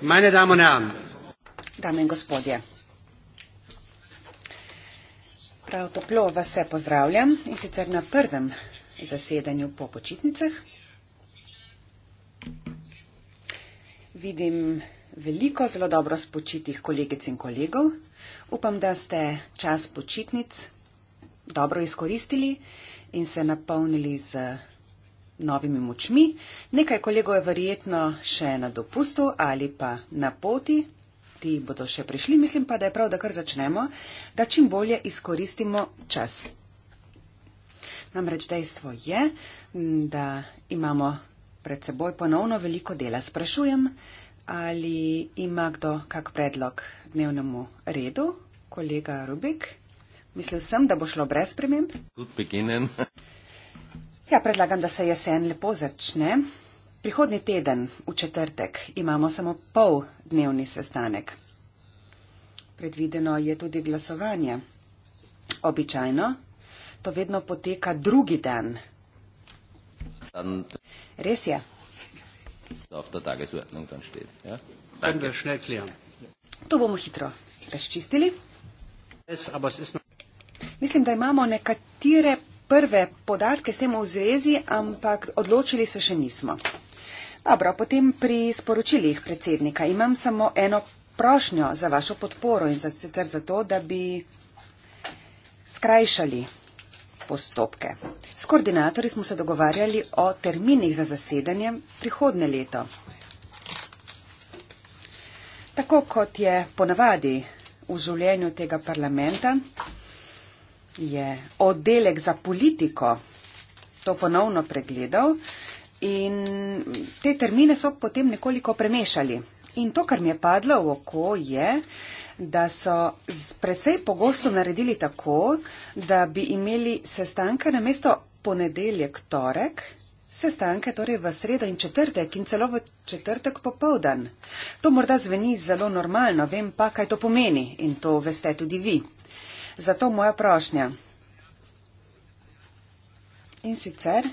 Meine Damen und Herren. Dame in gospodje. Prav toplo vas vse pozdravljam in sicer na prvem zasedanju po počitnicah. Vidim veliko zelo dobro spočitih kolegic in kolegov. Upam, da ste čas počitnic dobro izkoristili in se napolnili z novimi močmi. Nekaj kolegov je verjetno še na dopustu ali pa na poti. Ti bodo še prišli, mislim pa, da je prav, da kar začnemo, da čim bolje izkoristimo čas. Namreč dejstvo je, da imamo pred seboj ponovno veliko dela. Sprašujem, ali ima kdo kak predlog dnevnemu redu, kolega Rubik. Mislil sem, da bo šlo brez premem. Tudi beginem. Ja, predlagam, da se jesen lepo začne. Prihodni teden, v četrtek, imamo samo pol dnevni sestanek. Predvideno je tudi glasovanje. Običajno to vedno poteka drugi dan. Res je. Ja? To bomo hitro razčistili. Mislim, da imamo nekatere prve podatke s tem v zvezi, ampak odločili se še nismo. Dobro, potem pri sporočilih predsednika imam samo eno prošnjo za vašo podporo in sicer za to, da bi skrajšali postopke. S koordinatorji smo se dogovarjali o terminih za zasedanje prihodne leto. Tako kot je ponavadi v življenju tega parlamenta, je oddelek za politiko to ponovno pregledal in te termine so potem nekoliko premešali. In to, kar mi je padlo v oko, je, da so precej pogosto naredili tako, da bi imeli sestanke na mesto ponedeljek, torek, sestanke torej v sredo in četrtek in celo v četrtek popovdan. To morda zveni zelo normalno, vem pa, kaj to pomeni in to veste tudi vi. Zato moja prošnja. In sicer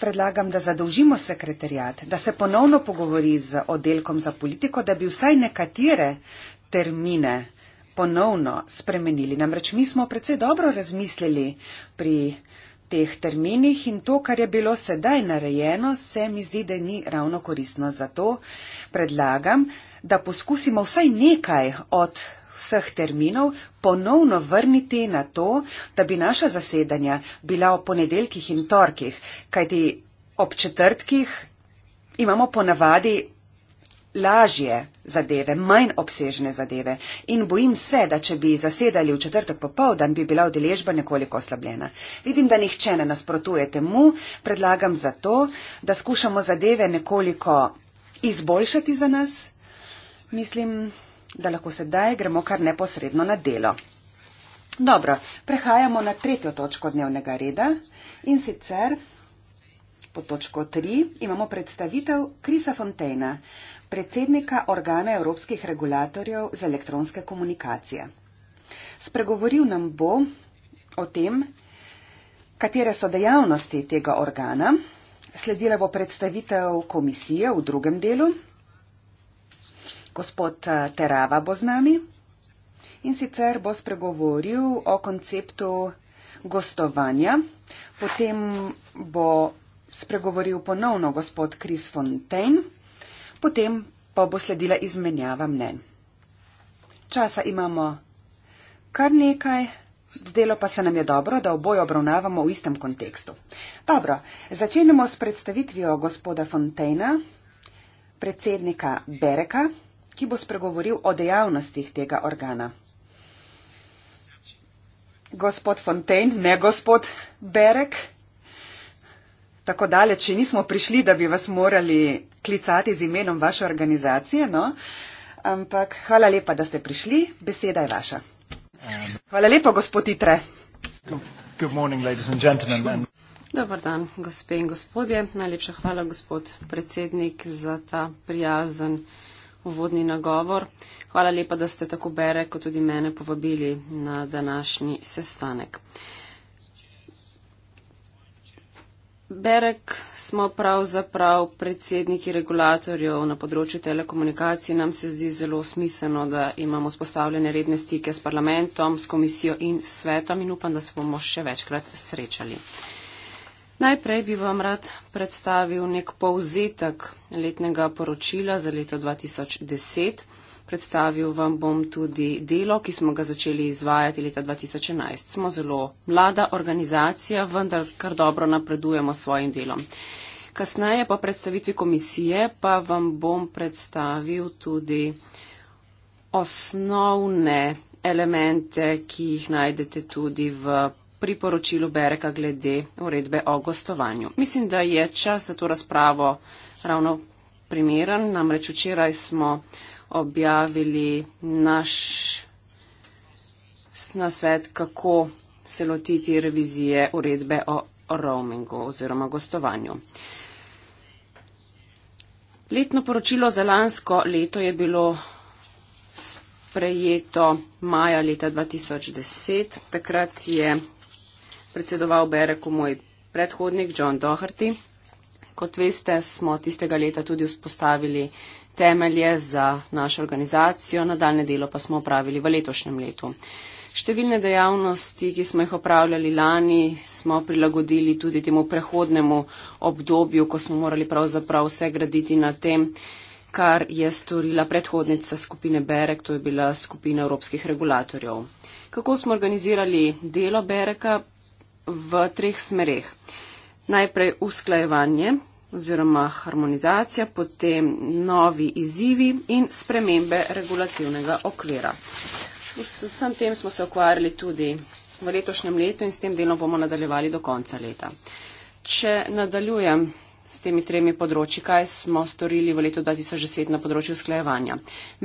predlagam, da zadolžimo sekretarijat, da se ponovno pogovori z oddelkom za politiko, da bi vsaj nekatere termine ponovno spremenili. Namreč mi smo precej dobro razmislili pri teh terminih in to, kar je bilo sedaj narejeno, se mi zdi, da ni ravno koristno. Zato predlagam, da poskusimo vsaj nekaj od vseh terminov ponovno vrniti na to, da bi naša zasedanja bila v ponedeljkih in torkih, kajti ob četrtkih imamo ponavadi lažje zadeve, manj obsežne zadeve in bojim se, da če bi zasedali v četrtek popovdan, bi bila udeležba nekoliko oslabljena. Vidim, da nihče ne nasprotuje temu, predlagam zato, da skušamo zadeve nekoliko izboljšati za nas. Mislim, da lahko sedaj gremo kar neposredno na delo. Dobro, prehajamo na tretjo točko dnevnega reda in sicer pod točko 3 imamo predstavitev Krisa Fontaina, predsednika organa evropskih regulatorjev za elektronske komunikacije. Spregovoril nam bo o tem, katere so dejavnosti tega organa. Sledila bo predstavitev komisije v drugem delu gospod eh, Terava bo z nami in sicer bo spregovoril o konceptu gostovanja, potem bo spregovoril ponovno gospod Kris Fontaine, potem pa bo sledila izmenjava mnenj. Časa imamo kar nekaj, zdelo pa se nam je dobro, da oboje obravnavamo v istem kontekstu. Dobro, začenjamo s predstavitvijo gospoda Fontaina, predsednika Bereka ki bo spregovoril o dejavnostih tega organa. Gospod Fontaine, ne gospod Berek, tako daleč še nismo prišli, da bi vas morali klicati z imenom vaše organizacije, no? ampak hvala lepa, da ste prišli, beseda je vaša. Hvala lepa, gospod Itre. Good morning, Dobar dan, gospe in gospodje. Najlepša hvala, gospod predsednik, za ta prijazen uvodni nagovor. Hvala lepa, da ste tako bere, kot tudi mene povabili na današnji sestanek. Berek smo pravzaprav predsedniki regulatorjev na področju telekomunikacij. Nam se zdi zelo smiselno, da imamo spostavljene redne stike s parlamentom, s komisijo in svetom in upam, da se bomo še večkrat srečali. Najprej bi vam rad predstavil nek povzetek letnega poročila za leto 2010. Predstavil vam bom tudi delo, ki smo ga začeli izvajati leta 2011. Smo zelo mlada organizacija, vendar kar dobro napredujemo s svojim delom. Kasneje po predstavitvi komisije pa vam bom predstavil tudi osnovne elemente, ki jih najdete tudi v priporočilu Bereka glede uredbe o gostovanju. Mislim, da je čas za to razpravo ravno primeren. Namreč včeraj smo objavili naš nasvet, kako se lotiti revizije uredbe o roamingu oziroma gostovanju. Letno poročilo za lansko leto je bilo sprejeto maja leta 2010. Takrat je predsedoval Bereku moj predhodnik John Doherty. Kot veste, smo tistega leta tudi vzpostavili temelje za našo organizacijo, nadaljne delo pa smo opravili v letošnjem letu. Številne dejavnosti, ki smo jih opravljali lani, smo prilagodili tudi temu prehodnemu obdobju, ko smo morali pravzaprav vse graditi na tem, kar je storila predhodnica skupine Berek, to je bila skupina evropskih regulatorjev. Kako smo organizirali delo Bereka? v treh smereh. Najprej usklajevanje oziroma harmonizacija, potem novi izzivi in spremembe regulativnega okvira. Vsem tem smo se ukvarjali tudi v letošnjem letu in s tem delom bomo nadaljevali do konca leta. Če nadaljujem s temi tremi področji, kaj smo storili v letu 2010 na področju usklajevanja.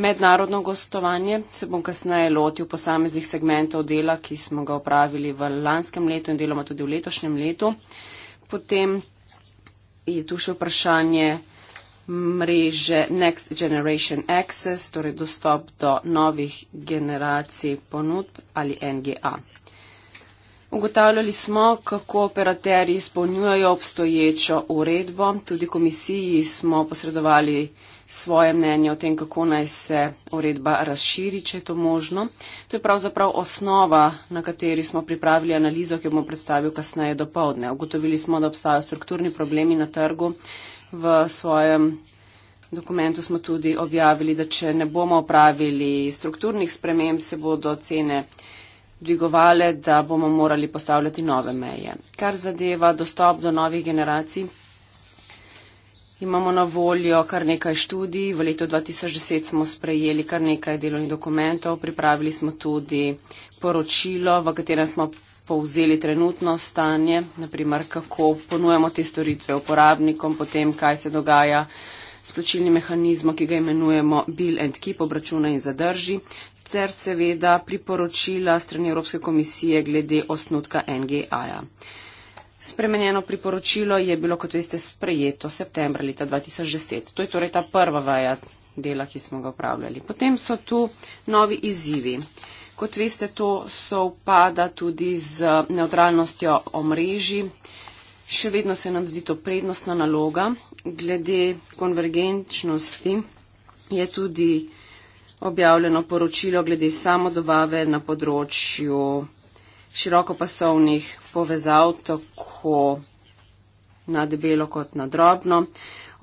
Mednarodno gostovanje se bom kasneje lotil posameznih segmentov dela, ki smo ga opravili v lanskem letu in deloma tudi v letošnjem letu. Potem je tu še vprašanje mreže Next Generation Access, torej dostop do novih generacij ponudb ali NGA. Ugotavljali smo, kako operaterji izpolnjujejo obstoječo uredbo. Tudi komisiji smo posredovali svoje mnenje o tem, kako naj se uredba razširi, če je to možno. To je pravzaprav osnova, na kateri smo pripravili analizo, ki jo bomo predstavili kasneje do povdne. Ugotovili smo, da obstajajo strukturni problemi na trgu. V svojem dokumentu smo tudi objavili, da če ne bomo pravili strukturnih sprememb, se bodo cene dvigovale, da bomo morali postavljati nove meje. Kar zadeva dostop do novih generacij, imamo na voljo kar nekaj študij. V letu 2010 smo sprejeli kar nekaj delovnih dokumentov, pripravili smo tudi poročilo, v katerem smo povzeli trenutno stanje, naprimer kako ponujemo te storitve uporabnikom, potem kaj se dogaja s plačilnim mehanizmom, ki ga imenujemo Bill and Keep, obračuna in zadrži ter seveda priporočila strani Evropske komisije glede osnutka NGA-ja. Spremenjeno priporočilo je bilo, kot veste, sprejeto septembra leta 2010. To je torej ta prva vaja dela, ki smo ga upravljali. Potem so tu novi izzivi. Kot veste, to so upada tudi z neutralnostjo omrežji. Še vedno se nam zdi to prednostna naloga. Glede konvergenčnosti je tudi objavljeno poročilo glede samodobave na področju širokopasovnih povezav, tako na debelo kot na drobno.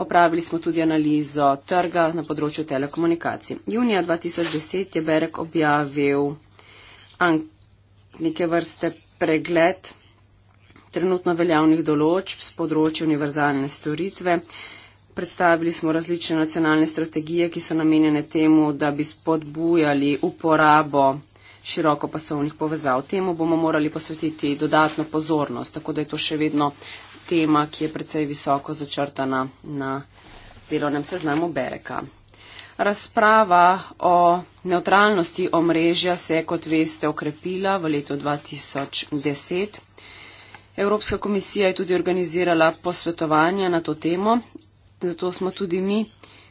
Opravili smo tudi analizo trga na področju telekomunikacij. Junija 2010 je Berek objavil neke vrste pregled trenutno veljavnih določb z področja univerzalne storitve, predstavili smo različne nacionalne strategije, ki so namenjene temu, da bi spodbujali uporabo širokopasovnih povezav. Temu bomo morali posvetiti dodatno pozornost, tako da je to še vedno tema, ki je precej visoko začrtana na delovnem seznamu Bereka. Razprava o neutralnosti omrežja se je, kot veste, okrepila v letu 2010. Evropska komisija je tudi organizirala posvetovanja na to temo Zato smo tudi mi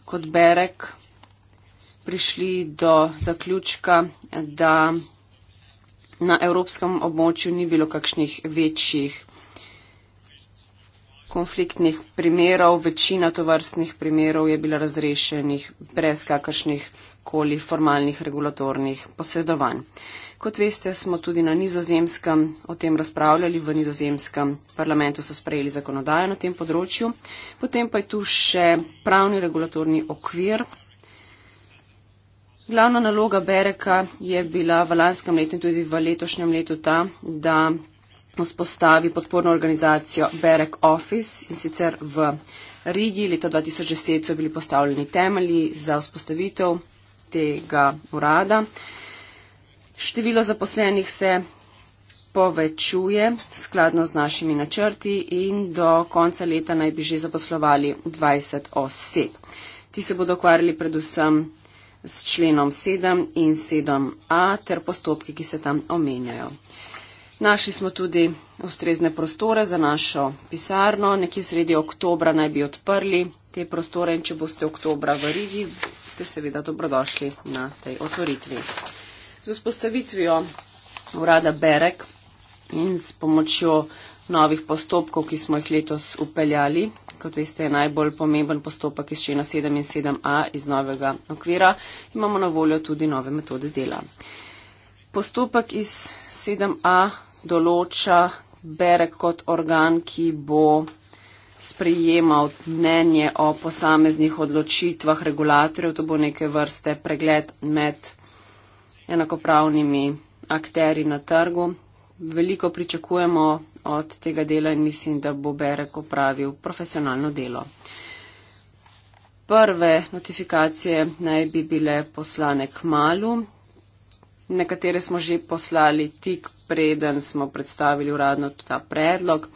kot Berek prišli do zaključka, da na evropskem območju ni bilo kakšnih večjih konfliktnih primerov. Večina tovrstnih primerov je bila razrešenih brez kakršnih koli formalnih regulatornih posredovanj. Kot veste, smo tudi na nizozemskem o tem razpravljali, v nizozemskem parlamentu so sprejeli zakonodajo na tem področju. Potem pa je tu še pravni regulatorni okvir. Glavna naloga Bereka je bila v lanskem letu in tudi v letošnjem letu ta, da vzpostavi podporno organizacijo Berek Office in sicer v Rigi. Leta 2010 so bili postavljeni temelji za vzpostavitev tega urada. Uh, Število zaposlenih se povečuje skladno z našimi načrti in do konca leta naj bi že zaposlovali 20 oseb. Ti se bodo ukvarjali predvsem s členom 7 in 7a ter postopki, ki se tam omenjajo. Našli smo tudi ustrezne prostore za našo pisarno. Nekje sredi oktobra naj bi odprli te prostore in če boste oktobra v Rigi, ste seveda dobrodošli na tej otvoritvi. Z vzpostavitvijo urada Berek in s pomočjo novih postopkov, ki smo jih letos upeljali, kot veste, je najbolj pomemben postopek iz člena 7 in 7a iz novega okvira, imamo na voljo tudi nove metode dela. Postopek iz 7a določa Berek kot organ, ki bo sprejemal mnenje o posameznih odločitvah regulatorjev, to bo neke vrste pregled med enakopravnimi akteri na trgu. Veliko pričakujemo od tega dela in mislim, da bo Berek opravil profesionalno delo. Prve notifikacije naj bi bile poslane k malu. Nekatere smo že poslali tik preden smo predstavili uradno ta predlog.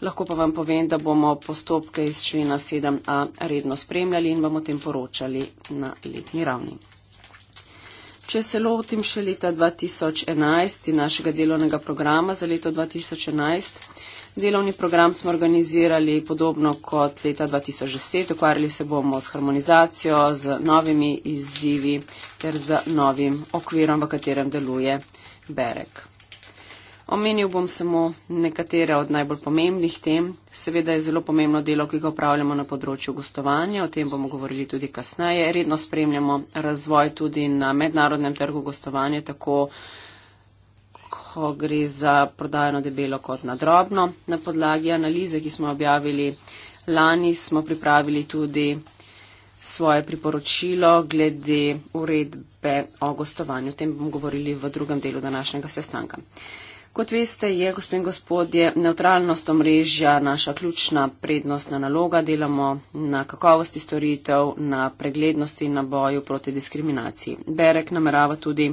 Lahko pa vam povem, da bomo postopke iz člena 7a redno spremljali in vam o tem poročali na letni ravni. Če se lotim še leta 2011 in našega delovnega programa za leto 2011, delovni program smo organizirali podobno kot leta 2010. Okvarjali se bomo s harmonizacijo, z novimi izzivi ter z novim okvirom, v katerem deluje Berek. Omenil bom samo nekatere od najbolj pomembnih tem. Seveda je zelo pomembno delo, ki ga upravljamo na področju gostovanja, o tem bomo govorili tudi kasneje. Redno spremljamo razvoj tudi na mednarodnem trgu gostovanja, tako ko gre za prodajeno debelo kot na drobno. Na podlagi analize, ki smo objavili lani, smo pripravili tudi svoje priporočilo glede uredbe o gostovanju. O tem bomo govorili v drugem delu današnjega sestanka. Kot veste, je, gospod in gospodje, neutralnost omrežja naša ključna prednostna naloga. Delamo na kakovosti storitev, na preglednosti in na boju proti diskriminaciji. Berek namerava tudi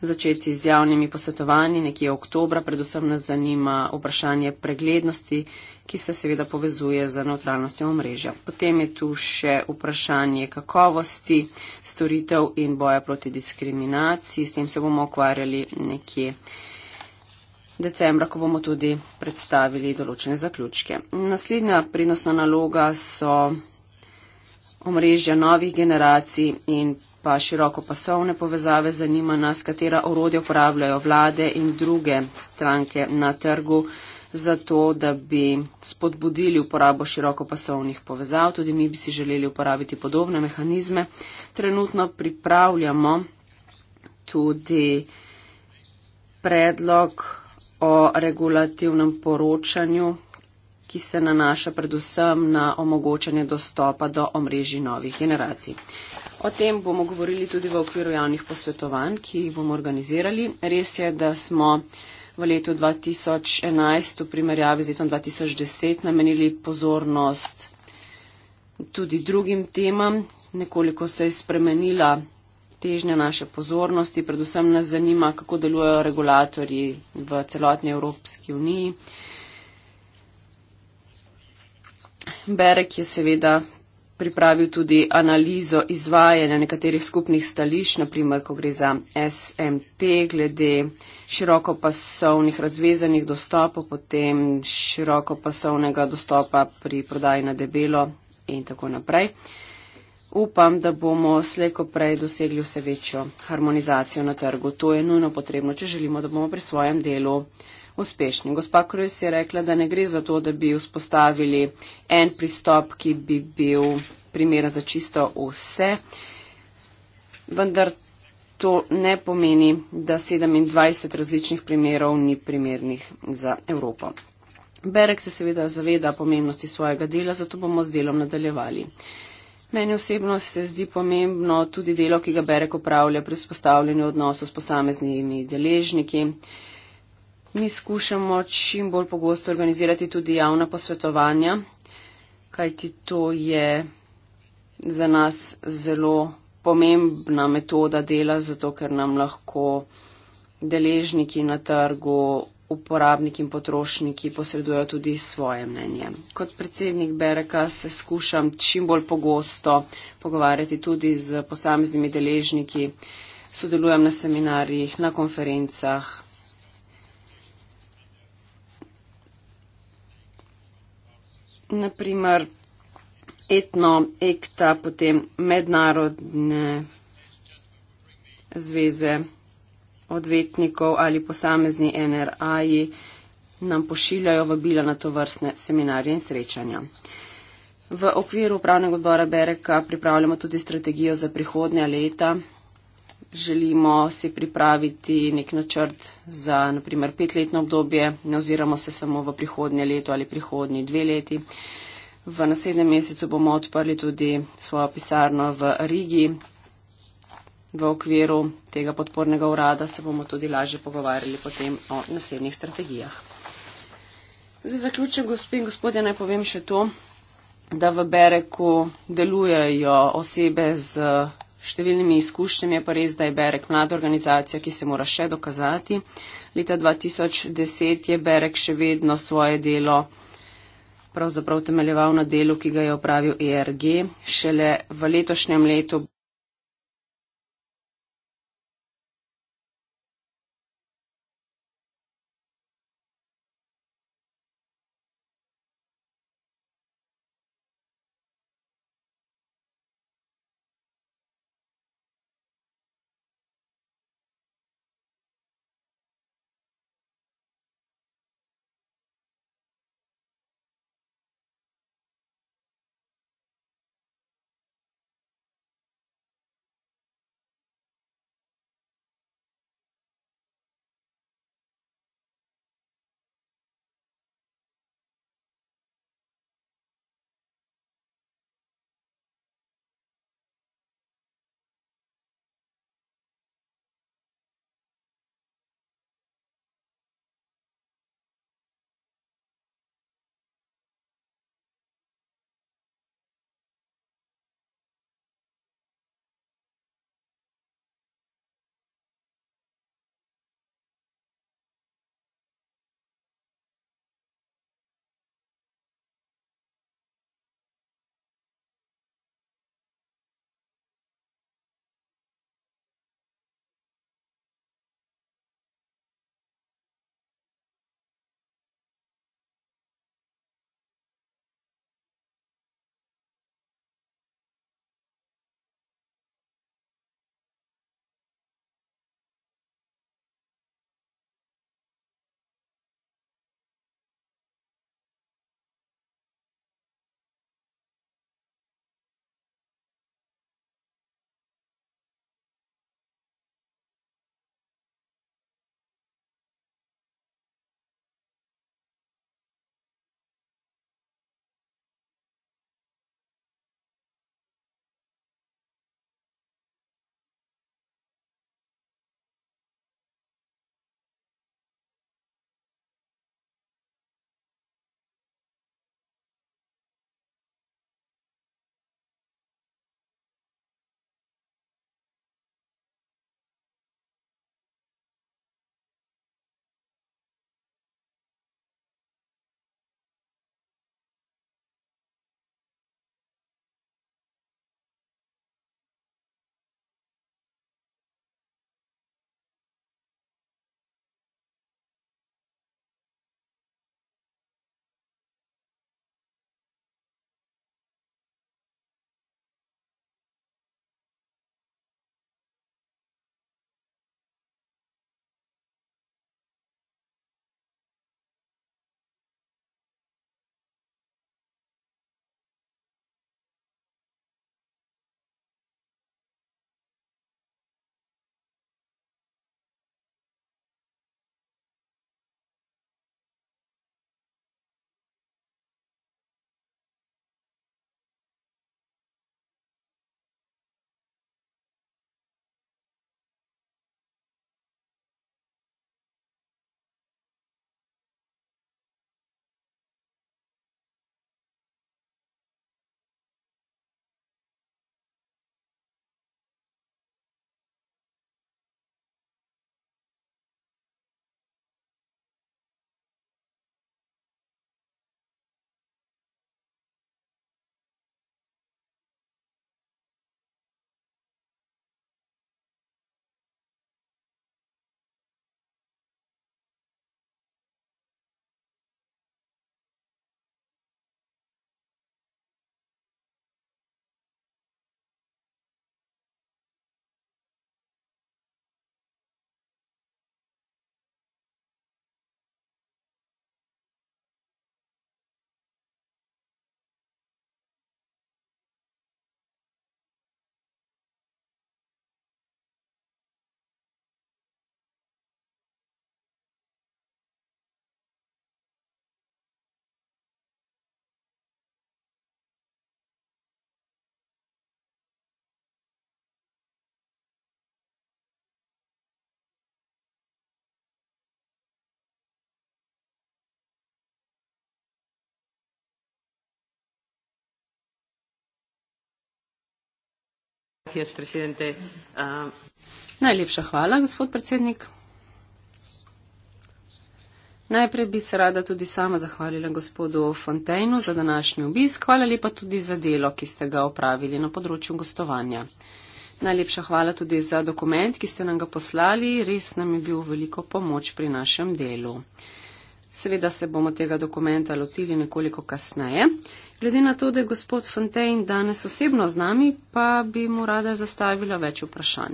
začeti z javnimi posvetovanji nekje oktobra. Predvsem nas zanima vprašanje preglednosti, ki se seveda povezuje z neutralnostjo omrežja. Potem je tu še vprašanje kakovosti storitev in boja proti diskriminaciji. S tem se bomo ukvarjali nekje decembra, ko bomo tudi predstavili določene zaključke. Naslednja prednostna naloga so omrežja novih generacij in pa široko pasovne povezave. Zanima nas, katera orodja uporabljajo vlade in druge stranke na trgu za to, da bi spodbudili uporabo široko pasovnih povezav. Tudi mi bi si želeli uporabiti podobne mehanizme. Trenutno pripravljamo tudi predlog o regulativnem poročanju, ki se nanaša predvsem na omogočanje dostopa do omrežji novih generacij. O tem bomo govorili tudi v okviru javnih posvetovanj, ki jih bomo organizirali. Res je, da smo v letu 2011 v primerjavi z letom 2010 namenili pozornost tudi drugim temam. Nekoliko se je spremenila težnja naše pozornosti. Predvsem nas zanima, kako delujejo regulatori v celotni Evropski uniji. Berek je seveda pripravil tudi analizo izvajanja nekaterih skupnih stališč, naprimer, ko gre za SMT, glede širokopasovnih razvezanih dostopov, potem širokopasovnega dostopa pri prodaji na debelo in tako naprej upam, da bomo slejko prej dosegli vse večjo harmonizacijo na trgu. To je nujno potrebno, če želimo, da bomo pri svojem delu uspešni. Gospa Krojs je rekla, da ne gre za to, da bi vzpostavili en pristop, ki bi bil primera za čisto vse, vendar to ne pomeni, da 27 različnih primerov ni primernih za Evropo. Berek se seveda zaveda pomembnosti svojega dela, zato bomo z delom nadaljevali. Meni osebno se zdi pomembno tudi delo, ki ga Berek upravlja pri vzpostavljanju odnosov s posameznimi deležniki. Mi skušamo čim bolj pogosto organizirati tudi javna posvetovanja, kajti to je za nas zelo pomembna metoda dela, zato ker nam lahko deležniki na trgu uporabniki in potrošniki posredujejo tudi svoje mnenje. Kot predsednik Bereka se skušam čim bolj pogosto pogovarjati tudi z posameznimi deležniki, sodelujem na seminarjih, na konferencah. Naprimer etno, ekta, potem mednarodne zveze odvetnikov ali posamezni NRA-ji nam pošiljajo vabila na to vrstne seminarje in srečanja. V okviru upravnega odbora Bereka pripravljamo tudi strategijo za prihodnja leta. Želimo si pripraviti nek načrt za naprimer petletno obdobje, ne oziramo se samo v prihodnje leto ali prihodnji dve leti. V naslednjem mesecu bomo odprli tudi svojo pisarno v Rigi, v okviru tega podpornega urada se bomo tudi lažje pogovarjali potem o naslednjih strategijah. Za zaključek, gospod in gospodje, naj povem še to, da v Bereku delujejo osebe z številnimi izkušnjami, je pa res, da je Berek mlada organizacija, ki se mora še dokazati. Leta 2010 je Berek še vedno svoje delo pravzaprav temeljeval na delu, ki ga je opravil ERG. Šele v letošnjem letu. Gracias, presidente. Uh... Najlepša hvala, gospod predsednik. Najprej bi se rada tudi sama zahvalila gospodu Fontainu za današnji obisk. Hvala lepa tudi za delo, ki ste ga opravili na področju gostovanja. Najlepša hvala tudi za dokument, ki ste nam ga poslali. Res nam je bil veliko pomoč pri našem delu. Seveda se bomo tega dokumenta lotili nekoliko kasneje. Glede na to, da je gospod Fontaine danes osebno z nami, pa bi mu rada zastavila več vprašanj.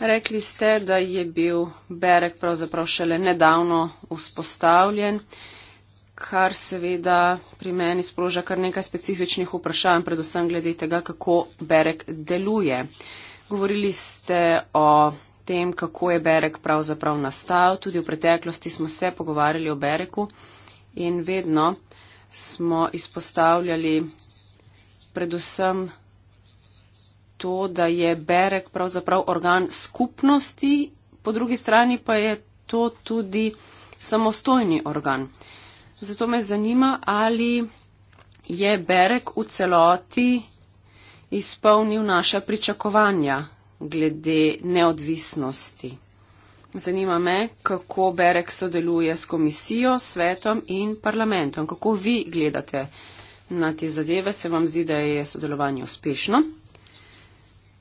Rekli ste, da je bil Berek pravzaprav šele nedavno vzpostavljen, kar seveda pri meni sproža kar nekaj specifičnih vprašanj, predvsem glede tega, kako Berek deluje. Govorili ste o tem, kako je Berek pravzaprav nastal. Tudi v preteklosti smo se pogovarjali o Bereku in vedno smo izpostavljali predvsem to, da je Berek pravzaprav organ skupnosti, po drugi strani pa je to tudi samostojni organ. Zato me zanima, ali je Berek v celoti izpolnil naše pričakovanja glede neodvisnosti. Zanima me, kako Berek sodeluje s komisijo, svetom in parlamentom. Kako vi gledate na te zadeve? Se vam zdi, da je sodelovanje uspešno?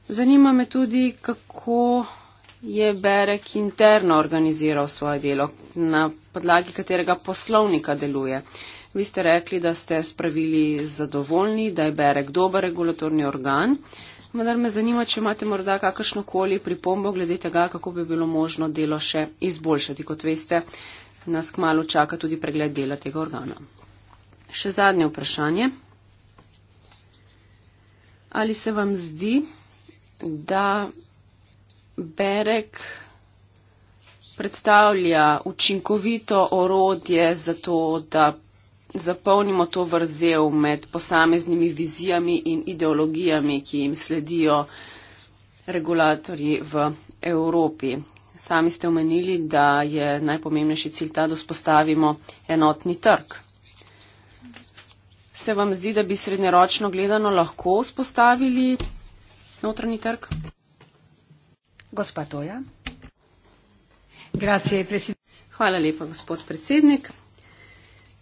Zanima me tudi, kako je Berek interno organiziral svoje delo, na podlagi katerega poslovnika deluje. Vi ste rekli, da ste spravili zadovoljni, da je Berek dober regulatorni organ. Uh, vendar me zanima, če imate morda kakršno koli pripombo glede tega, kako bi bilo možno delo še izboljšati. Kot veste, nas kmalo čaka tudi pregled dela tega organa. Še zadnje vprašanje. Ali se vam zdi, da berek predstavlja učinkovito orodje za to, da zapolnimo to vrzel med posameznimi vizijami in ideologijami, ki jim sledijo regulatorji v Evropi. Sami ste omenili, da je najpomembnejši cilj ta, da spostavimo enotni trg. Se vam zdi, da bi srednjeročno gledano lahko spostavili notranji trg? Gospa Toja. Hvala lepa, gospod predsednik.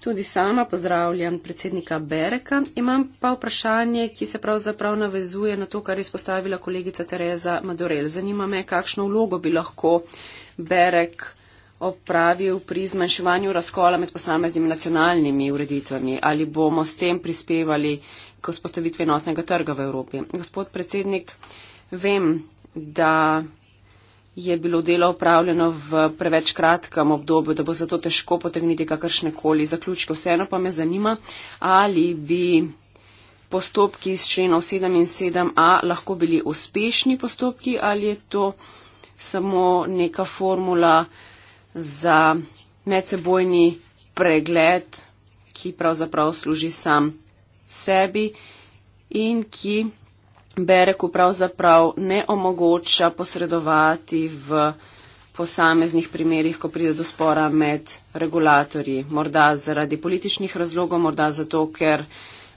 Tudi sama pozdravljam predsednika Bereka. Imam pa vprašanje, ki se pravzaprav navezuje na to, kar je izpostavila kolegica Tereza Madorel. Zanima me, kakšno vlogo bi lahko Berek opravil pri zmanjševanju razkola med posameznimi nacionalnimi ureditvami. Ali bomo s tem prispevali k vzpostavitvi enotnega trga v Evropi? Gospod predsednik, vem, da je bilo delo opravljeno v preveč kratkem obdobju, da bo zato težko potegniti kakršne koli zaključke. Vseeno pa me zanima, ali bi postopki iz členov 7 in 7a lahko bili uspešni postopki ali je to samo neka formula za medsebojni pregled, ki pravzaprav služi sam sebi in ki Bereku pravzaprav ne omogoča posredovati v posameznih primerjih, ko pride do spora med regulatorji. Morda zaradi političnih razlogov, morda zato, ker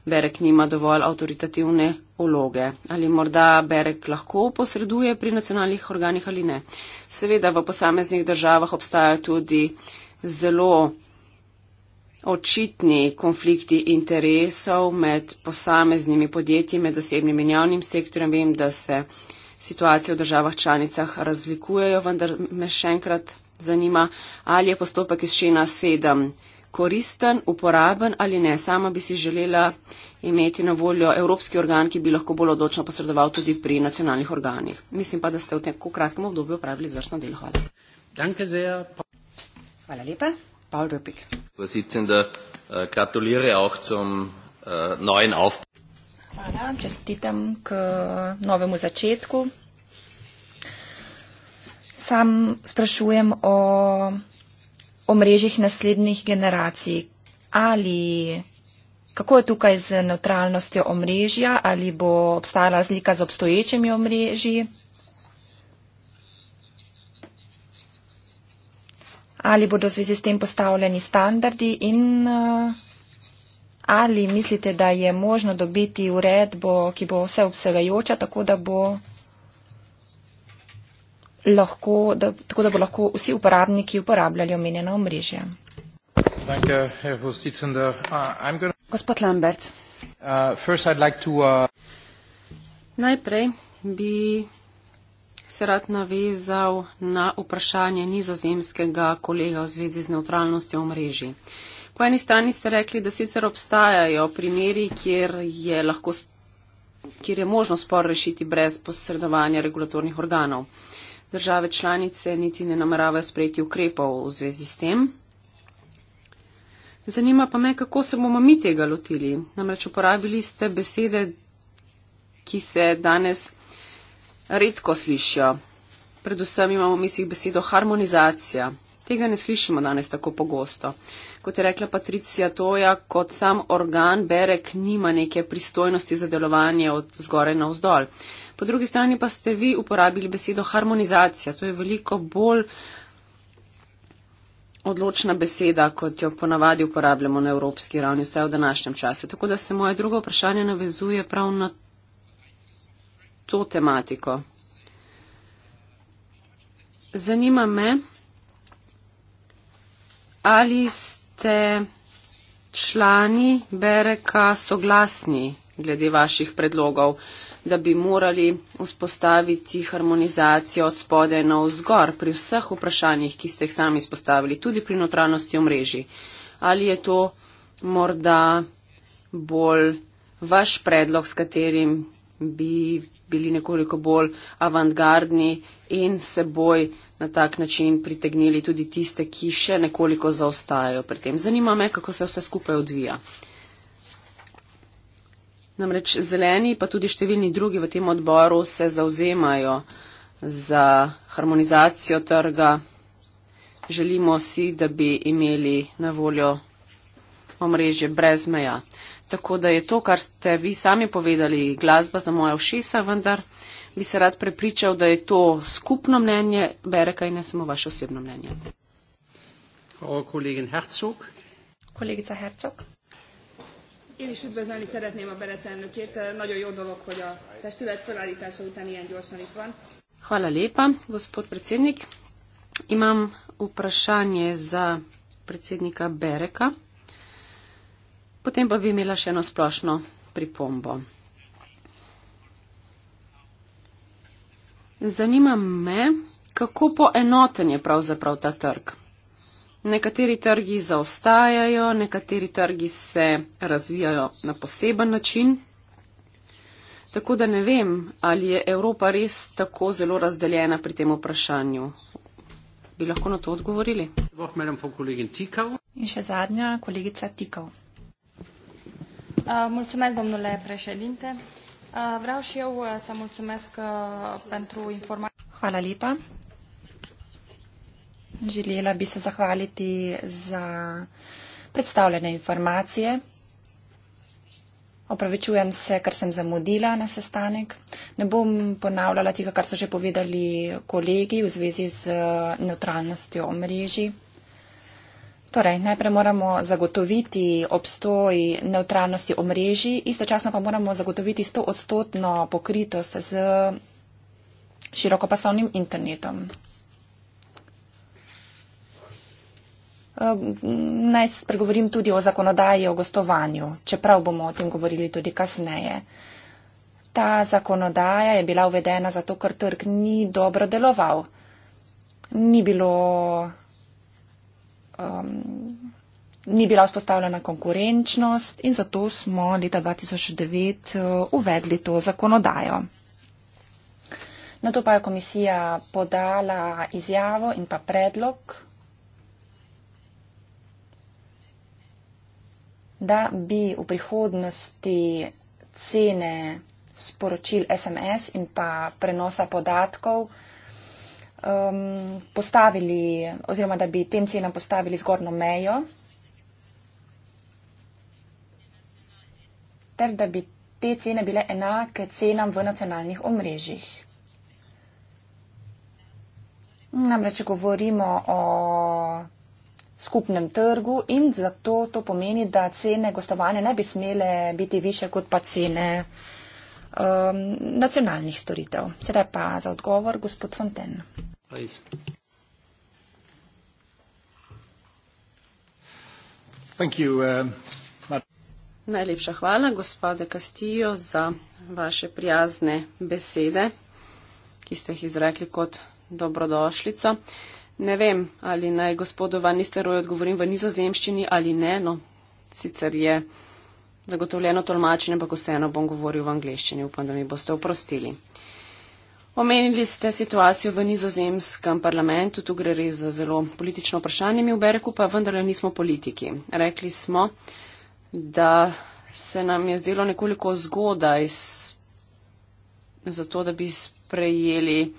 Berek nima dovolj avtoritativne vloge. Ali morda Berek lahko posreduje pri nacionalnih organih ali ne. Seveda v posameznih državah obstajajo tudi zelo očitni konflikti interesov med posameznimi podjetji, med zasebnim in javnim sektorjem. Vem, da se situacije v državah članicah razlikujejo, vendar me še enkrat zanima, ali je postopek iz šena sedem koristen, uporaben ali ne. Sama bi si želela imeti na voljo evropski organ, ki bi lahko bolj odločno posredoval tudi pri nacionalnih organih. Mislim pa, da ste v tem kratkem obdobju opravili izvršno delo. Hvala. Hvala lepa. Paul Röppel. Vorsitzender, äh, gratuliere auch zum äh, neuen Aufbau. Äh, Sam sprašujem o, o mrežih naslednjih generacij. Ali, kako je tukaj z neutralnostjo omrežja? Ali bo obstajala razlika z obstoječimi omrežji? ali bodo v zvezi s tem postavljeni standardi in eh, ali mislite, da je možno dobiti uredbo, ki bo vse obsegajoča, tako da bo. Lahko, da, tako da bo lahko vsi uporabniki uporabljali omenjeno omrežje. Uh, Gospod Lambert. Uh, uh- Najprej bi se rad navezal na vprašanje nizozemskega kolega v zvezi z neutralnostjo omrežij. Po eni strani ste rekli, da sicer obstajajo primeri, kjer je, lahko, kjer je možno spor rešiti brez posredovanja regulatornih organov. Države članice niti ne nameravajo sprejeti ukrepov v zvezi s tem. Zanima pa me, kako se bomo mi tega lotili. Namreč uporabili ste besede, ki se danes redko slišijo. Predvsem imamo v mislih besedo harmonizacija. Tega ne slišimo danes tako pogosto. Kot je rekla Patricija Toja, kot sam organ berek nima neke pristojnosti za delovanje od zgoraj na vzdolj. Po drugi strani pa ste vi uporabili besedo harmonizacija. To je veliko bolj odločna beseda, kot jo ponavadi uporabljamo na evropski ravni, vsaj v današnjem času. Tako da se moje drugo vprašanje navezuje prav na to tematiko. Zanima me, ali ste člani Bereka soglasni glede vaših predlogov, da bi morali vzpostaviti harmonizacijo od spode na vzgor pri vseh vprašanjih, ki ste jih sami izpostavili, tudi pri notranosti omrežji. Ali je to morda bolj vaš predlog, s katerim bi bili nekoliko bolj avantgardni in seboj na tak način pritegnili tudi tiste, ki še nekoliko zaostajajo pri tem. Zanima me, kako se vse skupaj odvija. Namreč zeleni, pa tudi številni drugi v tem odboru se zauzemajo za harmonizacijo trga. Želimo si, da bi imeli na voljo omrežje brez meja. Tako da je to, kar ste vi sami povedali, glasba za moja všesa, vendar bi se rad prepričal, da je to skupno mnenje Bereka in ne samo vaše osebno mnenje. Kolegin Herzog. Kolegica Herzog. Én is üdvözölni szeretném a Berec elnökét. Nagyon jó dolog, hogy a testület felállítása után ilyen gyorsan itt van. Hvala lépa, gospod predsednik. Imam vprašanje za predsednika Bereka. Potem pa bi imela še eno splošno pripombo. Zanima me, kako poenoten je pravzaprav ta trg. Nekateri trgi zaostajajo, nekateri trgi se razvijajo na poseben način. Tako da ne vem, ali je Evropa res tako zelo razdeljena pri tem vprašanju. Bi lahko na to odgovorili? In še zadnja, kolegica Tikov. Uh, mulțumesc, domnule președinte. Uh, vreau și eu uh, să mulțumesc pentru informații. Hvala lipa. Želela bi se zahvaliti za predstavljene informacije. Opravičujem se, ker sem zamudila na sestanek. Ne bom ponavljala tega, kar so že povedali kolegi v zvezi z neutralnostjo omrežij. Torej, najprej moramo zagotoviti obstoj neutralnosti omrežji, istočasno pa moramo zagotoviti 100-odstotno pokritost z širokopasovnim internetom. Eh, naj spregovorim tudi o zakonodaji o gostovanju, čeprav bomo o tem govorili tudi kasneje. Ta zakonodaja je bila uvedena zato, ker trg ni dobro deloval. Ni bilo um, ni bila vzpostavljena konkurenčnost in zato smo leta 2009 uh, uvedli to zakonodajo. Na to pa je komisija podala izjavo in pa predlog, da bi v prihodnosti cene sporočil SMS in pa prenosa podatkov um, postavili oziroma da bi tem cenam postavili zgornjo mejo ter da bi te cene bile enake cenam v nacionalnih omrežjih. Namreč, če govorimo o skupnem trgu in zato to pomeni, da cene gostovanja ne bi smele biti više kot pa cene um, nacionalnih storitev. Sedaj pa za odgovor gospod Fonten. Please. Thank you, um, Najlepša hvala, gospode Castillo, za vaše prijazne besede, ki ste jih izrekli kot dobrodošlico. Ne vem, ali naj gospodu Van Nisteroj odgovorim v nizozemščini ali ne, no sicer je zagotovljeno tolmačenje, ampak vseeno bom govoril v angleščini, upam, da mi boste oprostili. Omenili ste situacijo v nizozemskem parlamentu, tu gre res za zelo politično vprašanje, mi v Bereku pa vendarle nismo politiki. Rekli smo, da se nam je zdelo nekoliko zgodaj za to, da bi sprejeli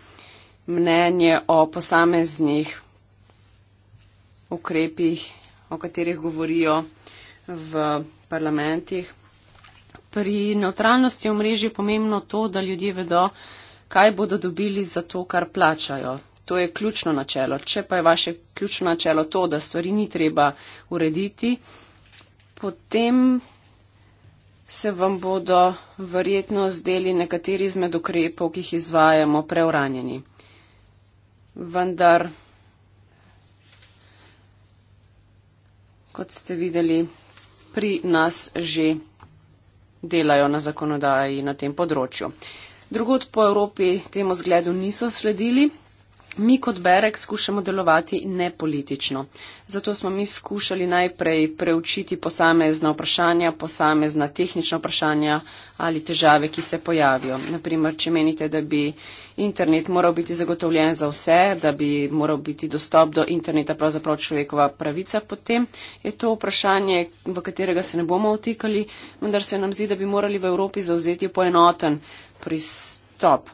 mnenje o posameznih ukrepih, o katerih govorijo v parlamentih. Pri neutralnosti v mreži je pomembno to, da ljudje vedo, kaj bodo dobili za to, kar plačajo. To je ključno načelo. Če pa je vaše ključno načelo to, da stvari ni treba urediti, potem se vam bodo verjetno zdeli nekateri izmed ukrepov, ki jih izvajamo, preuranjeni. Vendar, kot ste videli, pri nas že delajo na zakonodaji na tem področju. Drugod po Evropi temu zgledu niso sledili. Mi kot Berek skušamo delovati nepolitično. Zato smo mi skušali najprej preučiti posamezna vprašanja, posamezna tehnična vprašanja ali težave, ki se pojavijo. Naprimer, če menite, da bi internet moral biti zagotovljen za vse, da bi moral biti dostop do interneta pravzaprav človekova pravica, potem je to vprašanje, v katerega se ne bomo vtikali, vendar se nam zdi, da bi morali v Evropi zauzeti poenoten pristop.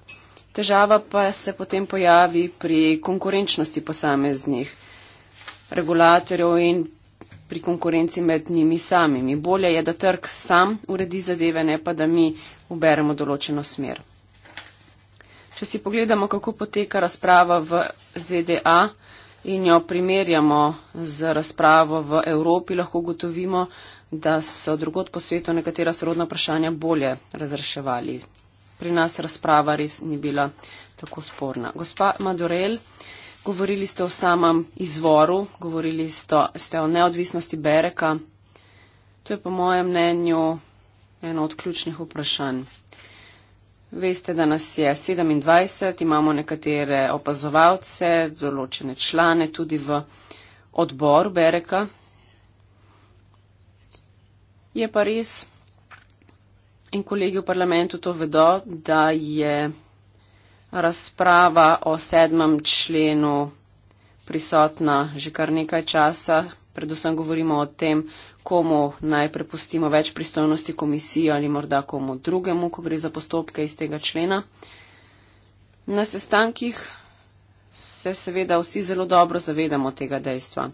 Težava pa se potem pojavi pri konkurenčnosti posameznih regulatorjev in pri konkurenci med njimi samimi. Bolje je, da trg sam uredi zadeve, ne pa da mi uberemo določeno smer. Če si pogledamo, kako poteka razprava v ZDA in jo primerjamo z razpravo v Evropi, lahko ugotovimo, da so drugot po svetu nekatera sorodna vprašanja bolje razreševali pri nas razprava res ni bila tako sporna. Gospa Madurel, govorili ste o samem izvoru, govorili ste o neodvisnosti Bereka. To je po mojem mnenju eno od ključnih vprašanj. Veste, da nas je 27, imamo nekatere opazovalce, določene člane tudi v odbor Bereka. Je pa res, in kolegi v parlamentu to vedo, da je razprava o sedmem členu prisotna že kar nekaj časa. Predvsem govorimo o tem, komu naj prepustimo več pristojnosti komisiji ali morda komu drugemu, ko gre za postopke iz tega člena. Na sestankih se seveda vsi zelo dobro zavedamo tega dejstva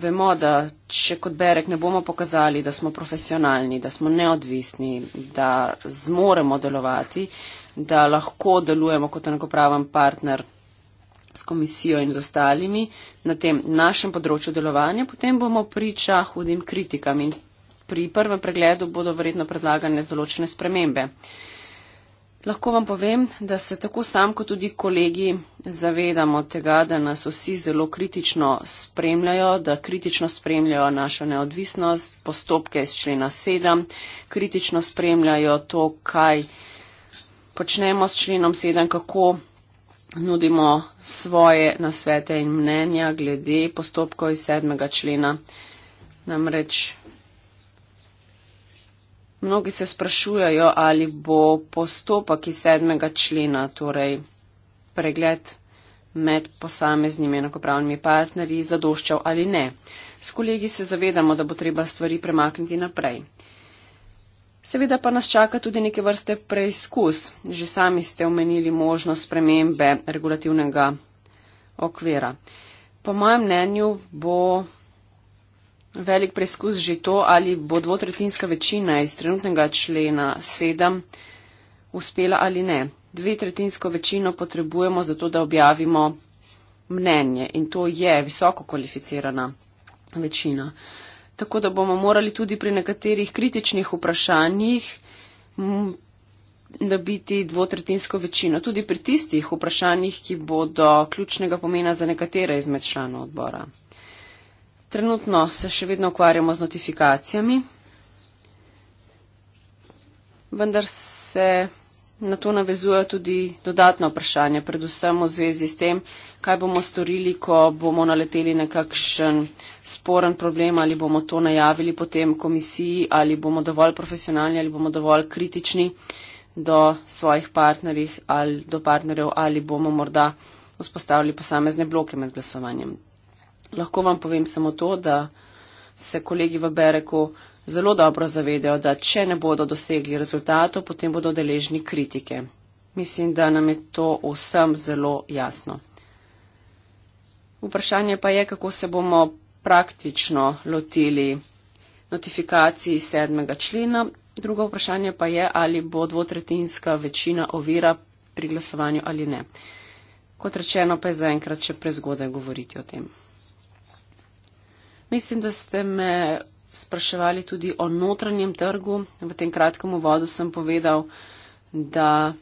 vemo, da če kot berek ne bomo pokazali, da smo profesionalni, da smo neodvisni, da zmoremo delovati, da lahko delujemo kot enakopraven partner s komisijo in z ostalimi na tem našem področju delovanja, potem bomo priča hudim kritikam in pri prvem pregledu bodo verjetno predlagane določene spremembe. Uh, Lahko vam povem, da se tako sam kot tudi kolegi zavedamo tega, da nas vsi zelo kritično spremljajo, da kritično spremljajo našo neodvisnost, postopke iz člena 7, kritično spremljajo to, kaj počnemo s členom 7, kako nudimo svoje nasvete in mnenja glede postopkov iz 7. člena. Namreč Mnogi se sprašujejo, ali bo postopek iz sedmega člena, torej pregled med posameznimi enakopravnimi partnerji, zadoščal ali ne. S kolegi se zavedamo, da bo treba stvari premakniti naprej. Seveda pa nas čaka tudi neke vrste preizkus. Že sami ste omenili možnost spremembe regulativnega okvira. Po mojem mnenju bo Velik preizkus že to, ali bo dvotretinska večina iz trenutnega člena 7 uspela ali ne. Dvotretinsko večino potrebujemo za to, da objavimo mnenje in to je visoko kvalificirana večina. Tako da bomo morali tudi pri nekaterih kritičnih vprašanjih dobiti dvotretinsko večino. Tudi pri tistih vprašanjih, ki bodo ključnega pomena za nekatere izmed članov odbora. Trenutno se še vedno ukvarjamo z notifikacijami, vendar se na to navezujejo tudi dodatna vprašanja, predvsem v zvezi s tem, kaj bomo storili, ko bomo naleteli na kakšen sporen problem, ali bomo to najavili potem komisiji, ali bomo dovolj profesionalni, ali bomo dovolj kritični do svojih partnerjev, ali bomo morda vzpostavili posamezne bloke med glasovanjem. Lahko vam povem samo to, da se kolegi v Bereku zelo dobro zavedajo, da če ne bodo dosegli rezultatov, potem bodo deležni kritike. Mislim, da nam je to vsem zelo jasno. Vprašanje pa je, kako se bomo praktično lotili notifikaciji sedmega člena. Drugo vprašanje pa je, ali bo dvotretinska večina ovira pri glasovanju ali ne. Kot rečeno, pa je zaenkrat še prezgodaj govoriti o tem. Mislim, da ste me spraševali tudi o notranjem trgu. V tem kratkem uvodu sem povedal, da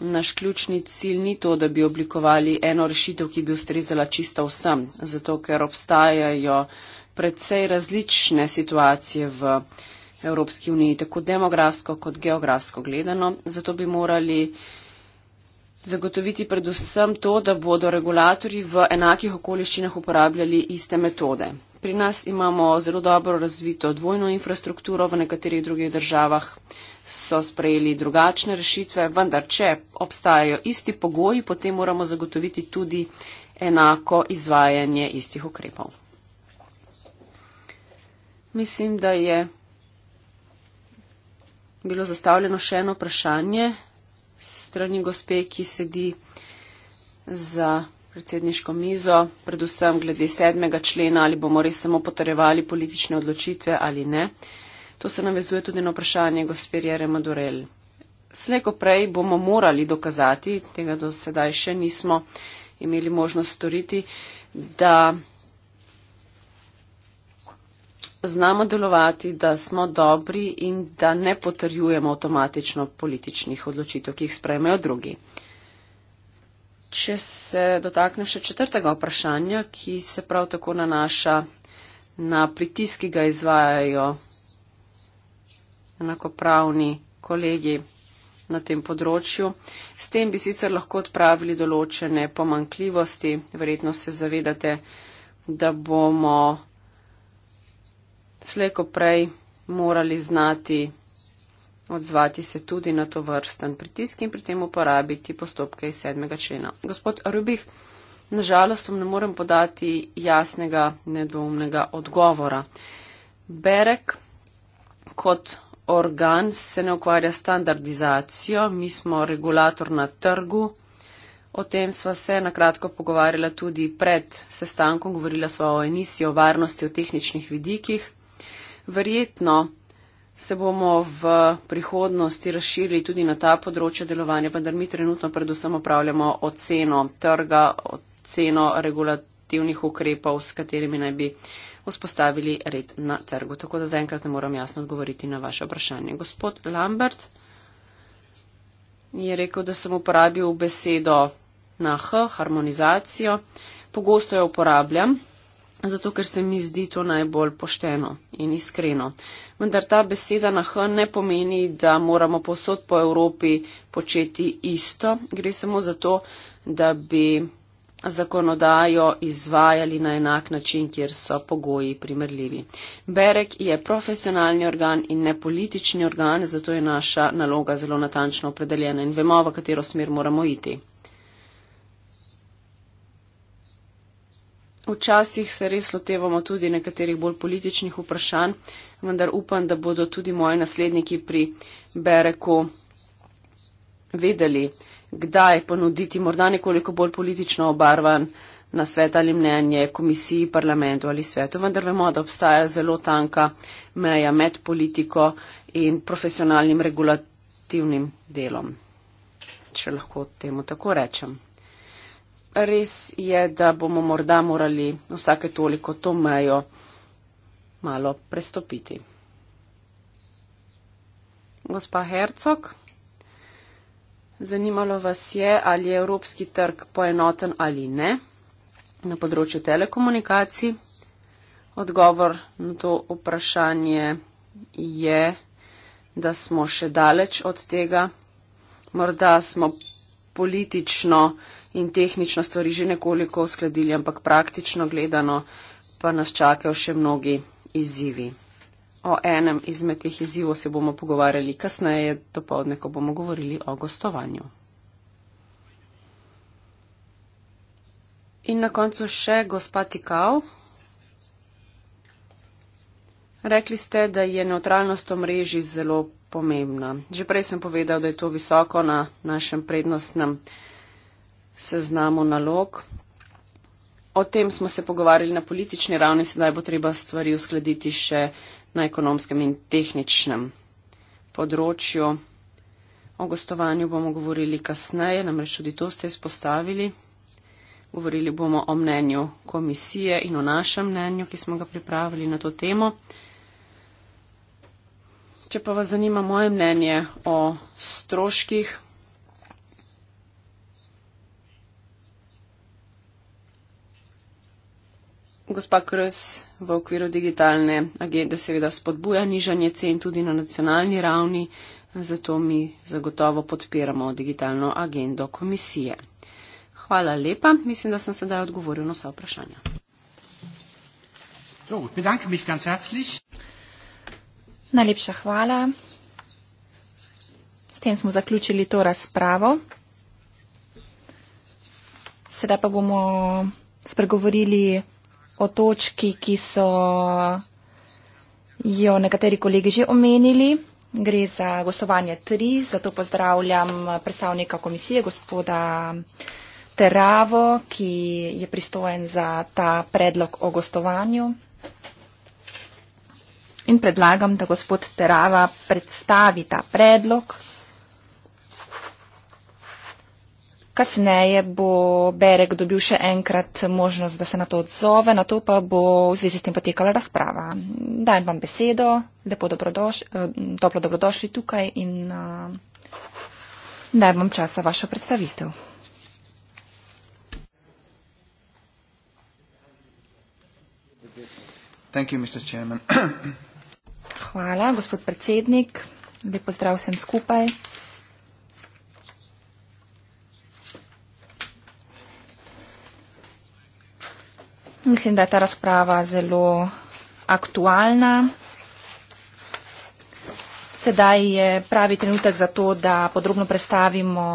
naš ključni cilj ni to, da bi oblikovali eno rešitev, ki bi ustrezala čisto vsem, zato ker obstajajo predvsej različne situacije v Evropski uniji, tako demografsko kot geografsko gledano. Zato bi morali zagotoviti predvsem to, da bodo regulatori v enakih okoliščinah uporabljali iste metode pri nas imamo zelo dobro razvito dvojno infrastrukturo, v nekaterih drugih državah so sprejeli drugačne rešitve, vendar če obstajajo isti pogoji, potem moramo zagotoviti tudi enako izvajanje istih ukrepov. Mislim, da je bilo zastavljeno še eno vprašanje strani gospe, ki sedi za predsedniško mizo, predvsem glede sedmega člena, ali bomo res samo potrjevali politične odločitve ali ne. To se navezuje tudi na vprašanje gospirjere Madurel. Slejko prej bomo morali dokazati, tega do sedaj še nismo imeli možnost storiti, da znamo delovati, da smo dobri in da ne potrjujemo avtomatično političnih odločitev, ki jih sprejmejo drugi če se dotaknem še četrtega vprašanja, ki se prav tako nanaša na pritisk, ki ga izvajajo enakopravni kolegi na tem področju. S tem bi sicer lahko odpravili določene pomankljivosti. Verjetno se zavedate, da bomo slejko prej morali znati odzvati se tudi na to vrsten pritisk in pri tem uporabiti postopke iz 7. člena. Gospod Rubih, nažalost vam ne morem podati jasnega, nedvoumnega odgovora. Berek kot organ se ne ukvarja standardizacijo, mi smo regulator na trgu. O tem sva se nakratko pogovarjala tudi pred sestankom, govorila sva o emisiji, o varnosti, o tehničnih vidikih. Verjetno se bomo v prihodnosti razširili tudi na ta področja delovanja, vendar mi trenutno predvsem upravljamo oceno trga, oceno regulativnih ukrepov, s katerimi naj bi vzpostavili red na trgu. Tako da zaenkrat ne moram jasno odgovoriti na vaše vprašanje. Gospod Lambert je rekel, da sem uporabil besedo na H, harmonizacijo. Pogosto jo uporabljam zato ker se mi zdi to najbolj pošteno in iskreno. Vendar ta beseda na H ne pomeni, da moramo posod po Evropi početi isto. Gre samo za to, da bi zakonodajo izvajali na enak način, kjer so pogoji primerljivi. Berek je profesionalni organ in ne politični organ, zato je naša naloga zelo natančno opredeljena in vemo, v katero smer moramo iti. Včasih se res lotevamo tudi nekaterih bolj političnih vprašanj, vendar upam, da bodo tudi moji nasledniki pri Bereku vedeli, kdaj ponuditi morda nekoliko bolj politično obarvan na svet ali mnenje komisiji, parlamentu ali svetu. Vendar vemo, da obstaja zelo tanka meja med politiko in profesionalnim regulativnim delom, če lahko temu tako rečem res je, da bomo morda morali vsake toliko to mejo malo prestopiti. Gospa Hercog, zanimalo vas je, ali je evropski trg poenoten ali ne na področju telekomunikacij. Odgovor na to vprašanje je, da smo še daleč od tega. Morda smo politično in tehnično stvari že nekoliko uskladili, ampak praktično gledano pa nas čakajo še mnogi izzivi. O enem izmed teh izzivov se bomo pogovarjali kasneje, dopoledne, ko bomo govorili o gostovanju. In na koncu še gospa Tikal. Rekli ste, da je neutralnost v mreži zelo pomembna. Že prej sem povedal, da je to visoko na našem prednostnem seznamu nalog. O tem smo se pogovarjali na politični ravni, sedaj bo treba stvari uskladiti še na ekonomskem in tehničnem področju. O gostovanju bomo govorili kasneje, namreč tudi to ste izpostavili. Govorili bomo o mnenju komisije in o našem mnenju, ki smo ga pripravili na to temo. Če pa vas zanima moje mnenje o stroških, gospa Krs v okviru digitalne agende seveda spodbuja nižanje cen tudi na nacionalni ravni, zato mi zagotovo podpiramo digitalno agendo komisije. Hvala lepa, mislim, da sem sedaj odgovoril na vsa vprašanja. Najlepša hvala. S tem smo zaključili to razpravo. Sedaj pa bomo spregovorili o točki, ki so jo nekateri kolegi že omenili. Gre za gostovanje 3, zato pozdravljam predstavnika komisije, gospoda Teravo, ki je pristojen za ta predlog o gostovanju. In predlagam, da gospod Terava predstavi ta predlog. Kasneje bo Berek dobil še enkrat možnost, da se na to odzove, na to pa bo v zvezi s tem potekala razprava. Dajem vam besedo, lepo dobrodoš, eh, toplo dobrodošli tukaj in uh, dajem vam časa vašo predstavitev. You, Hvala, gospod predsednik. Lepo zdrav vsem skupaj. Mislim, da je ta razprava zelo aktualna. Sedaj je pravi trenutek za to, da podrobno predstavimo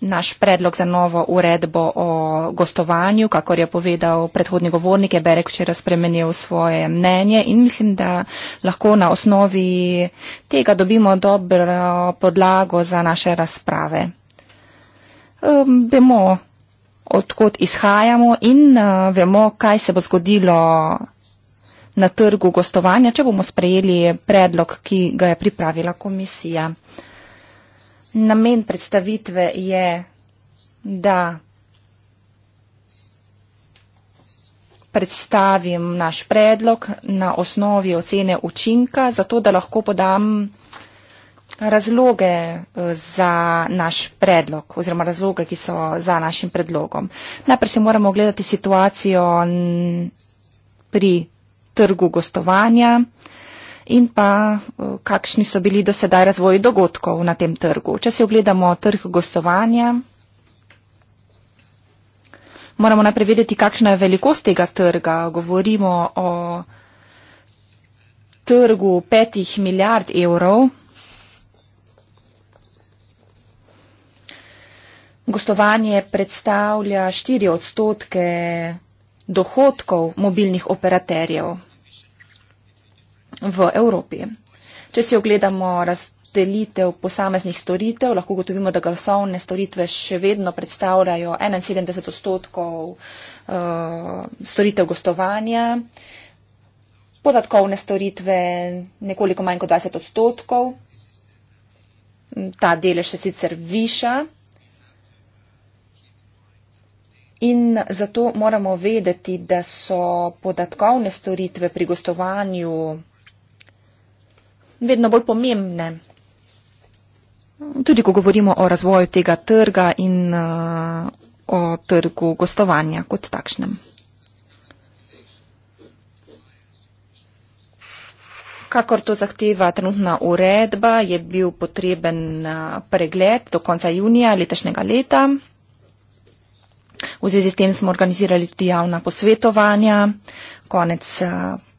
naš predlog za novo uredbo o gostovanju. Kakor je povedal predhodni govornik, je Berek včeraj spremenil svoje mnenje in mislim, da lahko na osnovi tega dobimo dobro podlago za naše razprave. Um, ehm, bemo odkot izhajamo in uh, vemo, kaj se bo zgodilo na trgu gostovanja, če bomo sprejeli predlog, ki ga je pripravila komisija. Namen predstavitve je, da predstavim naš predlog na osnovi ocene učinka, zato da lahko podam razloge eh, za naš predlog oziroma razloge, ki so za našim predlogom. Najprej se moramo ogledati situacijo pri trgu gostovanja in pa eh, kakšni so bili do sedaj razvoji dogodkov na tem trgu. Če se ogledamo trg gostovanja, moramo najprej vedeti, kakšna je velikost tega trga. Govorimo o trgu petih milijard evrov. Gostovanje predstavlja 4 odstotke dohodkov mobilnih operaterjev v Evropi. Če si ogledamo razdelitev posameznih storitev, lahko gotovimo, da glasovne storitve še vedno predstavljajo 71 odstotkov uh, storitev gostovanja, podatkovne storitve nekoliko manj kot 20 odstotkov. Ta delež se sicer viša. In zato moramo vedeti, da so podatkovne storitve pri gostovanju vedno bolj pomembne. Tudi, ko govorimo o razvoju tega trga in uh, o trgu gostovanja kot takšnem. Kakor to zahteva trenutna uredba, je bil potreben eh, pregled do konca junija letašnjega leta. V zvezi s tem smo organizirali tudi javna posvetovanja. Konec eh,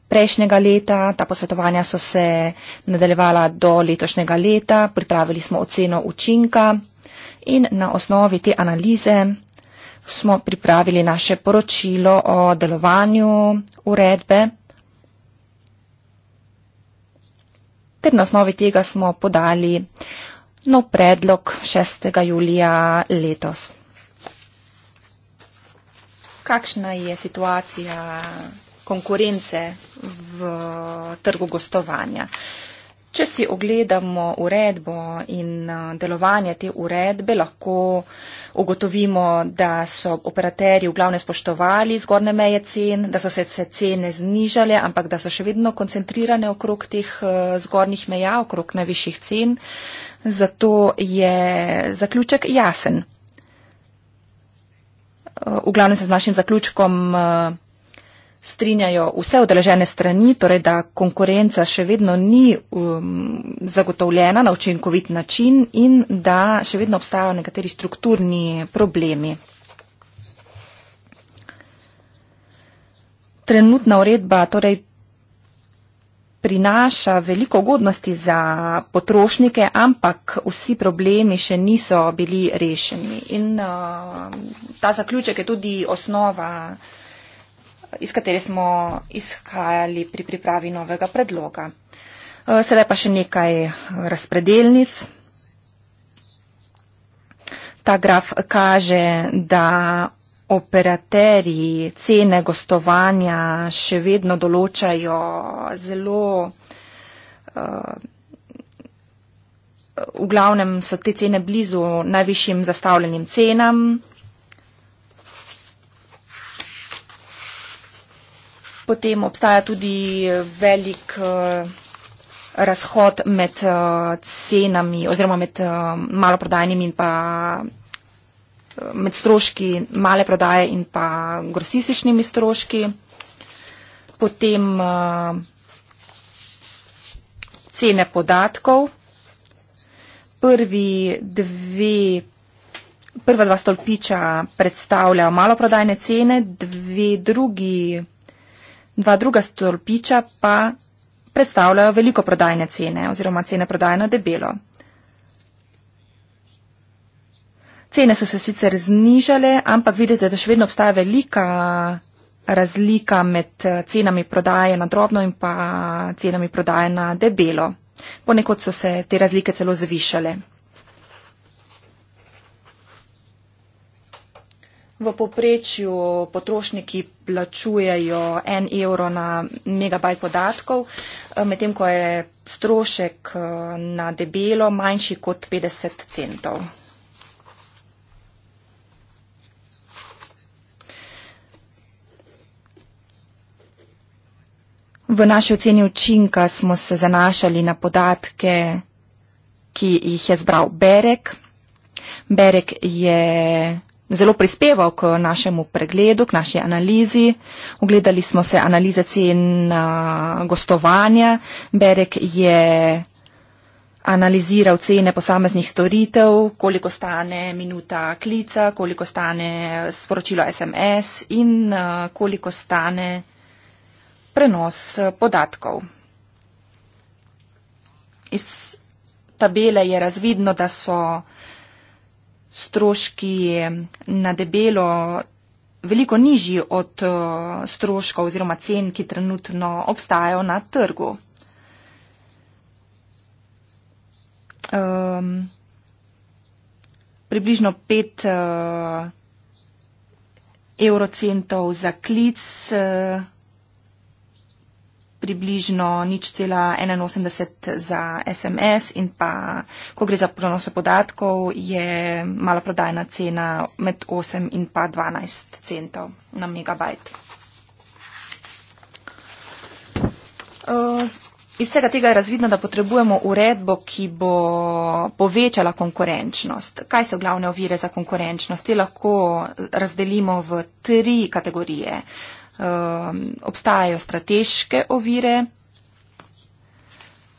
prejšnjega leta, ta posvetovanja so se nadaljevala do letošnjega leta, pripravili smo oceno učinka in na osnovi te analize smo pripravili naše poročilo o delovanju uredbe. Ter na osnovi tega smo podali nov predlog 6. julija letos kakšna je situacija konkurence v trgu gostovanja. Če si ogledamo uredbo in delovanje te uredbe, lahko ugotovimo, da so operaterji v glavne spoštovali zgornje meje cen, da so se cene znižale, ampak da so še vedno koncentrirane okrog teh zgornjih meja, okrog najvišjih cen. Zato je zaključek jasen v glavnem se z našim zaključkom eh, strinjajo vse odeležene strani, torej da konkurenca še vedno ni um, zagotovljena na učinkovit način in da še vedno obstajajo nekateri strukturni problemi. Trenutna uredba torej prinaša veliko ugodnosti za potrošnike, ampak vsi problemi še niso bili rešeni. In uh, ta zaključek je tudi osnova, iz katere smo izhajali pri pripravi novega predloga. Uh, sedaj pa še nekaj razpredelnic. Ta graf kaže, da operaterji cene gostovanja še vedno določajo zelo. Eh, v glavnem so te cene blizu najvišjim zastavljenim cenam. Potem obstaja tudi velik eh, razhod med eh, cenami oziroma med maloprodajnimi in pa med stroški male prodaje in pa grosističnimi stroški. Potem uh, cene podatkov. Prvi dve, prva dva stolpiča predstavljajo maloprodajne cene, dve drugi, dva druga stolpiča pa predstavljajo veliko prodajne cene oziroma cene prodaje na debelo. Cene so se sicer znižale, ampak vidite, da še vedno obstaja velika razlika med eh, cenami prodaje na drobno in pa cenami prodaje na debelo. Ponekod so se te razlike celo zvišale. V poprečju potrošniki plačujejo en evro na megabajt podatkov, eh, medtem ko je strošek eh, na debelo manjši kot 50 centov. V naši oceni učinka smo se zanašali na podatke, ki jih je zbral Berek. Berek je zelo prispeval k našemu pregledu, k naši analizi. Ugledali smo se analize cen gostovanja. Berek je analiziral cene posameznih storitev, koliko stane minuta klica, koliko stane sporočilo SMS in koliko stane prenos eh, podatkov. Iz tabele je razvidno, da so stroški na debelo veliko nižji od eh, stroškov oziroma cen, ki trenutno obstajajo na trgu. Um, približno 5 uh, eh, evrocentov za klic. Uh, približno nič cela 81 za SMS in pa, ko gre za prenose podatkov, je mala prodajna cena med 8 in pa 12 centov na megabajt. Eh, iz vsega tega je razvidno, da potrebujemo uredbo, ki bo povečala konkurenčnost. Kaj so glavne ovire za konkurenčnost? Te lahko razdelimo v tri kategorije. Uh, um, obstajajo strateške ovire,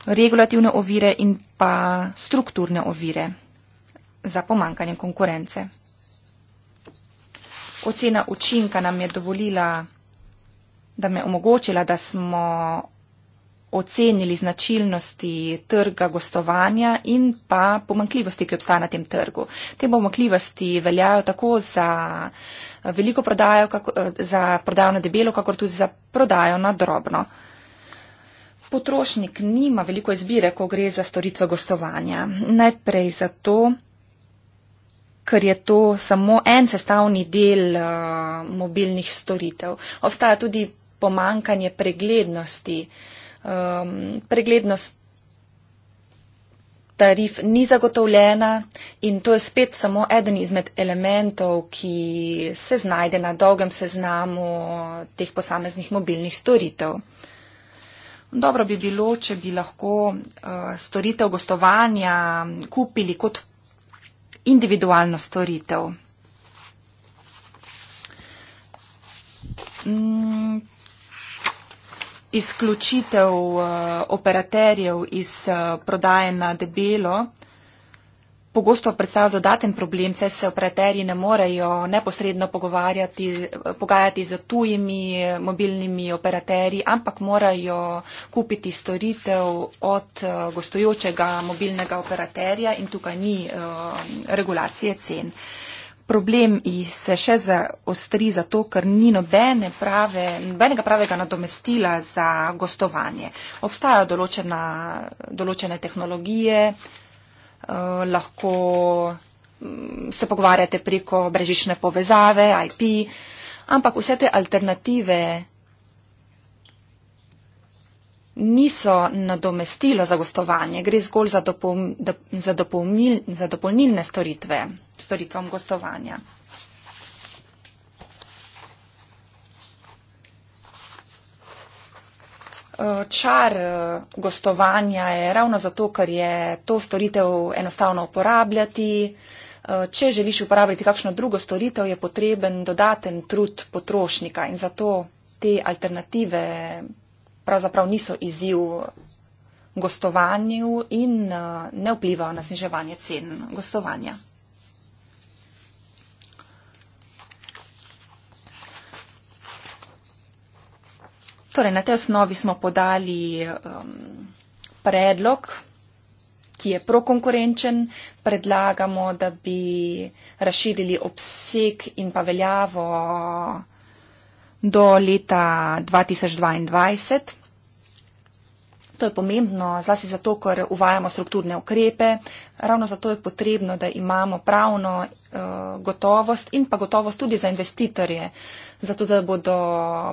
regulativne ovire in pa strukturne ovire za pomankanje konkurence. Ocena učinka nam je dovolila, da me omogočila, da smo ocenili značilnosti trga gostovanja in pa pomankljivosti, ki obstaja na tem trgu. Te pomankljivosti veljajo tako za veliko prodajo kako, eh, za prodajo na debelo, kakor tudi za prodajo na drobno. Potrošnik nima veliko izbire, ko gre za storitve gostovanja. Najprej zato, ker je to samo en sestavni del uh, mobilnih storitev. Obstaja tudi pomankanje preglednosti. Um, preglednost tarif ni zagotovljena in to je spet samo eden izmed elementov, ki se znajde na dolgem seznamu teh posameznih mobilnih storitev. Dobro bi bilo, če bi lahko uh, storitev gostovanja kupili kot individualno storitev. Mm izključitev eh, operaterjev iz eh, prodaje na debelo pogosto predstavlja dodaten problem, saj se operaterji ne morejo neposredno eh, pogajati z tujimi mobilnimi operaterji, ampak morajo kupiti storitev od gostujočega mobilnega operaterja in tukaj ni regulacije cen problem se še zaostri zato, ker ni nobene prave, nobenega pravega nadomestila za gostovanje. Obstajajo določena, določene tehnologije, eh, lahko mm, se pogovarjate preko brežične povezave, IP, ampak vse te alternative niso nadomestilo za gostovanje, gre zgolj za, dopol, do, za, dopolnil, za dopolnilne storitve, storitvam gostovanja. E, čar e, gostovanja je ravno zato, ker je to storitev enostavno uporabljati. E, če želiš uporabljati kakšno drugo storitev, je potreben dodaten trud potrošnika in zato te alternative pravzaprav niso izziv gostovanju in eh, ne vplivajo na zniževanje cen gostovanja. Torej, na te osnovi smo podali um, predlog, ki je prokonkurenčen. Predlagamo, da bi razširili obseg in pa veljavo do leta 2022. To je pomembno, zlasti zato, ker uvajamo strukturne ukrepe. Ravno zato je potrebno, da imamo pravno uh, gotovost in pa gotovost tudi za investitorje, zato da bodo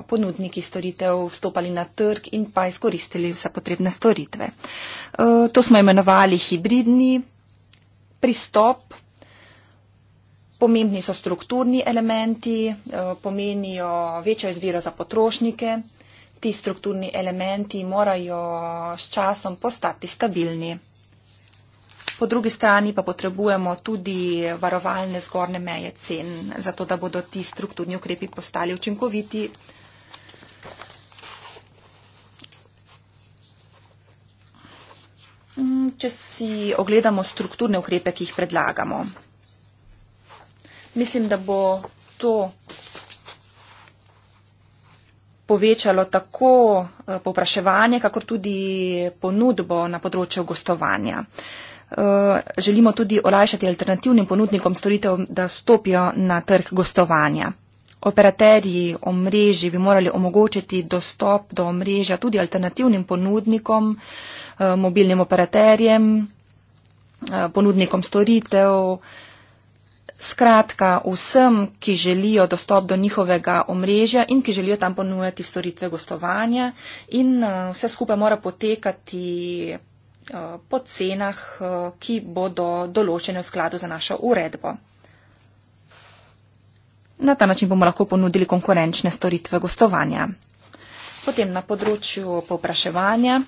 ponudniki storitev vstopali na trg in pa izkoristili vse potrebne storitve. Uh, to smo imenovali hibridni pristop. Pomembni so strukturni elementi, eh, pomenijo večjo izbiro za potrošnike. Ti strukturni elementi morajo s časom postati stabilni. Po drugi strani pa potrebujemo tudi varovalne zgorne meje cen, zato da bodo ti strukturni ukrepi postali učinkoviti. Mm, če si ogledamo strukturne ukrepe, ki jih predlagamo mislim, da bo to povečalo tako eh, popraševanje, kakor tudi ponudbo na področju gostovanja. Eh, želimo tudi olajšati alternativnim ponudnikom storitev, da stopijo na trg gostovanja. Operaterji omrežji bi morali omogočiti dostop do omrežja tudi alternativnim ponudnikom, eh, mobilnim operaterjem, ponudnikom storitev, Skratka, vsem, ki želijo dostop do njihovega omrežja in ki želijo tam ponujati storitve gostovanja in eh, vse skupaj mora potekati eh, po cenah, eh, ki bodo določene v skladu za našo uredbo. Na ta način bomo lahko ponudili konkurenčne storitve gostovanja. Potem na področju povpraševanja.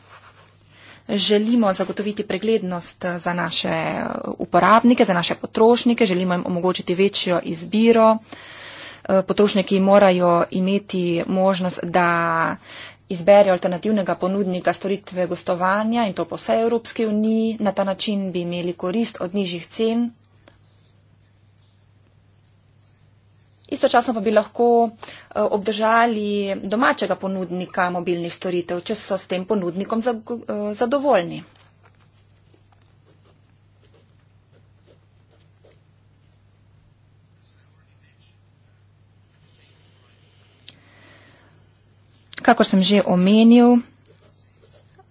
Želimo zagotoviti preglednost eh, za naše eh, uporabnike, za naše potrošnike, želimo jim omogočiti večjo izbiro. Eh, potrošniki morajo imeti možnost, da izberijo alternativnega ponudnika storitve gostovanja in to po vsej Evropski uniji. Na ta način bi imeli korist od nižjih cen istočasno pa bi lahko eh, obdržali domačega ponudnika mobilnih storitev, če so s tem ponudnikom eh, zadovoljni. Kakor sem že omenil,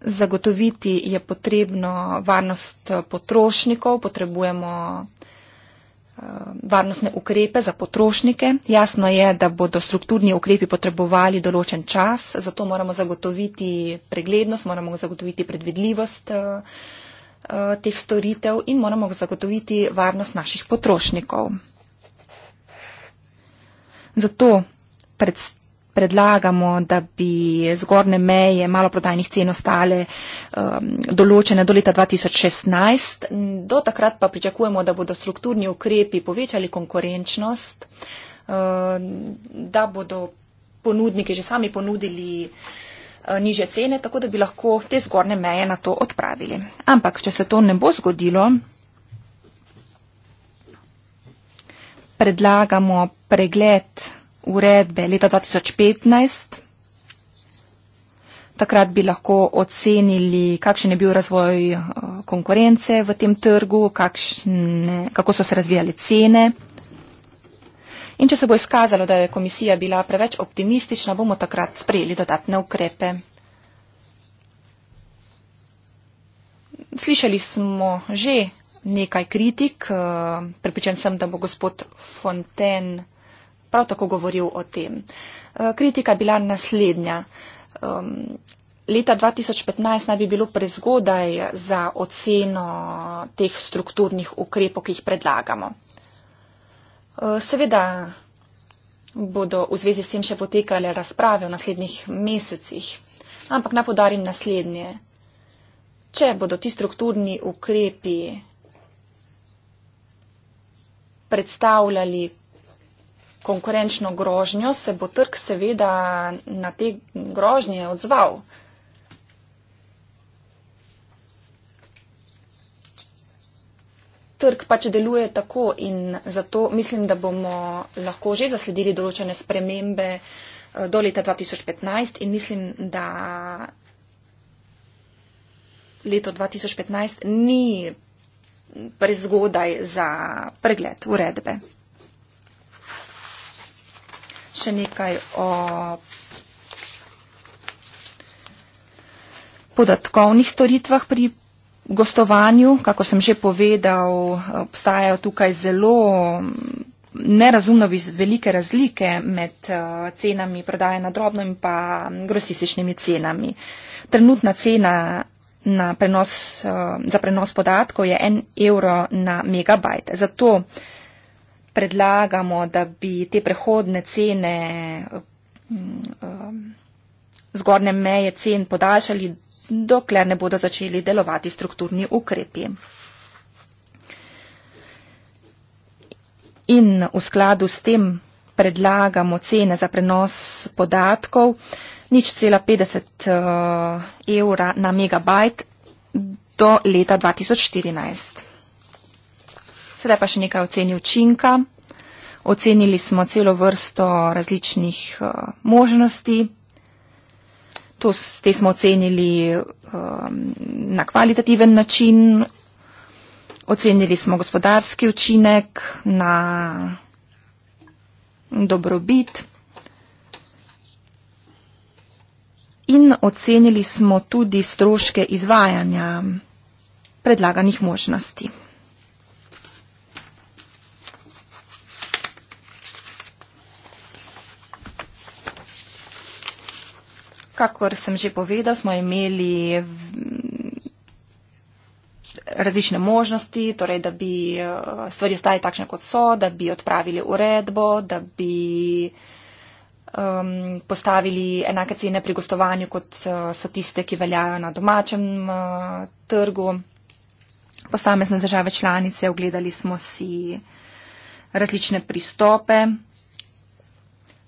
zagotoviti je potrebno varnost eh, potrošnikov, potrebujemo potrošnikov, Eh, varnostne ukrepe za potrošnike. Jasno je, da bodo strukturni ukrepi potrebovali določen čas, zato moramo zagotoviti preglednost, moramo zagotoviti predvidljivost eh, eh, teh storitev in moramo zagotoviti varnost naših potrošnikov. Zato predstavljamo predlagamo, da bi zgornje meje maloprodajnih cen ostale um, določene do leta 2016. Do takrat pa pričakujemo, da bodo strukturni ukrepi povečali konkurenčnost, um, da bodo ponudniki že sami ponudili uh, niže cene, tako da bi lahko te zgornje meje na to odpravili. Ampak, če se to ne bo zgodilo, predlagamo pregled uredbe leta 2015. Takrat bi lahko ocenili, kakšen je bil razvoj eh, konkurence v tem trgu, kakšne, kako so se razvijale cene. In če se bo izkazalo, da je komisija bila preveč optimistična, bomo takrat sprejeli dodatne ukrepe. Slišali smo že nekaj kritik. Eh, Pripričan sem, da bo gospod Fonten prav tako govoril o tem. Eh, kritika je bila naslednja. Leta 2015 naj bi bilo prezgodaj za oceno teh strukturnih ukrepov, ki jih predlagamo. Eh, seveda bodo v zvezi s tem še potekale razprave v naslednjih mesecih, ampak naj podarim naslednje. Če bodo ti strukturni ukrepi predstavljali konkurenčno grožnjo, se bo trg seveda na te grožnje odzval. Trg pač deluje tako in zato mislim, da bomo lahko že zasledili določene spremembe eh, do leta 2015 in mislim, da leto 2015 ni prezgodaj za pregled uredbe še nekaj o podatkovnih storitvah pri gostovanju. Kako sem že povedal, obstajajo tukaj zelo nerazumno velike razlike med cenami prodaje na drobno in pa grosističnimi cenami. Trenutna cena prenos, za prenos podatkov je 1 evro na megabajte. Zato predlagamo, da bi te prehodne cene, um, um, zgornje meje cen podaljšali, dokler ne bodo začeli delovati strukturni ukrepi. In v skladu s tem predlagamo cene za prenos podatkov nič cela 50 uh, evra na megabajt do leta 2014 sedaj pa še nekaj oceni učinka. Ocenili smo celo vrsto različnih uh, možnosti. To, te smo ocenili um, na kvalitativen način. Ocenili smo gospodarski učinek na dobrobit. In ocenili smo tudi stroške izvajanja predlaganih možnosti. kakor sem že povedal, smo imeli različne možnosti, torej, da bi eh, stvari ostali takšne, kot so, da bi odpravili uredbo, da bi um, postavili enake cene pri gostovanju, kot eh, so tiste, ki veljajo na domačem uh, trgu. Posamezne države članice ogledali smo si različne pristope.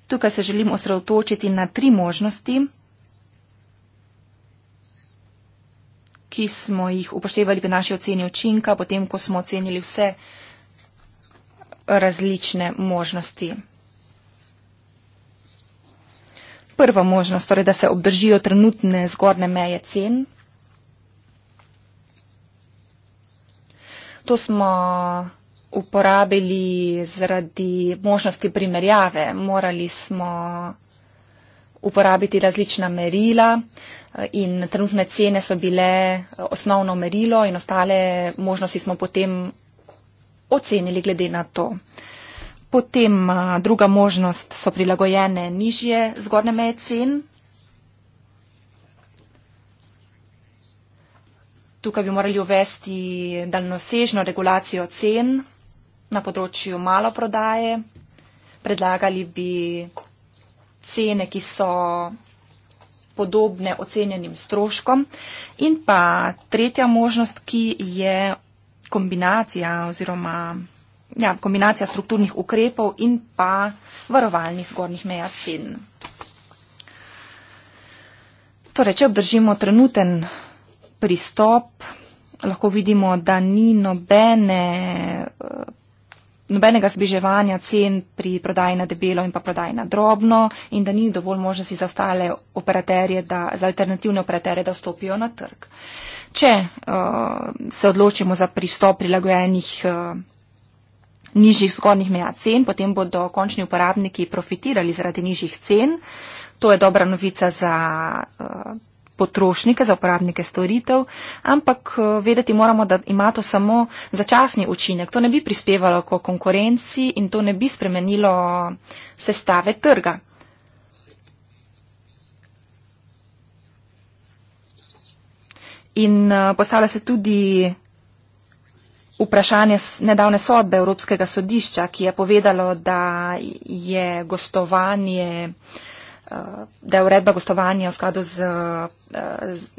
Tukaj se želim osredotočiti na tri možnosti. ki smo jih upoštevali pri naši oceni učinka, potem ko smo ocenili vse različne možnosti. Prva možnost, torej, da se obdržijo trenutne zgornje meje cen. To smo uporabili zaradi možnosti primerjave. Morali smo uporabiti različna merila eh, in trenutne cene so bile eh, osnovno merilo in ostale možnosti smo potem ocenili glede na to. Potem eh, druga možnost so prilagojene nižje zgornje meje cen. Tukaj bi morali uvesti daljnosežno regulacijo cen na področju maloprodaje. Predlagali bi cene, ki so podobne ocenjenim stroškom. In pa tretja možnost, ki je kombinacija oziroma ja, kombinacija strukturnih ukrepov in pa varovalnih zgornjih meja cen. Torej, če obdržimo trenuten pristop, lahko vidimo, da ni nobene nobenega zbiževanja cen pri prodaji na debelo in pa prodaji na drobno in da ni dovolj možnosti za ostale operaterje, da, za alternativne operaterje, da vstopijo na trg. Če uh, se odločimo za pristop prilagojenih uh, nižjih zgornjih meja cen, potem bodo končni uporabniki profitirali zaradi nižjih cen. To je dobra novica za. Uh, potrošnike, za uporabnike storitev, ampak eh, vedeti moramo, da ima to samo začasni učinek. To ne bi prispevalo k konkurenci in to ne bi spremenilo eh, sestave trga. In eh, postavlja se tudi vprašanje nedavne sodbe Evropskega sodišča, ki je povedalo, da je gostovanje uh, da je uredba gostovanja v skladu z, eh, z,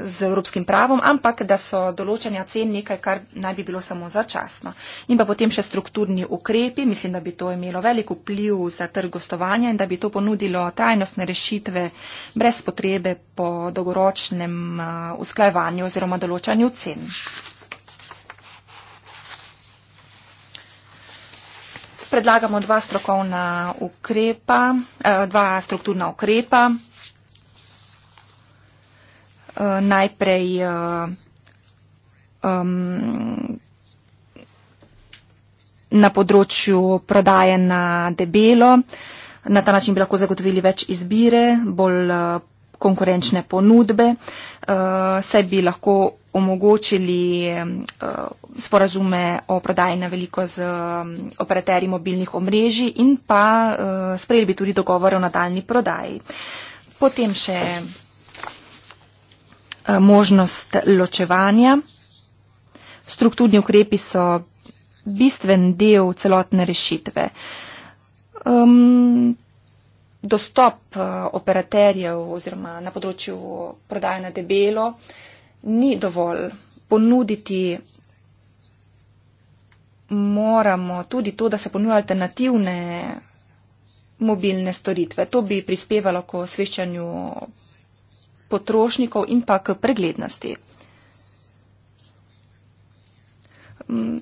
z evropskim pravom, ampak da so določanja cen nekaj, kar naj bi bilo samo začasno. In pa potem še strukturni ukrepi, mislim, da bi to imelo velik vpliv za trg gostovanja in da bi to ponudilo trajnostne rešitve brez potrebe po dolgoročnem eh, usklajevanju oziroma določanju cen. predlagamo dva strokovna ukrepa, eh, dva strukturna ukrepa. Eh, najprej um, na področju prodaje na debelo. Na ta način bi lahko zagotovili več izbire, bolj konkurenčne ponudbe, eh, saj bi lahko omogočili eh, sporazume o prodaji na veliko z mm, operaterji mobilnih omrežij in pa eh, sprejeli bi tudi dogovore o nadaljni prodaji. Potem še možnost ločevanja. Strukturni ukrepi so bistven del celotne rešitve dostop eh, operaterjev oziroma na področju prodaje na debelo ni dovolj ponuditi. Moramo tudi to, da se ponuja alternativne mobilne storitve. To bi prispevalo k osveščanju potrošnikov in pa k preglednosti. Mm,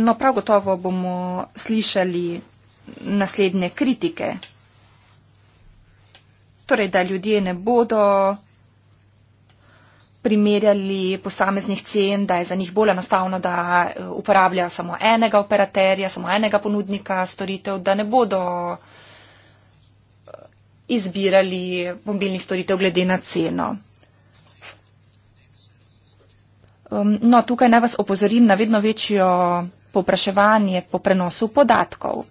no, prav gotovo bomo slišali naslednje kritike torej da ljudje ne bodo primerjali posameznih cen, da je za njih bolj enostavno, da eh, uporabljajo samo enega operaterja, samo enega ponudnika storitev, da ne bodo eh, izbirali mobilnih storitev glede na ceno. Um, no, tukaj naj vas opozorim na vedno večjo popraševanje po prenosu podatkov.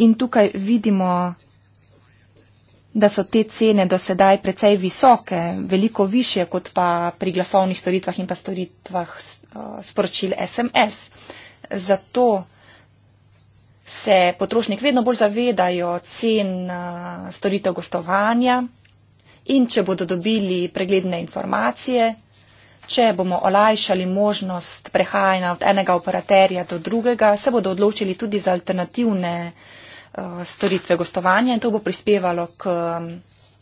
In tukaj vidimo, da so te cene do sedaj precej visoke, veliko više kot pa pri glasovnih storitvah in pa storitvah eh, sporočil SMS. Zato se potrošnik vedno bolj zavedajo cen eh, storitev gostovanja in če bodo dobili pregledne informacije, če bomo olajšali možnost prehajanja od enega operaterja do drugega, se bodo odločili tudi za alternativne Eh, storitve gostovanja in to bo prispevalo k mm,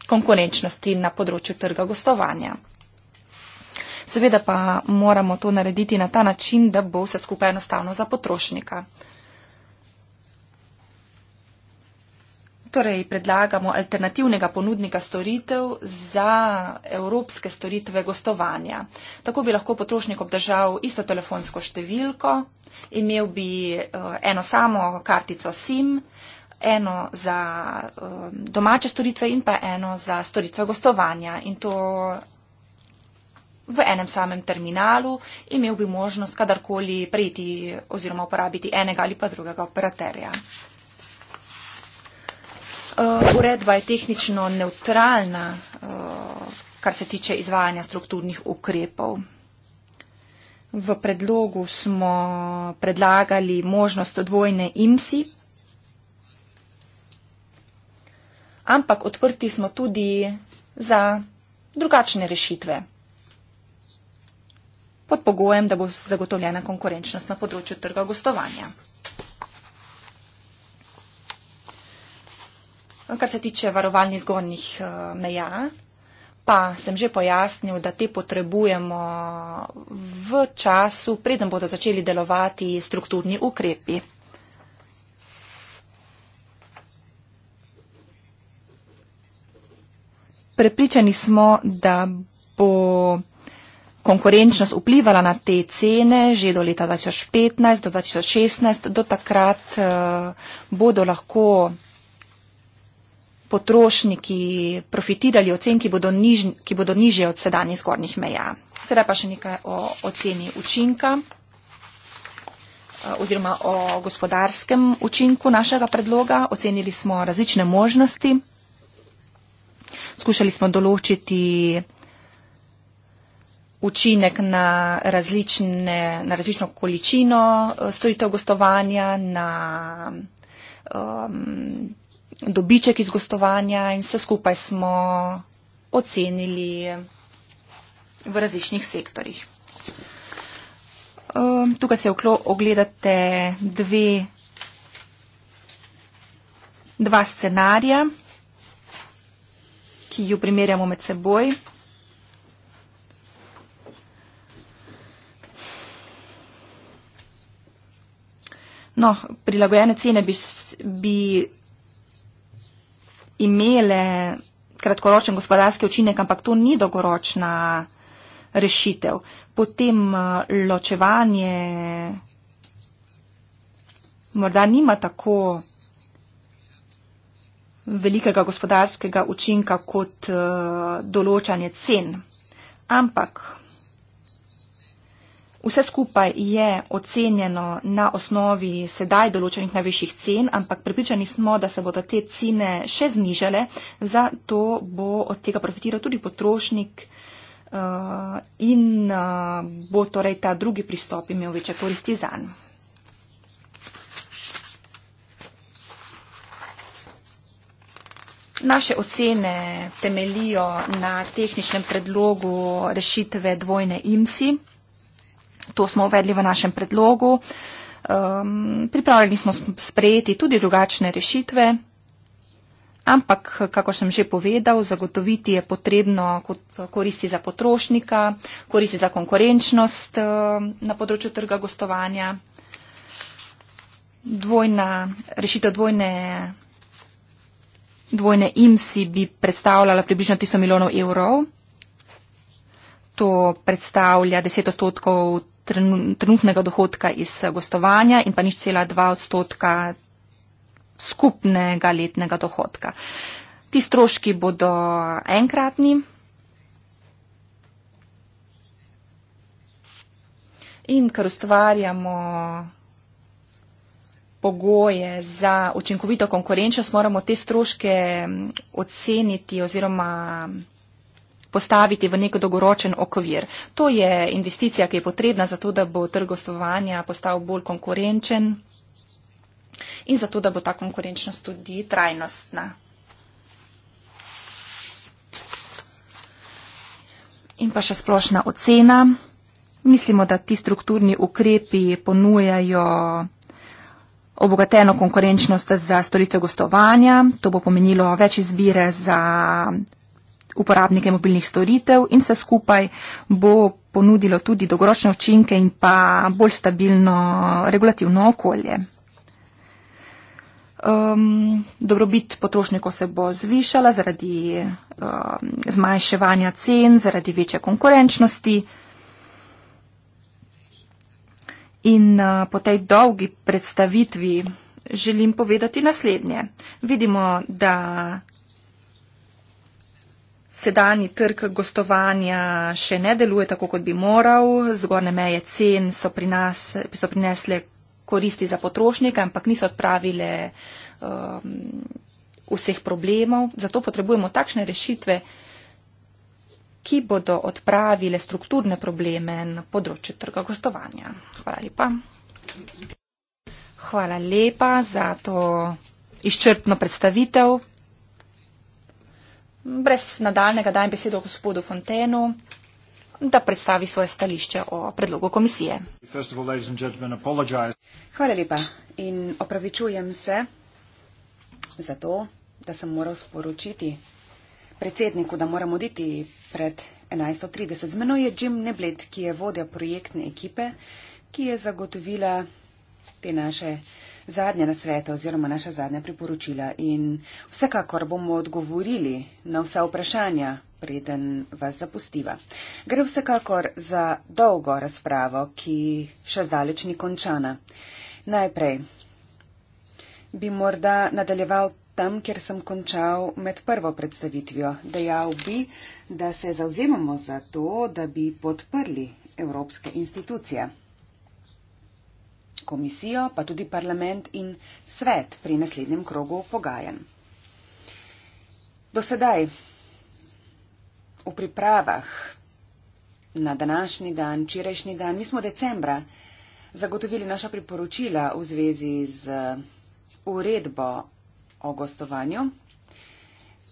konkurenčnosti na področju trga gostovanja. Seveda pa moramo to narediti na ta način, da bo vse skupaj enostavno za potrošnika. Torej, predlagamo alternativnega ponudnika storitev za evropske storitve gostovanja. Tako bi lahko potrošnik obdržal isto telefonsko številko, imel bi eh, eno samo kartico SIM, eno za um, domače storitve in pa eno za storitve gostovanja. In to v enem samem terminalu imel bi možnost kadarkoli prejti oziroma uporabiti enega ali pa drugega operaterja. Uh, uredba je tehnično neutralna, uh, kar se tiče izvajanja strukturnih ukrepov. V predlogu smo predlagali možnost dvojne IMSI ampak odprti smo tudi za drugačne rešitve pod pogojem, da bo zagotovljena konkurenčnost na področju trga gostovanja. Kar se tiče varovalnih zgornjih eh, meja, pa sem že pojasnil, da te potrebujemo v času, preden bodo začeli delovati strukturni ukrepi. Prepričani smo, da bo konkurenčnost vplivala na te cene že do leta 2015, do 2016. Do takrat eh, bodo lahko potrošniki profitirali ocen, ki bodo, niž, ki bodo nižje od sedanjih zgornjih meja. Sedaj pa še nekaj o oceni učinka eh, oziroma o gospodarskem učinku našega predloga. Ocenili smo različne možnosti skušali smo določiti učinek na, različne, na različno količino eh, storitev gostovanja, na um, dobiček iz gostovanja in vse skupaj smo ocenili v različnih sektorjih. Um, tukaj se ogledate dve, dva scenarija, ki ju primerjamo med seboj. No, prilagojene cene bi, bi imele kratkoročen gospodarski učinek, ampak to ni dolgoročna rešitev. Potem eh, ločevanje morda nima tako velikega gospodarskega učinka kot eh, določanje cen. Ampak vse skupaj je ocenjeno na osnovi sedaj določenih najvišjih cen, ampak pripričani smo, da se bodo te cene še znižale, zato bo od tega profitiral tudi potrošnik eh, in eh, bo torej ta drugi pristop imel večje koristi zanj. Naše ocene temelijo na tehničnem predlogu rešitve dvojne IMSI. To smo uvedli v našem predlogu. Um, pripravljeni smo sprejeti tudi drugačne rešitve, ampak, kako sem že povedal, zagotoviti je potrebno koristi za potrošnika, koristi za konkurenčnost um, na področju trga gostovanja. Dvojna, rešitev dvojne dvojne IMSI bi predstavljala približno 300 milijonov evrov. To predstavlja 10 odstotkov trenutnega dohodka iz eh, gostovanja in pa nič cela 2 odstotka skupnega letnega dohodka. Ti stroški bodo enkratni in ker ustvarjamo pogoje za učinkovito konkurenčnost, moramo te stroške oceniti oziroma postaviti v nek dolgoročen okvir. To je investicija, ki je potrebna za to, da bo trgostovanja postal bolj konkurenčen in za to, da bo ta konkurenčnost tudi trajnostna. In pa še splošna ocena. Mislimo, da ti strukturni ukrepi ponujajo obogateno konkurenčnost za storitev gostovanja, to bo pomenilo več izbire za uporabnike mobilnih storitev in vse skupaj bo ponudilo tudi dolgoročne učinke in pa bolj stabilno regulativno okolje. Um, dobrobit potrošnikov se bo zvišala zaradi um, zmanjševanja cen, zaradi večje konkurenčnosti. In uh, po tej dolgi predstavitvi želim povedati naslednje. Vidimo, da sedani trg gostovanja še ne deluje tako, kot bi moral. Zgorne meje cen so, pri nas, so prinesle koristi za potrošnika, ampak niso odpravile um, vseh problemov. Zato potrebujemo takšne rešitve, ki bodo odpravile strukturne probleme na področju trga gostovanja. Hvala lepa. Hvala lepa za to izčrpno predstavitev. Brez nadaljnega dajem besedo gospodu Fontenu, da predstavi svoje stališče o predlogu komisije. All, Hvala lepa in opravičujem se za to, da sem moral sporočiti predsedniku, da moram oditi pred 11.30. Z menoj je Jim Neblet, ki je vodja projektne ekipe, ki je zagotovila te naše zadnje nasvete oziroma naše zadnje priporočila. In vsekakor bomo odgovorili na vsa vprašanja, preden vas zapustiva. Gre vsekakor za dolgo razpravo, ki še zdaleč ni končana. Najprej bi morda nadaljeval tam, kjer sem končal med prvo predstavitvijo. Dejal bi, da se zauzemamo za to, da bi podprli evropske institucije. Komisijo, pa tudi parlament in svet pri naslednjem krogu pogajan. Do sedaj v pripravah na današnji dan, včerajšnji dan, mi smo decembra zagotovili naša priporočila v zvezi z uredbo o gostovanju.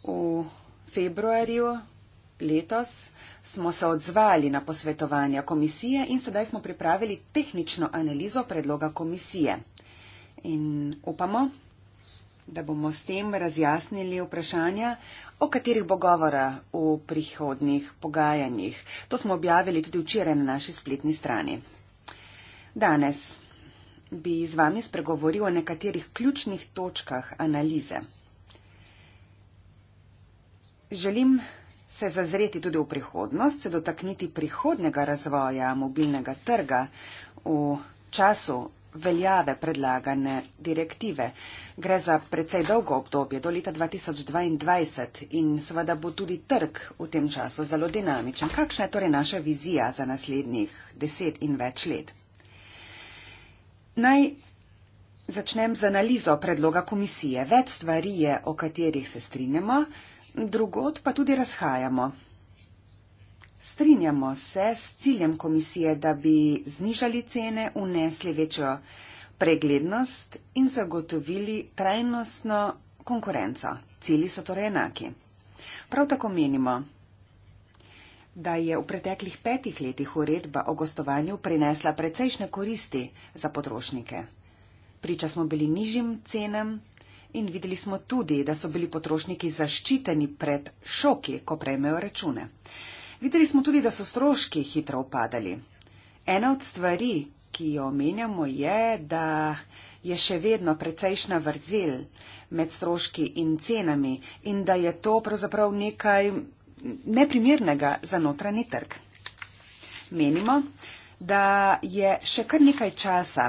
V februarju letos smo se odzvali na posvetovanja komisije in sedaj smo pripravili tehnično analizo predloga komisije. In upamo, da bomo s tem razjasnili vprašanja, o katerih bo govora v prihodnih pogajanjih. To smo objavili tudi včeraj na naši spletni strani. Danes bi z vami spregovoril o nekaterih ključnih točkah analize. Želim se zazreti tudi v prihodnost, se dotakniti prihodnega razvoja mobilnega trga v času veljave predlagane direktive. Gre za precej dolgo obdobje do leta 2022 in seveda bo tudi trg v tem času zelo dinamičen. Kakšna je torej naša vizija za naslednjih deset in več let? Naj začnem z analizo predloga komisije. Več stvari je, o katerih se strinjamo, drugot pa tudi razhajamo. Strinjamo se s ciljem komisije, da bi znižali cene, unesli večjo preglednost in zagotovili trajnostno konkurenco. Cili so torej enaki. Prav tako menimo, da je v preteklih petih letih uredba o gostovanju prinesla precejšnje koristi za potrošnike. Priča smo bili nižjim cenam in videli smo tudi, da so bili potrošniki zaščiteni pred šoki, ko prejmejo račune. Videli smo tudi, da so stroški hitro upadali. Ena od stvari, ki jo omenjamo, je, da je še vedno precejšna vrzel med stroški in cenami in da je to pravzaprav nekaj neprimernega za notranji trg. Menimo, da je še kar nekaj časa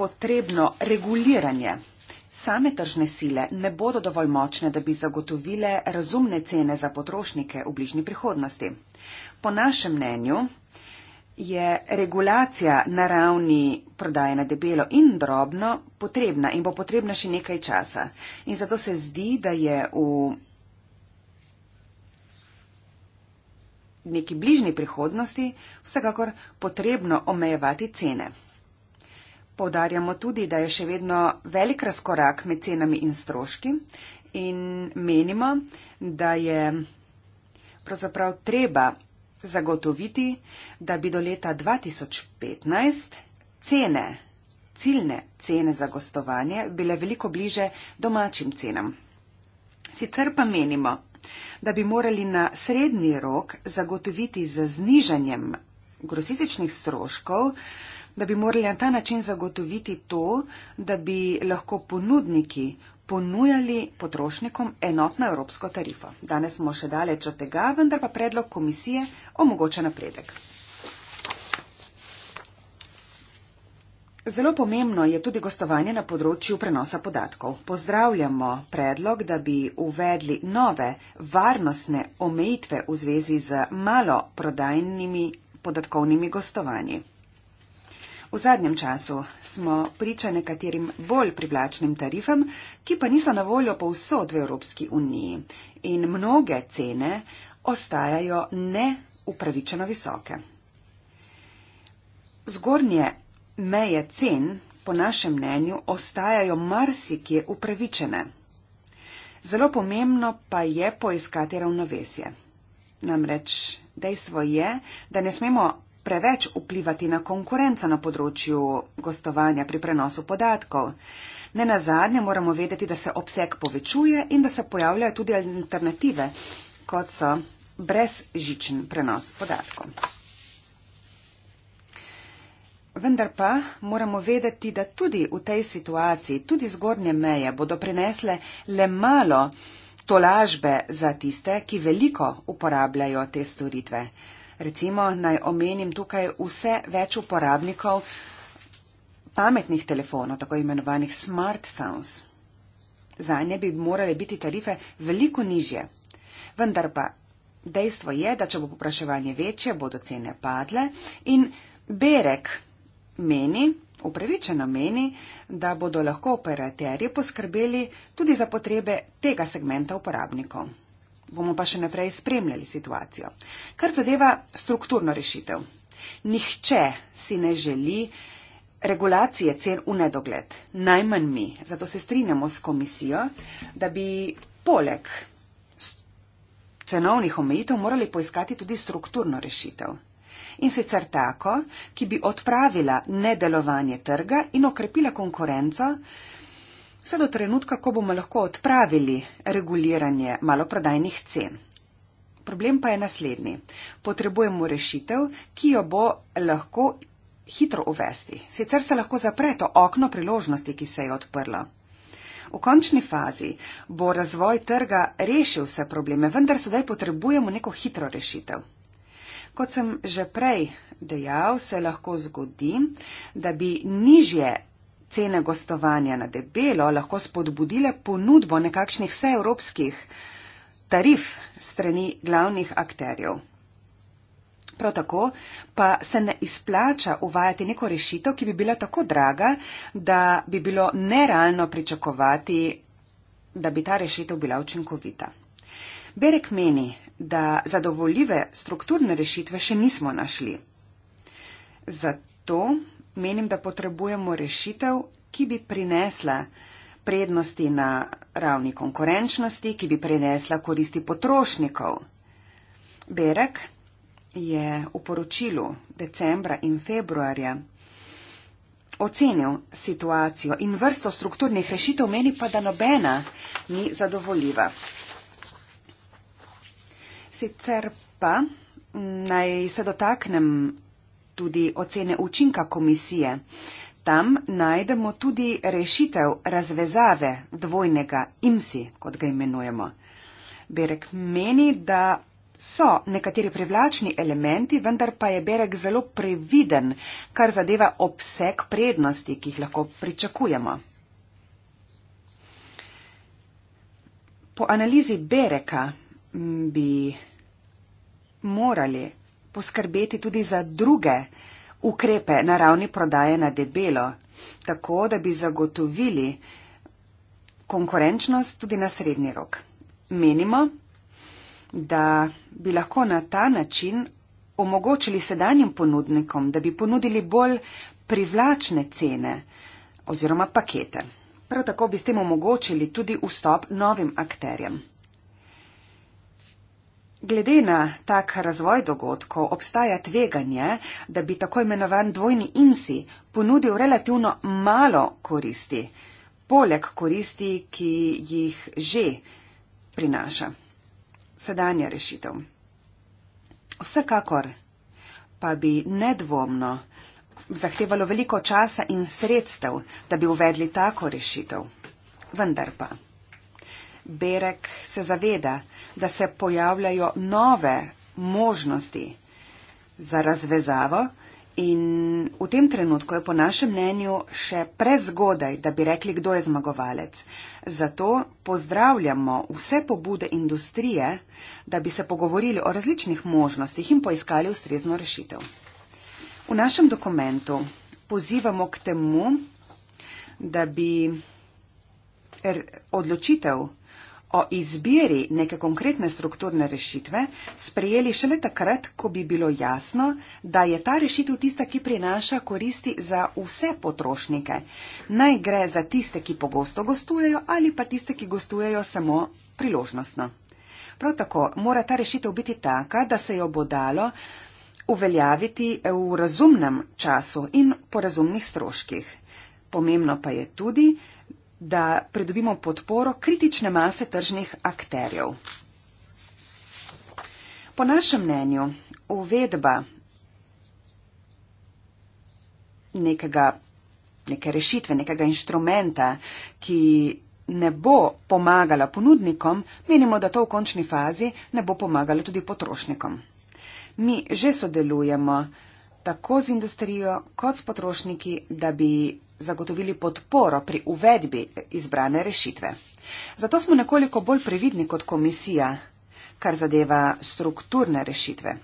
potrebno reguliranje. Same tržne sile ne bodo dovolj močne, da bi zagotovile razumne cene za potrošnike v bližnji prihodnosti. Po našem mnenju je regulacija na ravni prodaje na debelo in drobno potrebna in bo potrebna še nekaj časa. In zato se zdi, da je v neki bližnji prihodnosti vsekakor potrebno omejevati cene. Povdarjamo tudi, da je še vedno velik razkorak med cenami in stroški in menimo, da je pravzaprav treba zagotoviti, da bi do leta 2015 cene, ciljne cene za gostovanje bile veliko bliže domačim cenam. Sicer pa menimo, da bi morali na srednji rok zagotoviti z znižanjem grosističnih stroškov, da bi morali na ta način zagotoviti to, da bi lahko ponudniki ponujali potrošnikom enotno evropsko tarifo. Danes smo še daleč od tega, vendar pa predlog komisije omogoča napredek. Zelo pomembno je tudi gostovanje na področju prenosa podatkov. Pozdravljamo predlog, da bi uvedli nove varnostne omejitve v zvezi z malo prodajnimi podatkovnimi gostovanji. V zadnjem času smo priča nekaterim bolj privlačnim tarifam, ki pa niso na voljo povsod v Evropski uniji in mnoge cene ostajajo neupravičeno visoke. Zgornje meje cen, po našem mnenju, ostajajo marsikje upravičene. Zelo pomembno pa je poiskati ravnovesje. Namreč dejstvo je, da ne smemo preveč vplivati na konkurenco na področju gostovanja pri prenosu podatkov. Ne na zadnje moramo vedeti, da se obseg povečuje in da se pojavljajo tudi alternative, kot so brezžičen prenos podatkov. Vendar pa moramo vedeti, da tudi v tej situaciji, tudi zgornje meje bodo prinesle le malo tolažbe za tiste, ki veliko uporabljajo te storitve. Recimo naj omenim tukaj vse več uporabnikov pametnih telefonov, tako imenovanih smartphones. Za nje bi morale biti tarife veliko nižje. Vendar pa dejstvo je, da če bo popraševanje večje, bodo cene padle in berek meni, upravičeno meni, da bodo lahko operaterji poskrbeli tudi za potrebe tega segmenta uporabnikov. Bomo pa še naprej spremljali situacijo. Kar zadeva strukturno rešitev. Nihče si ne želi regulacije cen v nedogled, najmanj mi. Zato se strinjamo s komisijo, da bi poleg cenovnih omejitev morali poiskati tudi strukturno rešitev in sicer tako, ki bi odpravila nedelovanje trga in okrepila konkurenco, vse do trenutka, ko bomo lahko odpravili reguliranje maloprodajnih cen. Problem pa je naslednji. Potrebujemo rešitev, ki jo bo lahko hitro uvesti. Sicer se lahko zapre to okno priložnosti, ki se je odprlo. V končni fazi bo razvoj trga rešil vse probleme, vendar sedaj potrebujemo neko hitro rešitev. Kot sem že prej dejal, se lahko zgodi, da bi nižje cene gostovanja na debelo lahko spodbudile ponudbo nekakšnih vseevropskih tarif strani glavnih akterjev. Prav tako pa se ne izplača uvajati neko rešitev, ki bi bila tako draga, da bi bilo nerealno pričakovati, da bi ta rešitev bila učinkovita. Berek meni, da zadovoljive strukturne rešitve še nismo našli. Zato menim, da potrebujemo rešitev, ki bi prinesla prednosti na ravni konkurenčnosti, ki bi prinesla koristi potrošnikov. Berek je v poročilu decembra in februarja ocenil situacijo in vrsto strukturnih rešitev, meni pa, da nobena ni zadovoljiva. Sicer pa mm, naj se dotaknem tudi ocene učinka komisije. Tam najdemo tudi rešitev razvezave dvojnega imsi, kot ga imenujemo. Berek meni, da so nekateri privlačni elementi, vendar pa je Berek zelo previden, kar zadeva obseg prednosti, ki jih lahko pričakujemo. Po analizi Bereka bi morali poskrbeti tudi za druge ukrepe na ravni prodaje na debelo, tako da bi zagotovili konkurenčnost tudi na srednji rok. Menimo, da bi lahko na ta način omogočili sedanjim ponudnikom, da bi ponudili bolj privlačne cene oziroma pakete. Prav tako bi s tem omogočili tudi vstop novim akterjem. Glede na tak razvoj dogodkov obstaja tveganje, da bi tako imenovan dvojni IMSI ponudil relativno malo koristi, poleg koristi, ki jih že prinaša sedanja rešitev. Vsekakor pa bi nedvomno zahtevalo veliko časa in sredstev, da bi uvedli tako rešitev. Vendar pa. Berek se zaveda, da se pojavljajo nove možnosti za razvezavo in v tem trenutku je po našem mnenju še prezgodaj, da bi rekli, kdo je zmagovalec. Zato pozdravljamo vse pobude industrije, da bi se pogovorili o različnih možnostih in poiskali ustrezno rešitev. V našem dokumentu pozivamo k temu, da bi odločitev o izbiri neke konkretne strukturne rešitve sprejeli šele takrat, ko bi bilo jasno, da je ta rešitev tista, ki prinaša koristi za vse potrošnike. Naj gre za tiste, ki pogosto gostujejo ali pa tiste, ki gostujejo samo priložnostno. Prav tako mora ta rešitev biti taka, da se jo bo dalo uveljaviti v razumnem času in po razumnih stroških. Pomembno pa je tudi, da predobimo podporo kritične mase tržnih akterjev. Po našem mnenju, uvedba nekega, neke rešitve, nekega inštrumenta, ki ne bo pomagala ponudnikom, menimo, da to v končni fazi ne bo pomagalo tudi potrošnikom. Mi že sodelujemo tako z industrijo kot s potrošniki, da bi zagotovili podporo pri uvedbi izbrane rešitve. Zato smo nekoliko bolj previdni kot komisija, kar zadeva strukturne rešitve.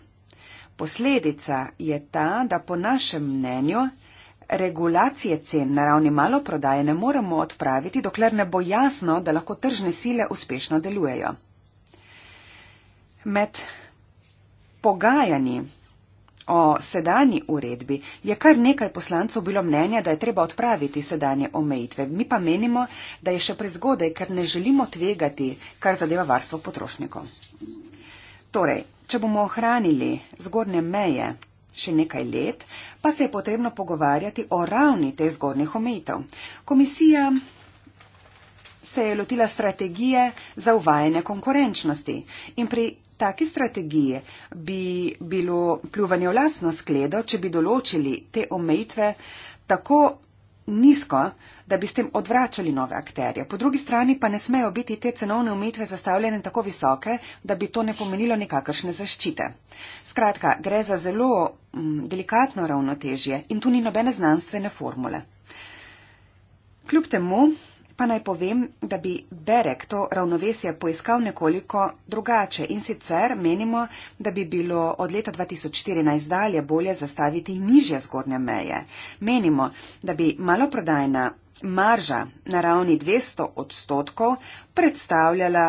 Posledica je ta, da po našem mnenju regulacije cen na ravni maloprodaje ne moremo odpraviti, dokler ne bo jasno, da lahko tržne sile uspešno delujejo. Med pogajanji O sedanji uredbi je kar nekaj poslancev bilo mnenja, da je treba odpraviti sedanje omejitve. Mi pa menimo, da je še prezgodaj, ker ne želimo tvegati, kar zadeva varstvo potrošnikov. Torej, če bomo ohranili zgornje meje še nekaj let, pa se je potrebno pogovarjati o ravni teh zgornjih omejitev. Komisija se je lotila strategije za uvajanje konkurenčnosti. In pri taki strategiji bi bilo pljuvanje v lasno skledo, če bi določili te omejitve tako nizko, da bi s tem odvračali nove akterje. Po drugi strani pa ne smejo biti te cenovne omejitve zastavljene tako visoke, da bi to ne pomenilo nekakršne zaščite. Skratka, gre za zelo mm, delikatno ravnotežje in tu ni nobene znanstvene formule. Kljub temu, pa naj povem, da bi Berek to ravnovesje poiskal nekoliko drugače in sicer menimo, da bi bilo od leta 2014 dalje bolje zastaviti nižje zgornje meje. Menimo, da bi maloprodajna marža na ravni 200 odstotkov predstavljala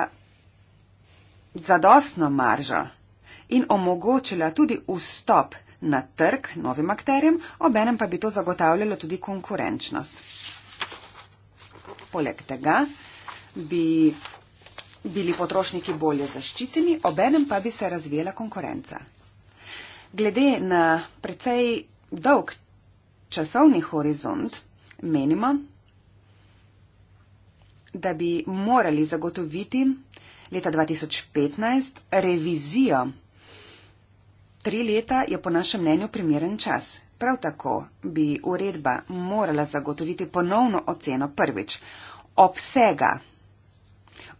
zadostno maržo in omogočila tudi vstop na trg novim akterjem, obenem pa bi to zagotavljalo tudi konkurenčnost. Poleg tega bi bili potrošniki bolje zaščiteni, obenem pa bi se razvijela konkurenca. Glede na precej dolg časovni horizont menimo, da bi morali zagotoviti leta 2015 revizijo. Tri leta je po našem mnenju primeren čas. Prav tako bi uredba morala zagotoviti ponovno oceno prvič obsega,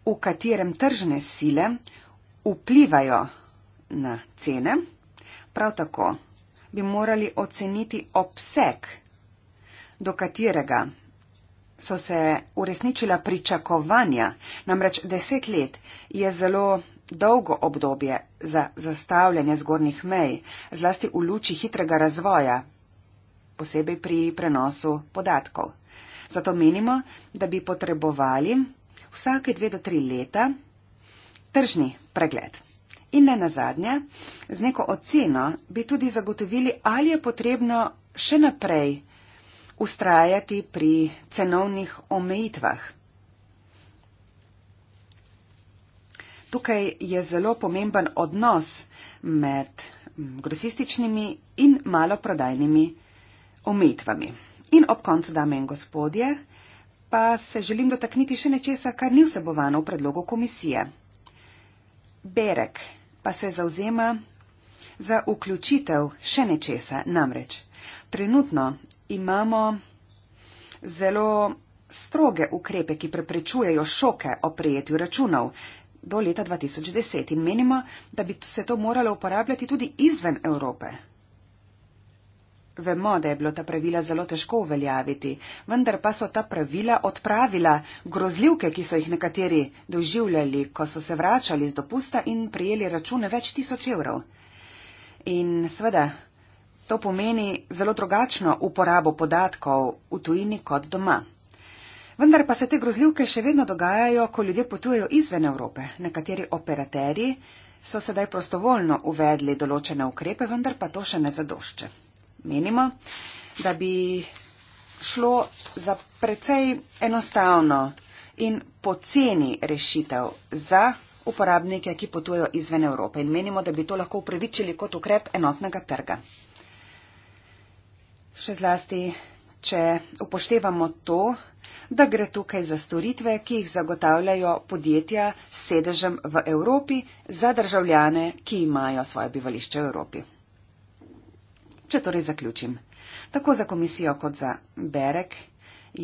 v katerem tržne sile vplivajo na cene. Prav tako bi morali oceniti obseg, do katerega so se uresničila pričakovanja. Namreč deset let je zelo dolgo obdobje za zastavljanje zgornjih mej, zlasti v luči hitrega razvoja, posebej pri prenosu podatkov. Zato menimo, da bi potrebovali vsake dve do tri leta tržni pregled. In ne na zadnje, z neko oceno bi tudi zagotovili, ali je potrebno še naprej ustrajati pri cenovnih omejitvah. Tukaj je zelo pomemben odnos med mm, grosističnimi in maloprodajnimi omejitvami. In ob koncu, dame in gospodje, pa se želim dotakniti še nečesa, kar ni vsebovano v predlogu komisije. Berek pa se zauzema za vključitev še nečesa, namreč trenutno imamo zelo stroge ukrepe, ki preprečujejo šoke o prijetju računov, do leta 2010 in menimo, da bi se to moralo uporabljati tudi izven Evrope. Vemo, da je bilo ta pravila zelo težko uveljaviti, vendar pa so ta pravila odpravila grozljivke, ki so jih nekateri doživljali, ko so se vračali z dopusta in prijeli račune več tisoč evrov. In sveda, to pomeni zelo drugačno uporabo podatkov v tujini kot doma. Vendar pa se te grozljivke še vedno dogajajo, ko ljudje potujejo izven Evrope. Nekateri operaterji so sedaj prostovoljno uvedli določene ukrepe, vendar pa to še ne zadošče. Menimo, da bi šlo za precej enostavno in poceni rešitev za uporabnike, ki potujejo izven Evrope in menimo, da bi to lahko upravičili kot ukrep enotnega trga. Še zlasti, če upoštevamo to, da gre tukaj za storitve, ki jih zagotavljajo podjetja s sedežem v Evropi za državljane, ki imajo svoje bivališče v Evropi. Če torej zaključim, tako za komisijo kot za Berek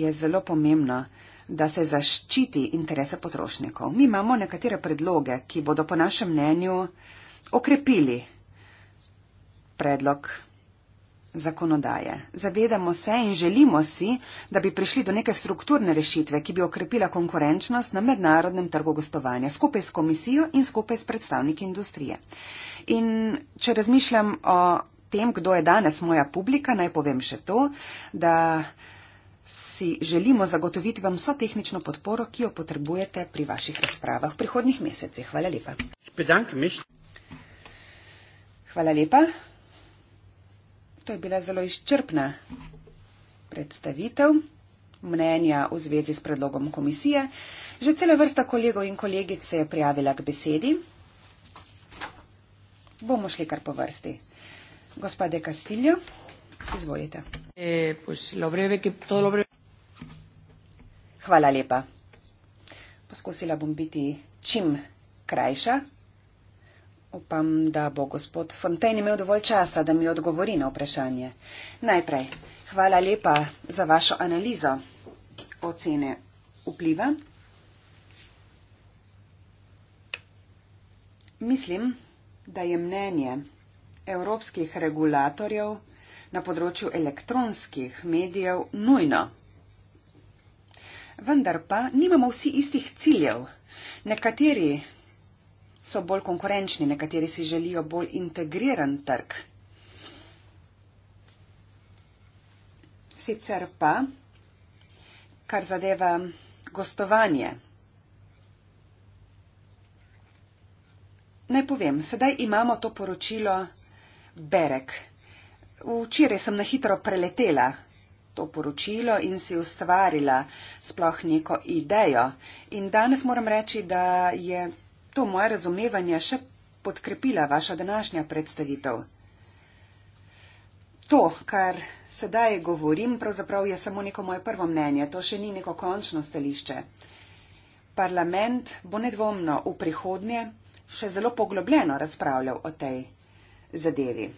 je zelo pomembno, da se zaščiti interese potrošnikov. Mi imamo nekatere predloge, ki bodo po našem mnenju okrepili predlog zakonodaje. Zavedamo se in želimo si, da bi prišli do neke strukturne rešitve, ki bi okrepila konkurenčnost na mednarodnem trgu gostovanja skupaj s komisijo in skupaj s predstavniki industrije. In če razmišljam o tem, kdo je danes moja publika, naj povem še to, da si želimo zagotoviti vam vso tehnično podporo, ki jo potrebujete pri vaših razpravah v prihodnih mesecih. Hvala lepa. Hvala lepa. To je bila zelo izčrpna predstavitev mnenja v zvezi s predlogom komisije. Že cela vrsta kolegov in kolegic se je prijavila k besedi. Bomo šli kar po vrsti. Gospode Kastiljo, izvolite. Eh, Hvala lepa. Poskusila bom biti čim krajša. Upam, da bo gospod Fontaine imel dovolj časa, da mi odgovori na vprašanje. Najprej, hvala lepa za vašo analizo ocene vpliva. Mislim, da je mnenje evropskih regulatorjev na področju elektronskih medijev nujno. Vendar pa nimamo vsi istih ciljev. Nekateri so bolj konkurenčni, nekateri si želijo bolj integriran trg. Sicer pa, kar zadeva gostovanje. Naj povem, sedaj imamo to poročilo Berek. Včeraj sem na hitro preletela to poročilo in si ustvarila sploh neko idejo. In danes moram reči, da je to moje razumevanje še podkrepila vaša današnja predstavitev. To, kar sedaj govorim, pravzaprav je samo neko moje prvo mnenje, to še ni neko končno stališče. Parlament bo nedvomno v prihodnje še zelo poglobljeno razpravljal o tej zadevi.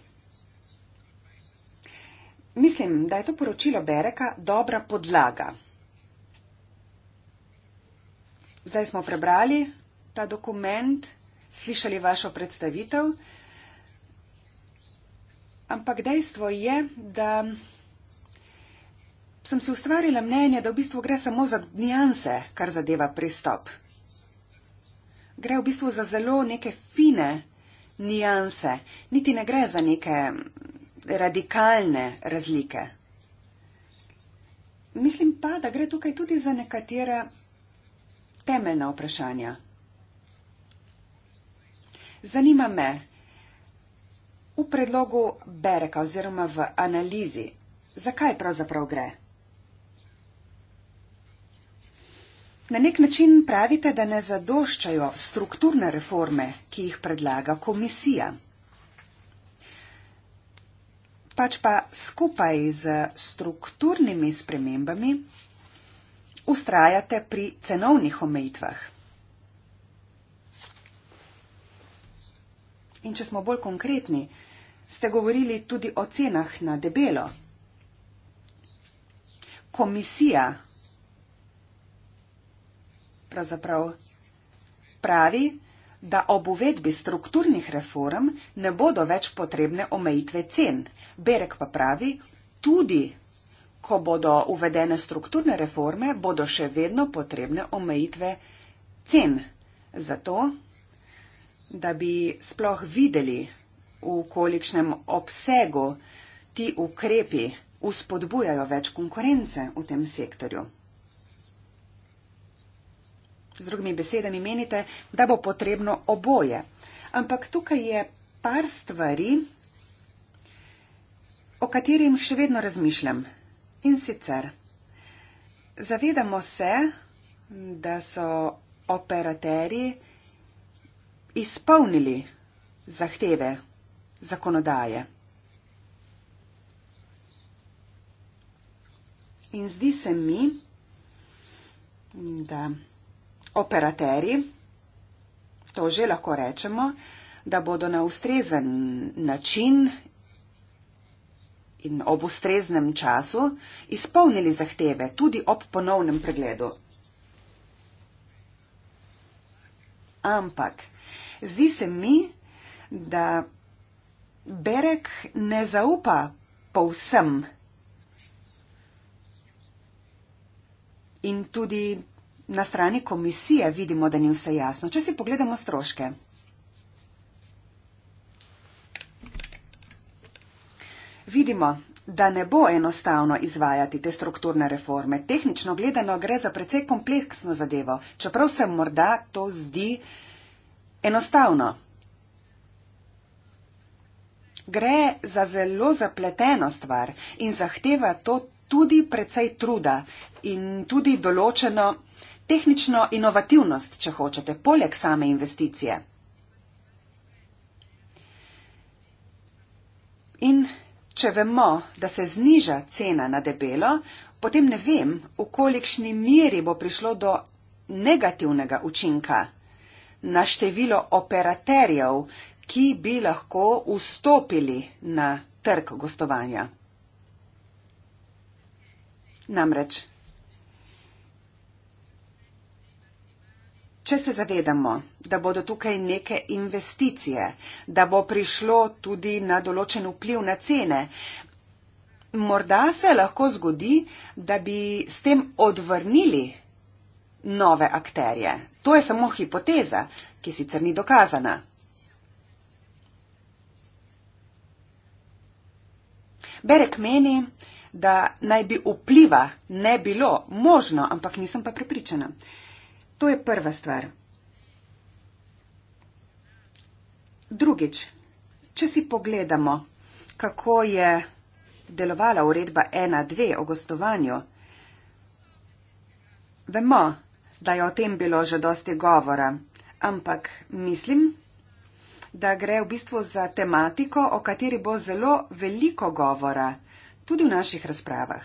Mislim, da je to poročilo Bereka dobra podlaga. Zdaj smo prebrali ta dokument, slišali vašo predstavitev. Ampak dejstvo je, da sem si ustvarila mnenje, da v bistvu gre samo za nijanse, kar zadeva pristop. Gre v bistvu za zelo neke fine nijanse, niti ne gre za neke radikalne razlike. Mislim pa, da gre tukaj tudi za nekatera temeljna vprašanja. Zanima me, v predlogu Bereka oziroma v analizi, zakaj pravzaprav gre? Na nek način pravite, da ne zadoščajo strukturne reforme, ki jih predlaga komisija. Pač pa skupaj z strukturnimi spremembami ustrajate pri cenovnih omejitvah. In če smo bolj konkretni, ste govorili tudi o cenah na debelo. Komisija pravzaprav pravi, da ob uvedbi strukturnih reform ne bodo več potrebne omejitve cen. Berek pa pravi, tudi ko bodo uvedene strukturne reforme, bodo še vedno potrebne omejitve cen. Zato da bi sploh videli, v kolikšnem obsegu ti ukrepi uspodbujajo več konkurence v tem sektorju. Z drugimi besedami menite, da bo potrebno oboje. Ampak tukaj je par stvari, o katerim še vedno razmišljam. In sicer, zavedamo se, da so operateri izpolnili zahteve zakonodaje. In zdi se mi, da operaterji, to že lahko rečemo, da bodo na ustrezen način in ob ustreznem času izpolnili zahteve tudi ob ponovnem pregledu. Ampak Zdi se mi, da Berek ne zaupa povsem. In tudi na strani komisije vidimo, da ni vse jasno. Če si pogledamo stroške. Vidimo, da ne bo enostavno izvajati te strukturne reforme. Tehnično gledano gre za precej kompleksno zadevo, čeprav se morda to zdi nekaj enostavno. Gre za zelo zapleteno stvar in zahteva to tudi precej truda in tudi določeno tehnično inovativnost, če hočete, poleg same investicije. In če vemo, da se zniža cena na debelo, potem ne vem, v kolikšni meri bo prišlo do negativnega učinka na število operaterjev, ki bi lahko vstopili na trg gostovanja. Namreč, če se zavedamo, da bodo tukaj neke investicije, da bo prišlo tudi na določen vpliv na cene, morda se lahko zgodi, da bi s tem odvrnili nove akterje. To je samo hipoteza, ki sicer ni dokazana. Berek meni, da naj bi vpliva ne bilo možno, ampak nisem pa prepričana. To je prva stvar. Drugič, če si pogledamo, kako je delovala uredba 1.2 o gostovanju, vemo, da je o tem bilo že dosti govora, ampak mislim, da gre v bistvu za tematiko, o kateri bo zelo veliko govora, tudi v naših razpravah.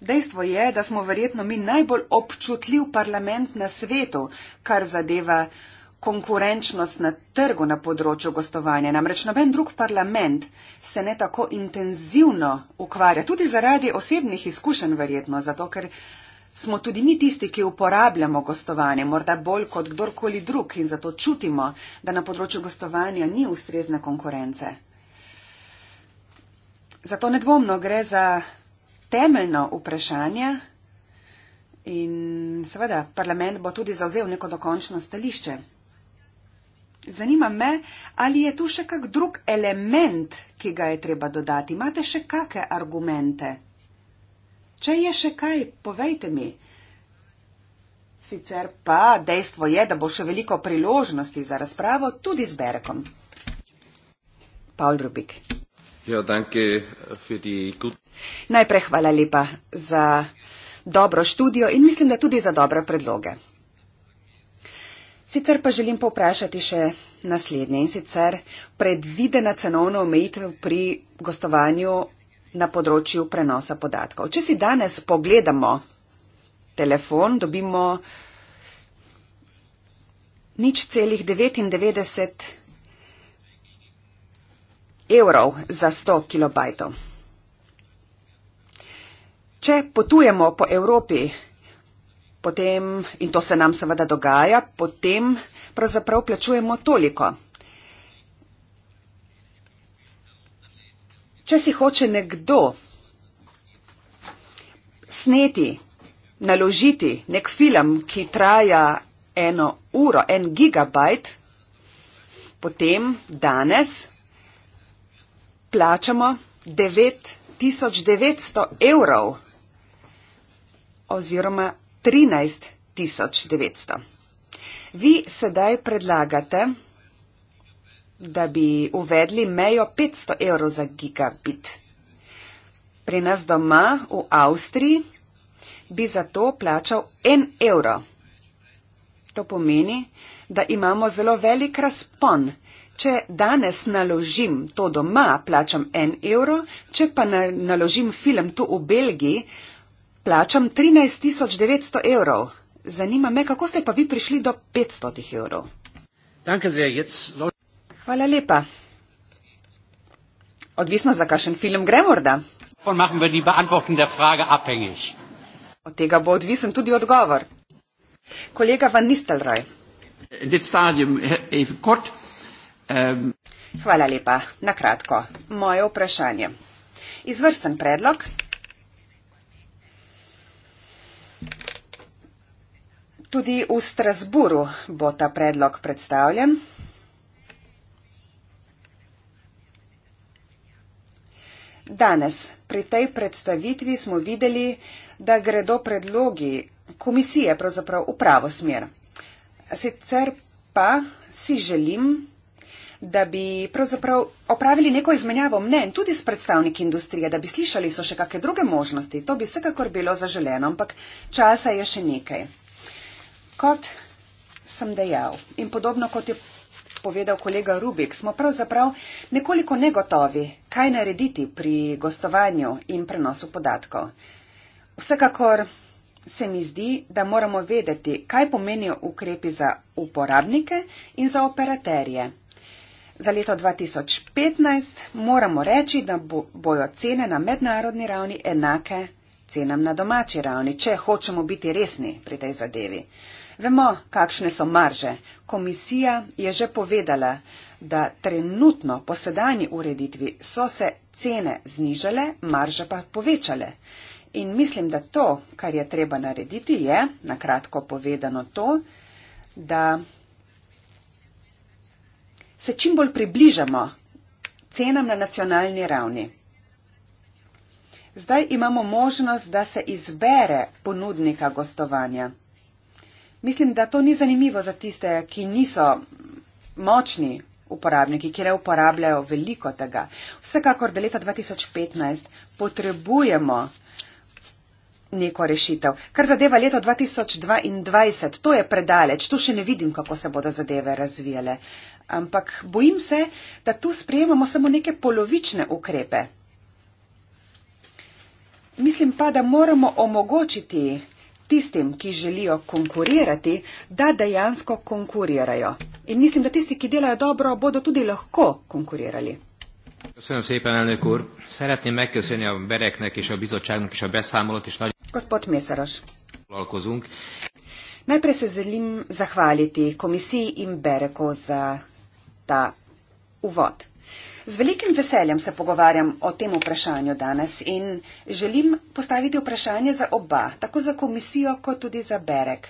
Dejstvo je, da smo verjetno mi najbolj občutljiv parlament na svetu, kar zadeva konkurenčnost na trgu na področju gostovanja. Namreč noben drug parlament se ne tako intenzivno ukvarja, tudi zaradi osebnih izkušenj verjetno, zato ker smo tudi mi tisti, ki uporabljamo gostovanje, morda bolj kot kdorkoli drug in zato čutimo, da na področju gostovanja ni ustrezne konkurence. Zato nedvomno gre za temeljno vprašanje. In seveda, parlament bo tudi zauzel neko dokončno stališče. Zanima me, ali je tu še kak drug element, ki ga je treba dodati. Imate še kakšne argumente? Če je še kaj, povejte mi. Sicer pa dejstvo je, da bo še veliko priložnosti za razpravo tudi z Berekom. Paul Rubik. Ja, danke für die gut. Najprej hvala lepa za dobro študijo in mislim, da tudi za dobre predloge. Sicer pa želim povprašati še naslednje in sicer predvidena cenovna omejitev pri gostovanju na področju prenosa podatkov. Če si danes pogledamo telefon, dobimo nič celih 99 evrov za 100 kilobajtov. Če potujemo po Evropi, potem, in to se nam seveda dogaja, potem pravzaprav plačujemo toliko. Če si hoče nekdo sneti, naložiti nek film, ki traja eno uro, en gigabajt, potem danes plačamo 9900 evrov oziroma 13900. Vi sedaj predlagate, da bi uvedli mejo 500 evrov za gigabit. Pri nas doma v Avstriji bi za to plačal 1 evro. To pomeni, da imamo zelo velik razpon. Če danes naložim to doma, plačam 1 evro, če pa naložim film tu v Belgiji, plačam 13.900 evrov. Zanima me, kako ste pa vi prišli do 500 evrov. Hvala lepa. Odvisno, za kakšen film gre morda. Od tega bo odvisen tudi odgovor. Kolega Van Nistelrooy. Ehm, Hvala lepa. Na kratko. Moje vprašanje. Izvrsten predlog, Tudi v Strasburu bo ta predlog predstavljen. Danes pri tej predstavitvi smo videli, da gredo predlogi komisije pravzaprav v pravo smer. Sicer pa si želim, da bi pravzaprav opravili neko izmenjavo mnen tudi s predstavniki industrije, da bi slišali so še kakšne druge možnosti. To bi vsekakor bilo zaželeno, ampak časa je še nekaj. Kot sem dejal in podobno kot je povedal kolega Rubik, smo pravzaprav nekoliko negotovi, kaj narediti pri gostovanju in prenosu podatkov. Vsekakor se mi zdi, da moramo vedeti, kaj pomenijo ukrepi za uporabnike in za operaterje. Za leto 2015 moramo reči, da bojo cene na mednarodni ravni enake cenam na domači ravni, če hočemo biti resni pri tej zadevi. Vemo, kakšne so marže. Komisija je že povedala, da trenutno po sedanji ureditvi so se cene znižale, marže pa povečale. In mislim, da to, kar je treba narediti, je, na kratko povedano, to, da se čim bolj približamo cenam na nacionalni ravni. Zdaj imamo možnost, da se izbere ponudnika gostovanja. Mislim, da to ni zanimivo za tiste, ki niso močni uporabniki, ki ne uporabljajo veliko tega. Vsekakor, da leta 2015 potrebujemo neko rešitev. Kar zadeva leto 2022, to je predaleč, tu še ne vidim, kako se bodo zadeve razvijale. Ampak bojim se, da tu sprejemamo samo neke polovične ukrepe. Mislim pa, da moramo omogočiti tistim, ki želijo konkurirati, da dejansko konkurirajo. In mislim, da tisti, ki delajo dobro, bodo tudi lahko konkurirali. Köszönöm szépen, elnök úr. Szeretném megköszönni a bereknek és a bizottságnak is a beszámolót is. Nagy... Gospod Mészaros. Foglalkozunk. Najprej se želim zahvaliti komisiji in bereku za ta uvod. Z velikim veseljem se pogovarjam o tem vprašanju danes in želim postaviti vprašanje za oba, tako za komisijo, kot tudi za Berek.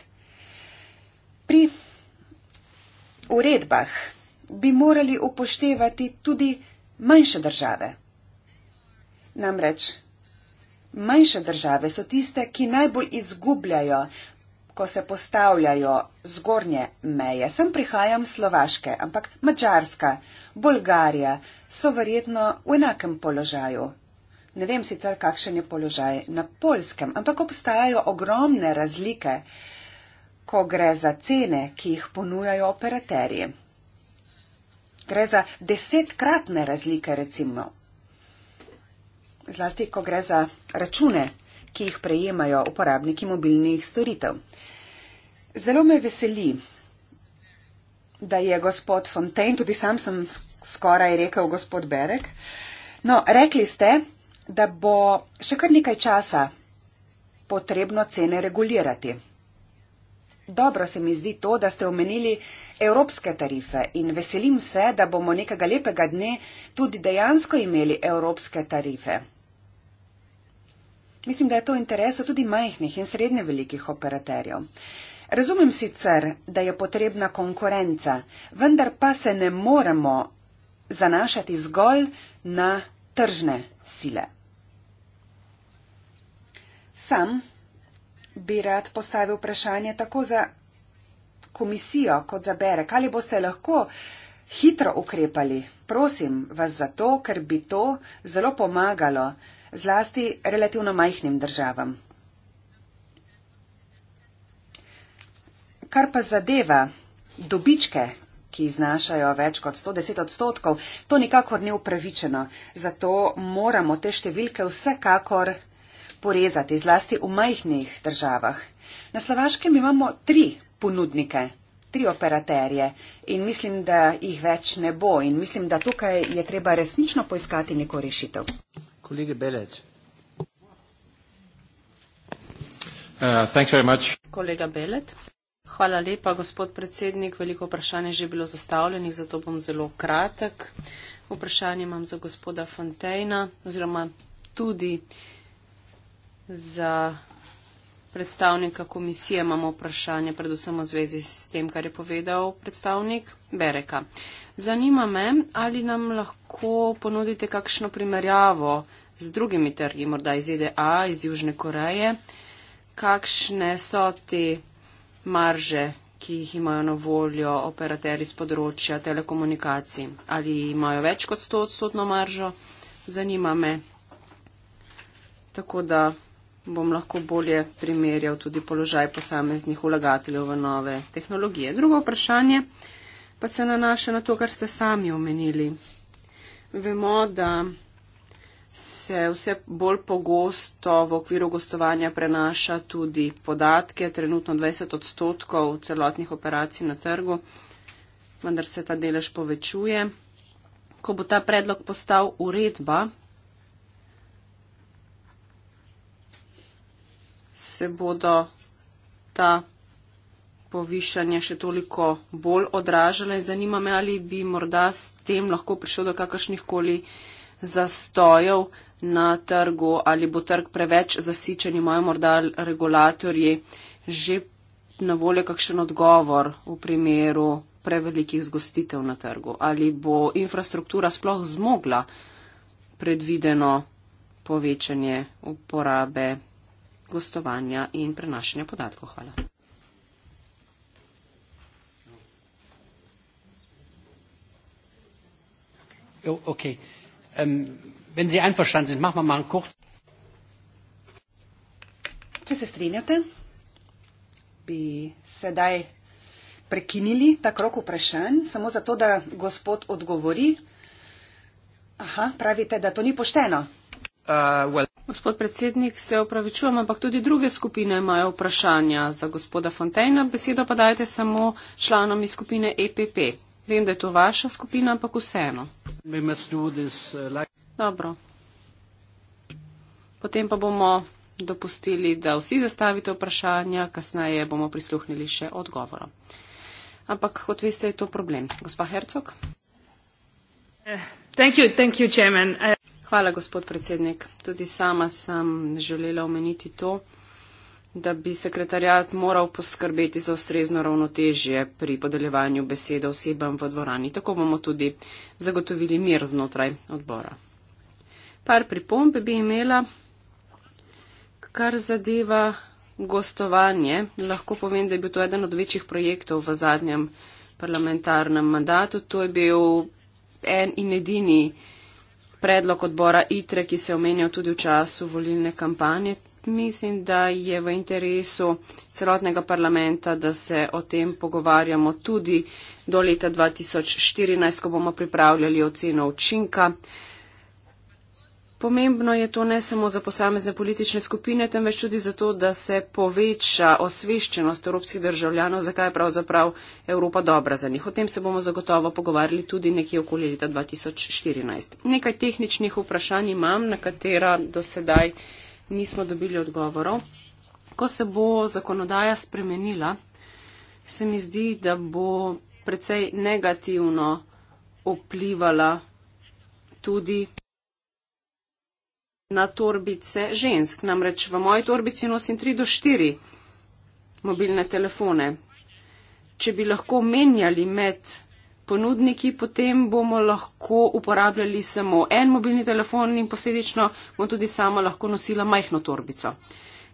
Pri uredbah bi morali upoštevati tudi manjše države. Namreč manjše države so tiste, ki najbolj izgubljajo ko se postavljajo zgornje meje. Sem prihajam Slovaške, ampak Mačarska, Bolgarija so verjetno v enakem položaju. Ne vem sicer, kakšen je položaj na polskem, ampak obstajajo ogromne razlike, ko gre za cene, ki jih ponujajo operaterji. Gre za desetkratne razlike, recimo. Zlasti, ko gre za račune, ki jih prejemajo uporabniki mobilnih storitev. Zelo me veseli, da je gospod Fontaine, tudi sam sem skoraj rekel gospod Berek. No, rekli ste, da bo še kar nekaj časa potrebno cene regulirati. Dobro se mi zdi to, da ste omenili evropske tarife in veselim se, da bomo nekega lepega dne tudi dejansko imeli evropske tarife. Mislim, da je to v interesu tudi majhnih in srednje velikih operaterjev. Razumem sicer, da je potrebna konkurenca, vendar pa se ne moremo zanašati zgolj na tržne sile. Sam bi rad postavil vprašanje tako za komisijo kot za Berek. Ali boste lahko hitro ukrepali? Prosim vas za to, ker bi to zelo pomagalo zlasti relativno majhnim državam. Kar pa zadeva dobičke, ki znašajo več kot 110 odstotkov, to nikakor ni upravičeno. Zato moramo te številke vsekakor porezati, zlasti v majhnih državah. Na Slovaškem imamo tri ponudnike, tri operaterje in mislim, da jih več ne bo in mislim, da tukaj je treba resnično poiskati neko rešitev. Kolega Belec. Uh, thanks very much. Kolega Belet. Hvala lepa, gospod predsednik. Veliko vprašanj je že bilo zastavljenih, zato bom zelo kratek. Vprašanje imam za gospoda Fontejna oziroma tudi za predstavnika komisije imamo vprašanje, predvsem v zvezi s tem, kar je povedal predstavnik Bereka. Zanima me, ali nam lahko ponudite kakšno primerjavo z drugimi trgi, morda iz EDA, iz Južne Koreje, kakšne so te marže, ki jih imajo na voljo operateri z področja telekomunikacij. Ali imajo več kot 100 odstotno maržo, zanima me. Tako da bom lahko bolje primerjal tudi položaj posameznih vlagateljev v nove tehnologije. Drugo vprašanje pa se nanaša na to, kar ste sami omenili. Vemo, da se vse bolj pogosto v okviru gostovanja prenaša tudi podatke, trenutno 20 odstotkov celotnih operacij na trgu, vendar se ta delež povečuje. Ko bo ta predlog postal uredba, se bodo ta povišanja še toliko bolj odražala in zanima me, ali bi morda s tem lahko prišlo do kakršnih koli zastojev na trgu, ali bo trg preveč zasičen, imajo morda regulatorji že na voljo kakšen odgovor v primeru prevelikih zgostitev na trgu, ali bo infrastruktura sploh zmogla predvideno povečanje uporabe gostovanja in prenašanja podatkov. Hvala. Oh, okay. Ähm, wenn Sie einverstanden sind, machen wir mal einen kurz. Če se strinjate, bi sedaj prekinili ta krok vprašanj, samo zato, da gospod odgovori. Aha, pravite, da to ni pošteno. Uh, well. Gospod predsednik, se opravičujem, ampak tudi druge skupine imajo vprašanja za gospoda Fontaina. Besedo pa dajte samo članom iz skupine EPP. Vem, da je to vaša skupina, ampak vseeno. Uh, Dobro. Potem pa bomo dopustili, da vsi zastavite vprašanja, kasneje bomo prisluhnili še odgovoro. Ampak, kot veste, je to problem. Gospa Hercog? Eh, thank you, thank you, eh, Hvala, gospod predsednik. Tudi sama sem želela omeniti to da bi sekretarjat moral poskrbeti za ustrezno ravnotežje pri podeljevanju besede osebam v dvorani. Tako bomo tudi zagotovili mir znotraj odbora. Par pripomb bi imela, kar zadeva gostovanje. Lahko povem, da je bil to eden od večjih projektov v zadnjem parlamentarnem mandatu. To je bil en in edini predlog odbora ITRE, ki se je omenjal tudi v času volilne kampanje mislim, da je v interesu celotnega parlamenta, da se o tem pogovarjamo tudi do leta 2014, ko bomo pripravljali oceno učinka. Pomembno je to ne samo za posamezne politične skupine, temveč tudi zato, da se poveča osveščenost evropskih državljanov, zakaj je pravzaprav Evropa dobra za njih. O tem se bomo zagotovo pogovarjali tudi nekje okoli leta 2014. Nekaj tehničnih vprašanj imam, na katera do sedaj nismo dobili odgovorov. Ko se bo zakonodaja spremenila, se mi zdi, da bo precej negativno vplivala tudi na torbice žensk. Namreč v moji torbici nosim 3 do 4 mobilne telefone. Če bi lahko menjali med ponudniki, potem bomo lahko uporabljali samo en mobilni telefon in posledično bom tudi sama lahko nosila majhno torbico.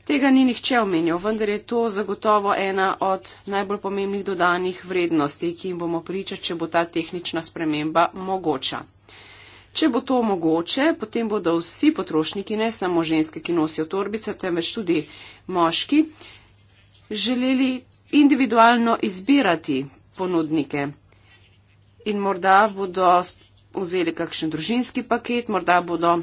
Tega ni nihče omenil, vendar je to zagotovo ena od najbolj pomembnih dodanih vrednosti, ki jim bomo pričati, če bo ta tehnična sprememba mogoča. Če bo to mogoče, potem bodo vsi potrošniki, ne samo ženske, ki nosijo torbice, temveč tudi moški, želeli individualno izbirati ponudnike in morda bodo vzeli kakšen družinski paket, morda bodo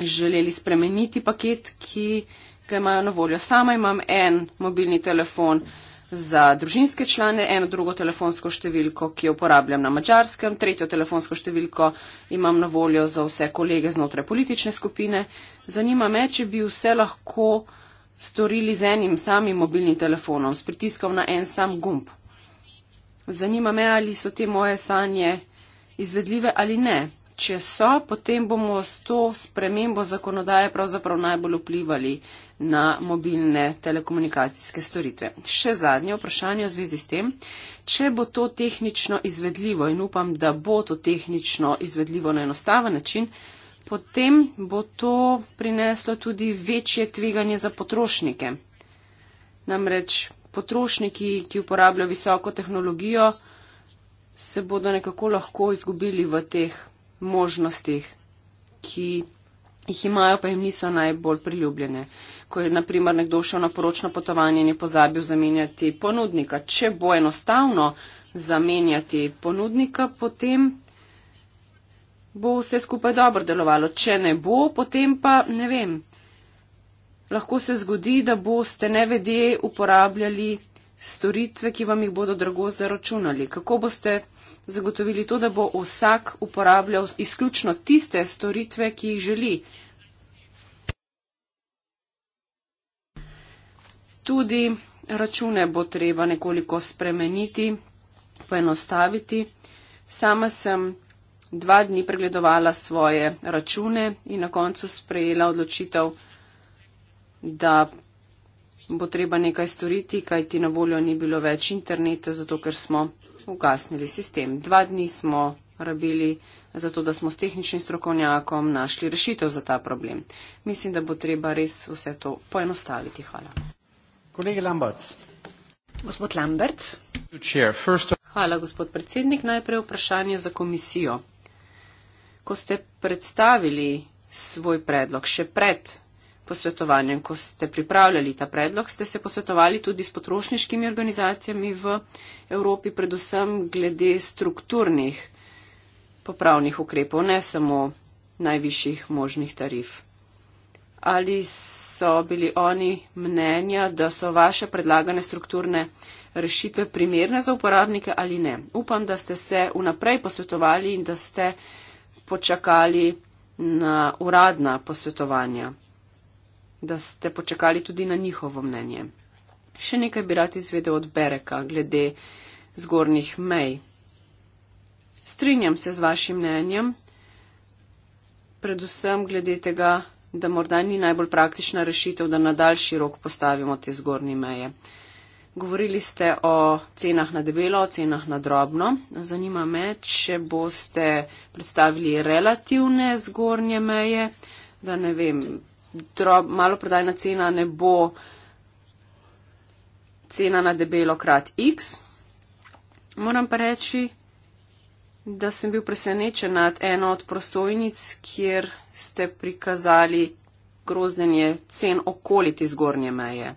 želeli spremeniti paket, ki ga imajo na voljo. Sama imam en mobilni telefon za družinske člane, eno drugo telefonsko številko, ki jo uporabljam na mačarskem, tretjo telefonsko številko imam na voljo za vse kolege znotraj politične skupine. Zanima me, če bi vse lahko storili z enim samim mobilnim telefonom, s pritiskom na en sam gumb. Zanima me, ali so te moje sanje izvedljive ali ne. Če so, potem bomo s to spremembo zakonodaje pravzaprav najbolj vplivali na mobilne telekomunikacijske storitve. Še zadnje vprašanje v zvezi s tem, če bo to tehnično izvedljivo in upam, da bo to tehnično izvedljivo na enostaven način, potem bo to prineslo tudi večje tveganje za potrošnike. Namreč potrošniki, ki uporabljajo visoko tehnologijo, se bodo nekako lahko izgubili v teh možnostih, ki jih imajo, pa jim niso najbolj priljubljene. Ko je naprimer nekdo šel na poročno potovanje in je pozabil zamenjati ponudnika. Če bo enostavno zamenjati ponudnika, potem bo vse skupaj dobro delovalo. Če ne bo, potem pa ne vem lahko se zgodi, da boste nevedje uporabljali storitve, ki vam jih bodo drago zaračunali. Kako boste zagotovili to, da bo vsak uporabljal izključno tiste storitve, ki jih želi? Tudi račune bo treba nekoliko spremeniti, poenostaviti. Sama sem dva dni pregledovala svoje račune in na koncu sprejela odločitev, da bo treba nekaj storiti, kaj ti na voljo ni bilo več interneta, zato ker smo ugasnili sistem. Dva dni smo rabili za to, da smo s tehničnim strokovnjakom našli rešitev za ta problem. Mislim, da bo treba res vse to poenostaviti. Hvala. Kolega Lambac. Gospod Lambert. Hvala, gospod predsednik. Najprej vprašanje za komisijo. Ko ste predstavili svoj predlog še pred posvetovanjem. Ko ste pripravljali ta predlog, ste se posvetovali tudi s potrošniškimi organizacijami v Evropi, predvsem glede strukturnih popravnih ukrepov, ne samo najvišjih možnih tarif. Ali so bili oni mnenja, da so vaše predlagane strukturne rešitve primerne za uporabnike ali ne? Upam, da ste se vnaprej posvetovali in da ste počakali na uradna posvetovanja da ste počakali tudi na njihovo mnenje. Še nekaj bi rad izvedel od Bereka glede zgornjih mej. Strinjam se z vašim mnenjem, predvsem glede tega, da morda ni najbolj praktična rešitev, da na daljši rok postavimo te zgornje meje. Govorili ste o cenah na debelo, o cenah na drobno. Zanima me, če boste predstavili relativne zgornje meje, da ne vem, drob, malo prodajna cena ne bo cena na debelo krat x. Moram pa reči, da sem bil presenečen nad eno od prosojnic, kjer ste prikazali grozdenje cen okoli te zgornje meje.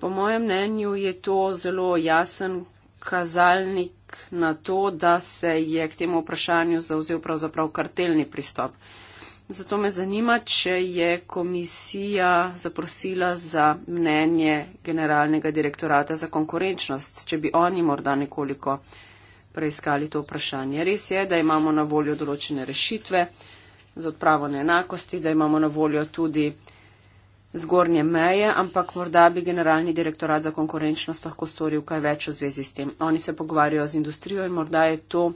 Po mojem mnenju je to zelo jasen kazalnik na to, da se je k temu vprašanju zauzel pravzaprav kartelni pristop. Zato me zanima, če je komisija zaprosila za mnenje generalnega direktorata za konkurenčnost, če bi oni morda nekoliko preiskali to vprašanje. Res je, da imamo na voljo določene rešitve za odpravo neenakosti, da imamo na voljo tudi zgornje meje, ampak morda bi generalni direktorat za konkurenčnost lahko storil kaj več v zvezi s tem. Oni se pogovarjajo z industrijo in morda je to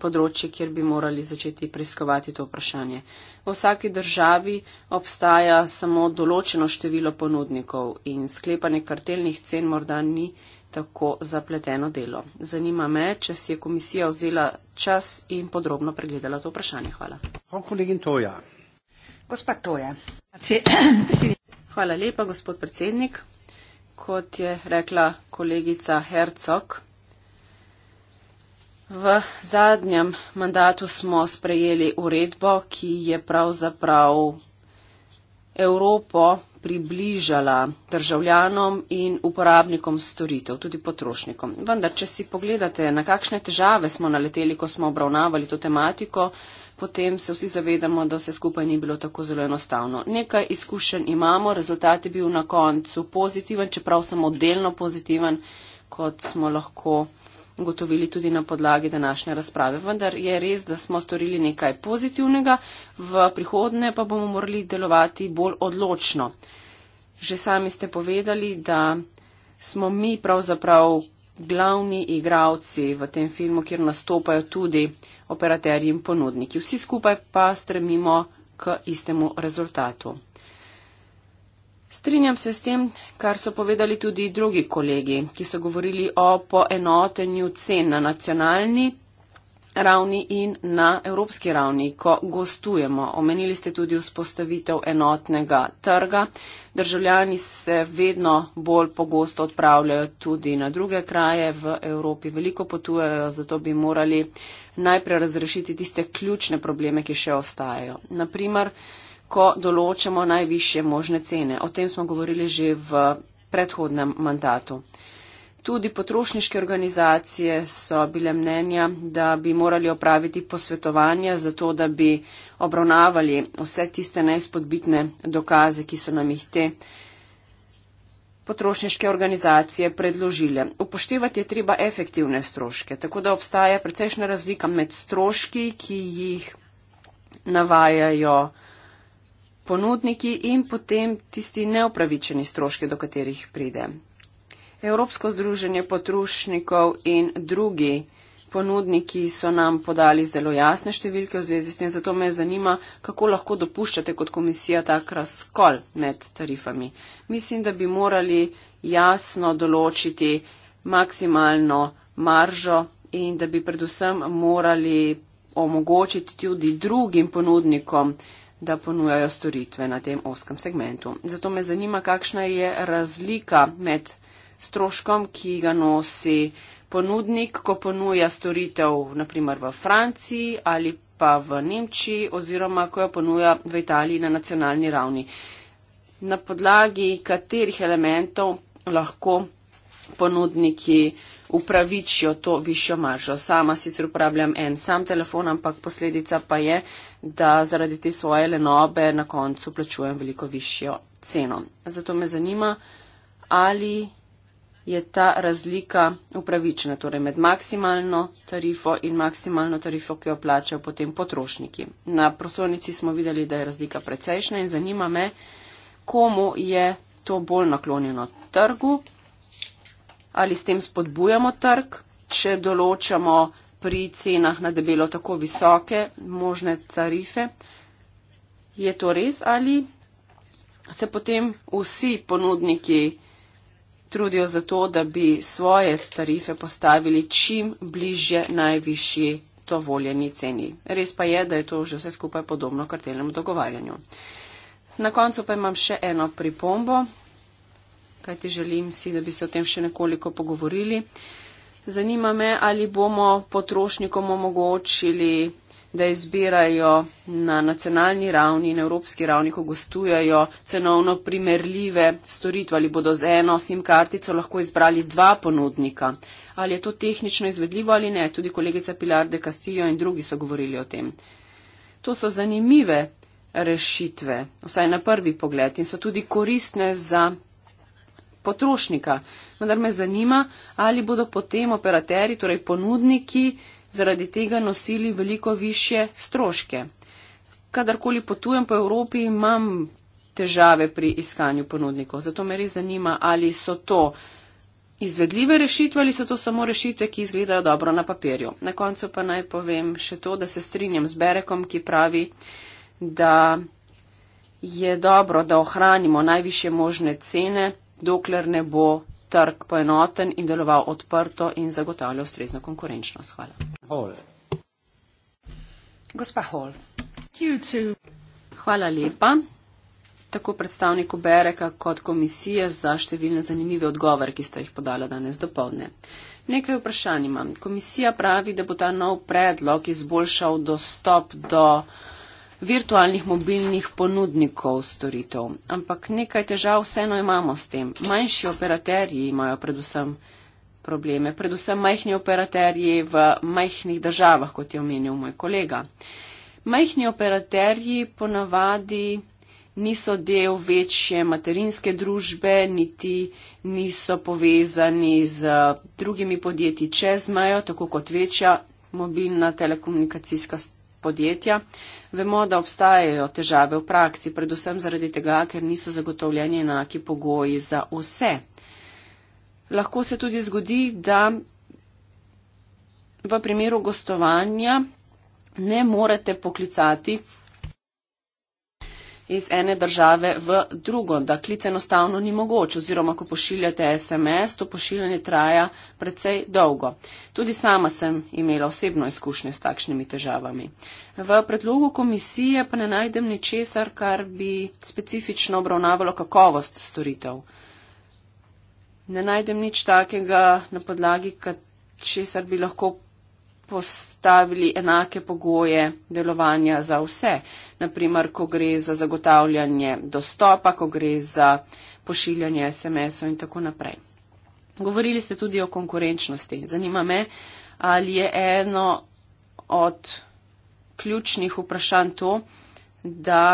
področje, kjer bi morali začeti preiskovati to vprašanje. V vsaki državi obstaja samo določeno število ponudnikov in sklepanje kartelnih cen morda ni tako zapleteno delo. Zanima me, če si je komisija vzela čas in podrobno pregledala to vprašanje. Hvala. Hvala lepa, gospod predsednik. Kot je rekla kolegica Hercog, V zadnjem mandatu smo sprejeli uredbo, ki je pravzaprav Evropo približala državljanom in uporabnikom storitev, tudi potrošnikom. Vendar, če si pogledate, na kakšne težave smo naleteli, ko smo obravnavali to tematiko, potem se vsi zavedamo, da vse skupaj ni bilo tako zelo enostavno. Nekaj izkušenj imamo, rezultat je bil na koncu pozitiven, čeprav samo delno pozitiven, kot smo lahko ugotovili tudi na podlagi današnje razprave. Vendar je res, da smo storili nekaj pozitivnega, v prihodne pa bomo morali delovati bolj odločno. Že sami ste povedali, da smo mi pravzaprav glavni igravci v tem filmu, kjer nastopajo tudi operaterji in ponudniki. Vsi skupaj pa stremimo k istemu rezultatu. Strinjam se s tem, kar so povedali tudi drugi kolegi, ki so govorili o poenotenju cen na nacionalni ravni in na evropski ravni, ko gostujemo. Omenili ste tudi vzpostavitev enotnega trga. Državljani se vedno bolj pogosto odpravljajo tudi na druge kraje v Evropi, veliko potujejo, zato bi morali najprej razrešiti tiste ključne probleme, ki še ostajajo. Naprimer, ko določamo najviše možne cene. O tem smo govorili že v predhodnem mandatu. Tudi potrošniške organizacije so bile mnenja, da bi morali opraviti posvetovanja za to, da bi obravnavali vse tiste najspodbitne dokaze, ki so nam jih te potrošniške organizacije predložile. Upoštevati je treba efektivne stroške, tako da obstaja precejšna razlika med stroški, ki jih navajajo ponudniki in potem tisti neopravičeni stroški, do katerih pride. Evropsko združenje potrošnikov in drugi ponudniki so nam podali zelo jasne številke v zvezi s tem, zato me zanima, kako lahko dopuščate kot komisija tak razkol med tarifami. Mislim, da bi morali jasno določiti maksimalno maržo in da bi predvsem morali omogočiti tudi drugim ponudnikom, da ponujajo storitve na tem oskem segmentu. Zato me zanima, kakšna je razlika med stroškom, ki ga nosi ponudnik, ko ponuja storitev naprimer v Franciji ali pa v Nemčiji oziroma ko jo ponuja v Italiji na nacionalni ravni. Na podlagi katerih elementov lahko ponudniki upravičijo to višjo maržo. Sama sicer uporabljam en sam telefon, ampak posledica pa je, da zaradi te svoje lenobe na koncu plačujem veliko višjo ceno. Zato me zanima, ali je ta razlika upravičena, torej med maksimalno tarifo in maksimalno tarifo, ki jo plačajo potem potrošniki. Na prosovnici smo videli, da je razlika precejšna in zanima me, komu je to bolj naklonjeno trgu ali s tem spodbujamo trg, če določamo pri cenah na debelo tako visoke možne tarife. Je to res ali se potem vsi ponudniki trudijo za to, da bi svoje tarife postavili čim bližje najvišji dovoljeni ceni. Res pa je, da je to že vse skupaj podobno kartelnemu dogovarjanju. Na koncu pa imam še eno pripombo, kajti želim si, da bi se o tem še nekoliko pogovorili. Zanima me, ali bomo potrošnikom omogočili, da izbirajo na nacionalni ravni in evropski ravni, ko gostujajo cenovno primerljive storitve, ali bodo z eno SIM kartico lahko izbrali dva ponudnika. Ali je to tehnično izvedljivo ali ne? Tudi kolegica Pilar de Castillo in drugi so govorili o tem. To so zanimive rešitve, vsaj na prvi pogled, in so tudi koristne za potrošnika. Vendar me zanima, ali bodo potem operateri, torej ponudniki, zaradi tega nosili veliko više stroške. Kadarkoli potujem po Evropi, imam težave pri iskanju ponudnikov. Zato me res zanima, ali so to izvedljive rešitve ali so to samo rešitve, ki izgledajo dobro na papirju. Na koncu pa naj povem še to, da se strinjam z Berekom, ki pravi, da je dobro, da ohranimo najviše možne cene dokler ne bo trg poenoten in deloval odprto in zagotavlja ustrezno konkurenčnost. Hvala. Hol. Gospa Hol. Hvala lepa. Tako predstavniku Bereka kot komisije za številne zanimive odgovore, ki ste jih podala danes do povdne. Nekaj vprašanj imam. Komisija pravi, da bo ta nov predlog izboljšal dostop do virtualnih mobilnih ponudnikov storitev. Ampak nekaj težav vseeno imamo s tem. Manjši operaterji imajo predvsem probleme, predvsem majhni operaterji v majhnih državah, kot je omenil moj kolega. Majhni operaterji ponavadi niso del večje materinske družbe, niti niso povezani z drugimi podjetji čez mejo, tako kot večja mobilna telekomunikacijska storitev podjetja. Vemo, da obstajajo težave v praksi, predvsem zaradi tega, ker niso zagotovljeni enaki pogoji za vse. Lahko se tudi zgodi, da v primeru gostovanja ne morete poklicati iz ene države v drugo, da klic enostavno ni mogoč oziroma, ko pošiljate SMS, to pošiljanje traja precej dolgo. Tudi sama sem imela osebno izkušnje s takšnimi težavami. V predlogu komisije pa ne najdem ničesar, kar bi specifično obravnavalo kakovost storitev. Ne najdem nič takega, na podlagi, česar bi lahko postavili enake pogoje delovanja za vse. Naprimer, ko gre za zagotavljanje dostopa, ko gre za pošiljanje SMS-ov in tako naprej. Govorili ste tudi o konkurenčnosti. Zanima me, ali je eno od ključnih vprašanj to, da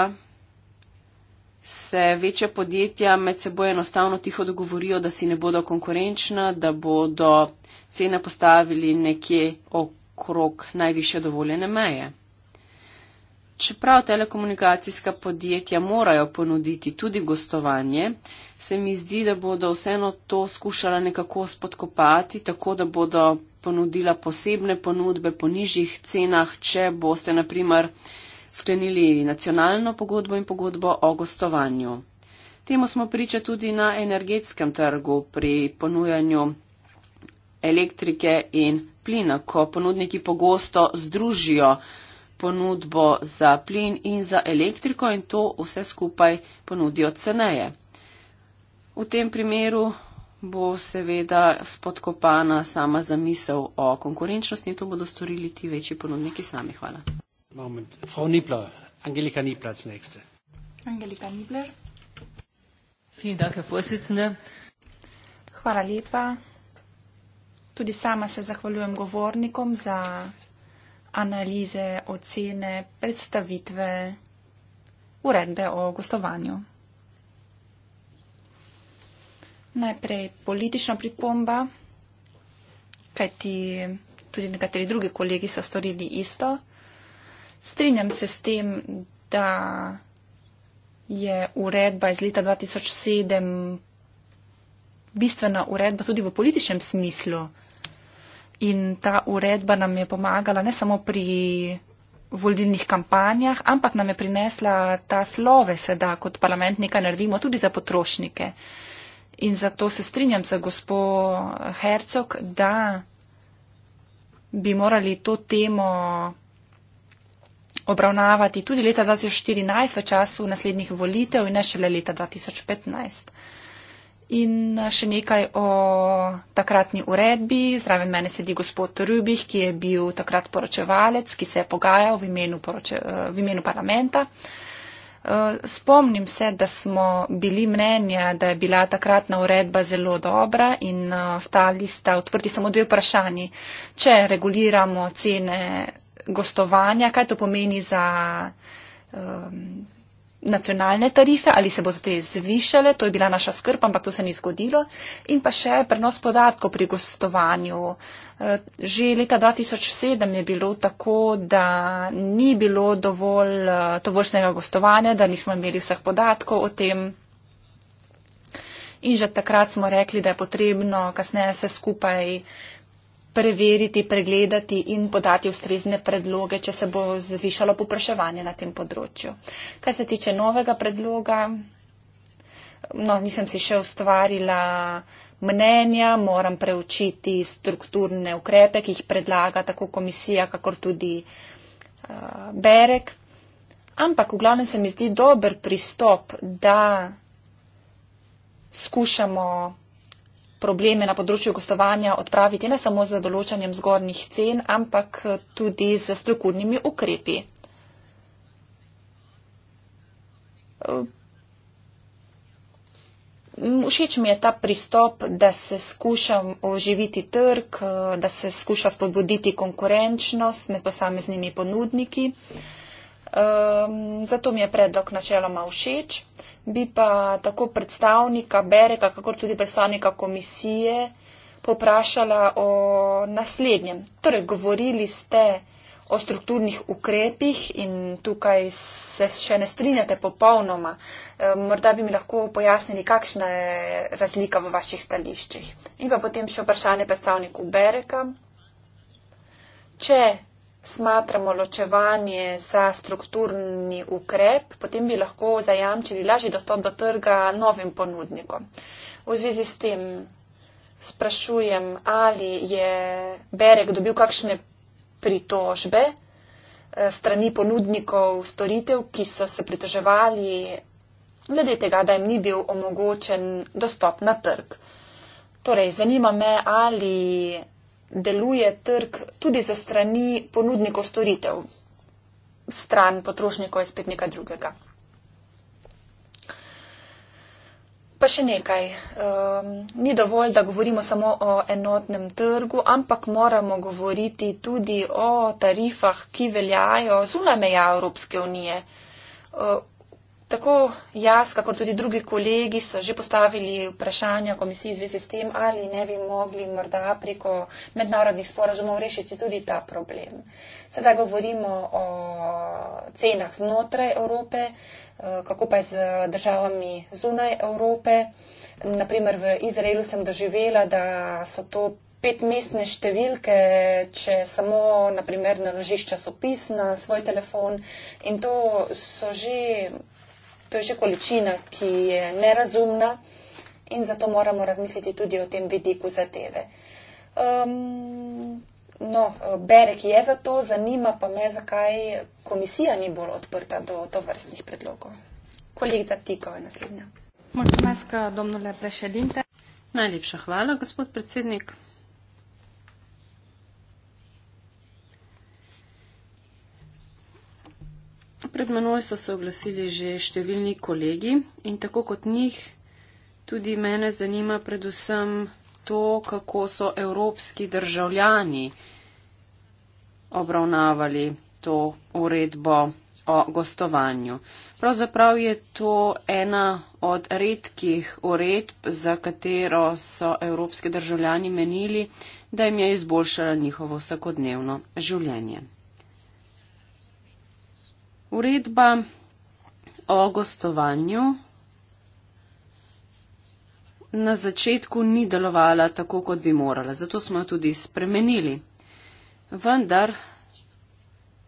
se večja podjetja med seboj enostavno tiho dogovorijo, da si ne bodo konkurenčna, da bodo cene postavili nekje okoli okrog najviše dovoljene meje. Čeprav telekomunikacijska podjetja morajo ponuditi tudi gostovanje, se mi zdi, da bodo vseeno to skušala nekako spodkopati, tako da bodo ponudila posebne ponudbe po nižjih cenah, če boste naprimer sklenili nacionalno pogodbo in pogodbo o gostovanju. Temu smo priča tudi na energetskem trgu pri ponujanju elektrike in plina, ko ponudniki pogosto združijo ponudbo za plin in za elektriko in to vse skupaj ponudijo ceneje. V tem primeru bo seveda spodkopana sama zamisel o konkurenčnosti in to bodo storili ti večji ponudniki sami. Hvala. Moment. Frau Nibler, Angelika Nibler als nächste. Angelika Nibler. Vielen Dank, Herr Vorsitzender. Hvala lepa, Tudi sama se zahvaljujem govornikom za analize, ocene, predstavitve, uredbe o gostovanju. Najprej politična pripomba, kajti tudi nekateri drugi kolegi so storili isto. Strinjam se s tem, da je uredba iz leta 2007 bistvena uredba tudi v političnem smislu. In ta uredba nam je pomagala ne samo pri volilnih kampanjah, ampak nam je prinesla ta slovese, da kot parlamentnika naredimo tudi za potrošnike. In zato se strinjam z gospo Hercog, da bi morali to temo obravnavati tudi leta 2014 v času naslednjih volitev in ne šele leta 2015. In eh, še nekaj o takratni uredbi. Zraven mene sedi gospod Rubih, ki je bil takrat poročevalec, ki se je pogajal v imenu, poroče, eh, v imenu parlamenta. Eh, spomnim se, da smo bili mnenja, da je bila takratna uredba zelo dobra in ostali sta odprti samo dve vprašanji. Če reguliramo cene gostovanja, kaj to pomeni za. Um, nacionalne tarife, ali se bodo te zvišale, to je bila naša skrb, ampak to se ni zgodilo. In pa še prenos podatkov pri gostovanju. Eh, že leta 2007 je bilo tako, da ni bilo dovolj eh, tovrstnega gostovanja, da nismo imeli vseh podatkov o tem. In že takrat smo rekli, da je potrebno kasneje vse skupaj uh, preveriti, pregledati in podati ustrezne predloge, če se bo zvišalo popraševanje na tem področju. Kar se tiče novega predloga, no, nisem si še ustvarila mnenja, moram preučiti strukturne ukrepe, ki jih predlaga tako komisija, kakor tudi uh, Berek. Ampak v glavnem se mi zdi dober pristop, da skušamo probleme na področju gostovanja odpraviti ne samo z določanjem zgornjih cen, ampak tudi z strukturnimi ukrepi. Všeč mi je ta pristop, da se skuša oživiti trg, da se skuša spodbuditi konkurenčnost med posameznimi ponudniki. Ehm, zato mi je predlog načeloma všeč bi pa tako predstavnika Bereka, kakor tudi predstavnika komisije poprašala o naslednjem. Torej, govorili ste o strukturnih ukrepih in tukaj se še ne strinjate popolnoma. E, morda bi mi lahko pojasnili, kakšna je razlika v vaših stališčih. In pa potem še vprašanje predstavniku Bereka. Če smatramo ločevanje za strukturni ukrep, potem bi lahko zajamčili lažji dostop do trga novim ponudnikom. V zvezi s tem sprašujem, ali je Berek dobil kakšne pritožbe eh, strani ponudnikov storitev, ki so se pritoževali glede tega, da jim ni bil omogočen dostop na trg. Torej, zanima me, ali deluje trg tudi za strani ponudnikov storitev, stran potrošnikov je spet nekaj drugega. Pa še nekaj. Um, ni dovolj, da govorimo samo o enotnem trgu, ampak moramo govoriti tudi o tarifah, ki veljajo zunaj meja Evropske unije. Uh, Tako jaz, kakor tudi drugi kolegi, so že postavili vprašanja komisiji v zvezi s tem, ali ne bi mogli morda preko mednarodnih sporazumov rešiti tudi ta problem. Sedaj govorimo o cenah znotraj Evrope, eh, kako pa je z državami zunaj Evrope. Naprimer v Izraelu sem doživela, da so to petmestne številke, če samo naprimer naložišča so pisna, svoj telefon in to so že To je že količina, ki je nerazumna in zato moramo razmisliti tudi o tem vidiku zadeve. Um, no, Berek je za to, zanima pa me, zakaj komisija ni bolj odprta do, do vrstnih predlogov. Kolegica Tiko je naslednja. Najlepša hvala, gospod predsednik. Pred menoj so se oglasili že številni kolegi in tako kot njih, tudi mene zanima predvsem to, kako so evropski državljani obravnavali to uredbo o gostovanju. Pravzaprav je to ena od redkih uredb, za katero so evropski državljani menili, da jim je izboljšala njihovo vsakodnevno življenje uredba o gostovanju na začetku ni delovala tako, kot bi morala, zato smo jo tudi spremenili. Vendar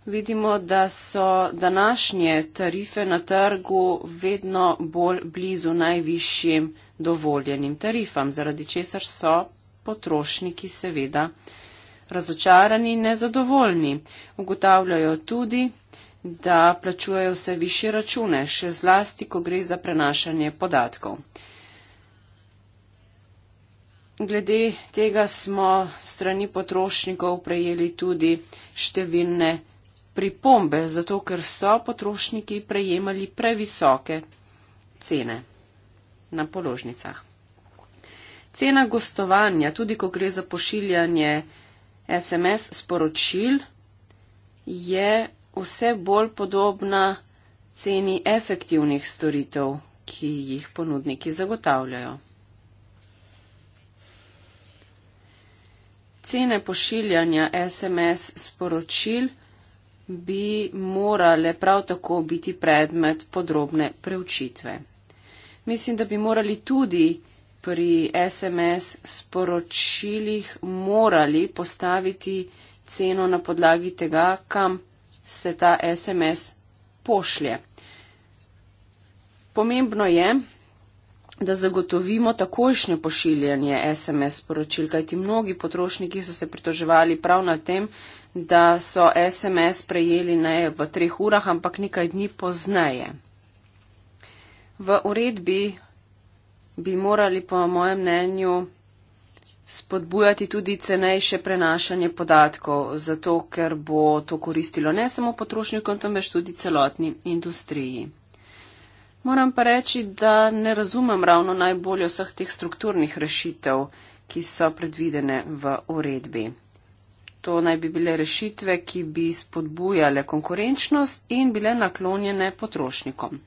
vidimo, da so današnje tarife na trgu vedno bolj blizu najvišjim dovoljenim tarifam, zaradi česar so potrošniki seveda razočarani in nezadovoljni. Ugotavljajo tudi, da plačujejo vse više račune, še zlasti, ko gre za prenašanje podatkov. Glede tega smo strani potrošnikov prejeli tudi številne pripombe, zato ker so potrošniki prejemali previsoke cene na položnicah. Cena gostovanja, tudi ko gre za pošiljanje SMS sporočil, je vse bolj podobna ceni efektivnih storitev, ki jih ponudniki zagotavljajo. Cene pošiljanja SMS sporočil bi morale prav tako biti predmet podrobne preučitve. Mislim, da bi morali tudi pri SMS sporočilih morali postaviti ceno na podlagi tega, kam se ta SMS pošlje. Pomembno je, da zagotovimo takojšnje pošiljanje SMS sporočil, kajti mnogi potrošniki so se pritoževali prav na tem, da so SMS prejeli ne v treh urah, ampak nekaj dni pozneje. V uredbi bi morali po mojem mnenju spodbujati tudi cenejše prenašanje podatkov, zato ker bo to koristilo ne samo potrošnikom, temveč tudi celotni industriji. Moram pa reči, da ne razumem ravno najbolje vseh teh strukturnih rešitev, ki so predvidene v uredbi. To naj bi bile rešitve, ki bi spodbujale konkurenčnost in bile naklonjene potrošnikom.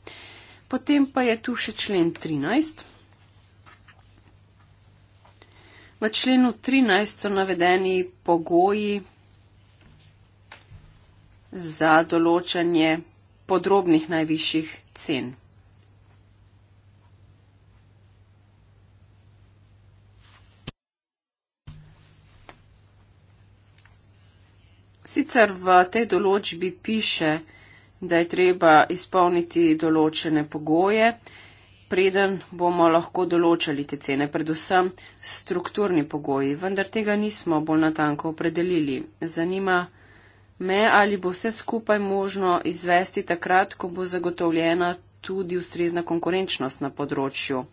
Potem pa je tu še člen 13. V členu 13 so navedeni pogoji za določanje podrobnih najvišjih cen. Sicer v tej določbi piše, da je treba izpolniti določene pogoje, preden bomo lahko določali te cene, predvsem strukturni pogoji, vendar tega nismo bolj natanko opredelili. Zanima me, ali bo vse skupaj možno izvesti takrat, ko bo zagotovljena tudi ustrezna konkurenčnost na področju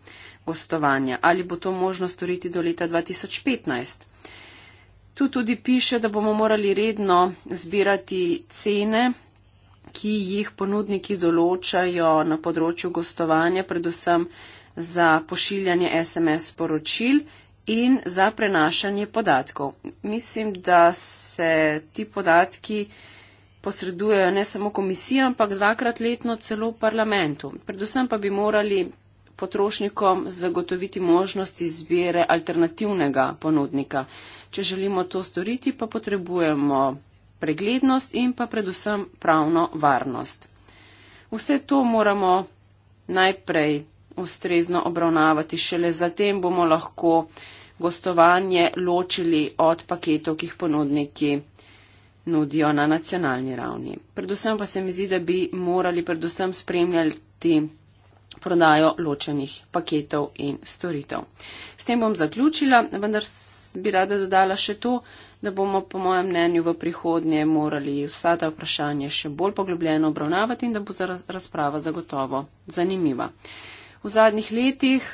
gostovanja, ali bo to možno storiti do leta 2015. Tu tudi piše, da bomo morali redno zbirati cene ki jih ponudniki določajo na področju gostovanja, predvsem za pošiljanje SMS sporočil in za prenašanje podatkov. Mislim, da se ti podatki posredujejo ne samo komisijam, ampak dvakrat letno celo parlamentu. Predvsem pa bi morali potrošnikom zagotoviti možnost izbire alternativnega ponudnika. Če želimo to storiti, pa potrebujemo preglednost in pa predvsem pravno varnost. Vse to moramo najprej ustrezno obravnavati, šele zatem bomo lahko gostovanje ločili od paketov, ki jih ponudniki nudijo na nacionalni ravni. Predvsem pa se mi zdi, da bi morali predvsem spremljati prodajo ločenih paketov in storitev. S tem bom zaključila, vendar bi rada dodala še to, da bomo, po mojem mnenju, v prihodnje morali vsa ta vprašanja še bolj poglobljeno obravnavati in da bo razprava zagotovo zanimiva. V zadnjih letih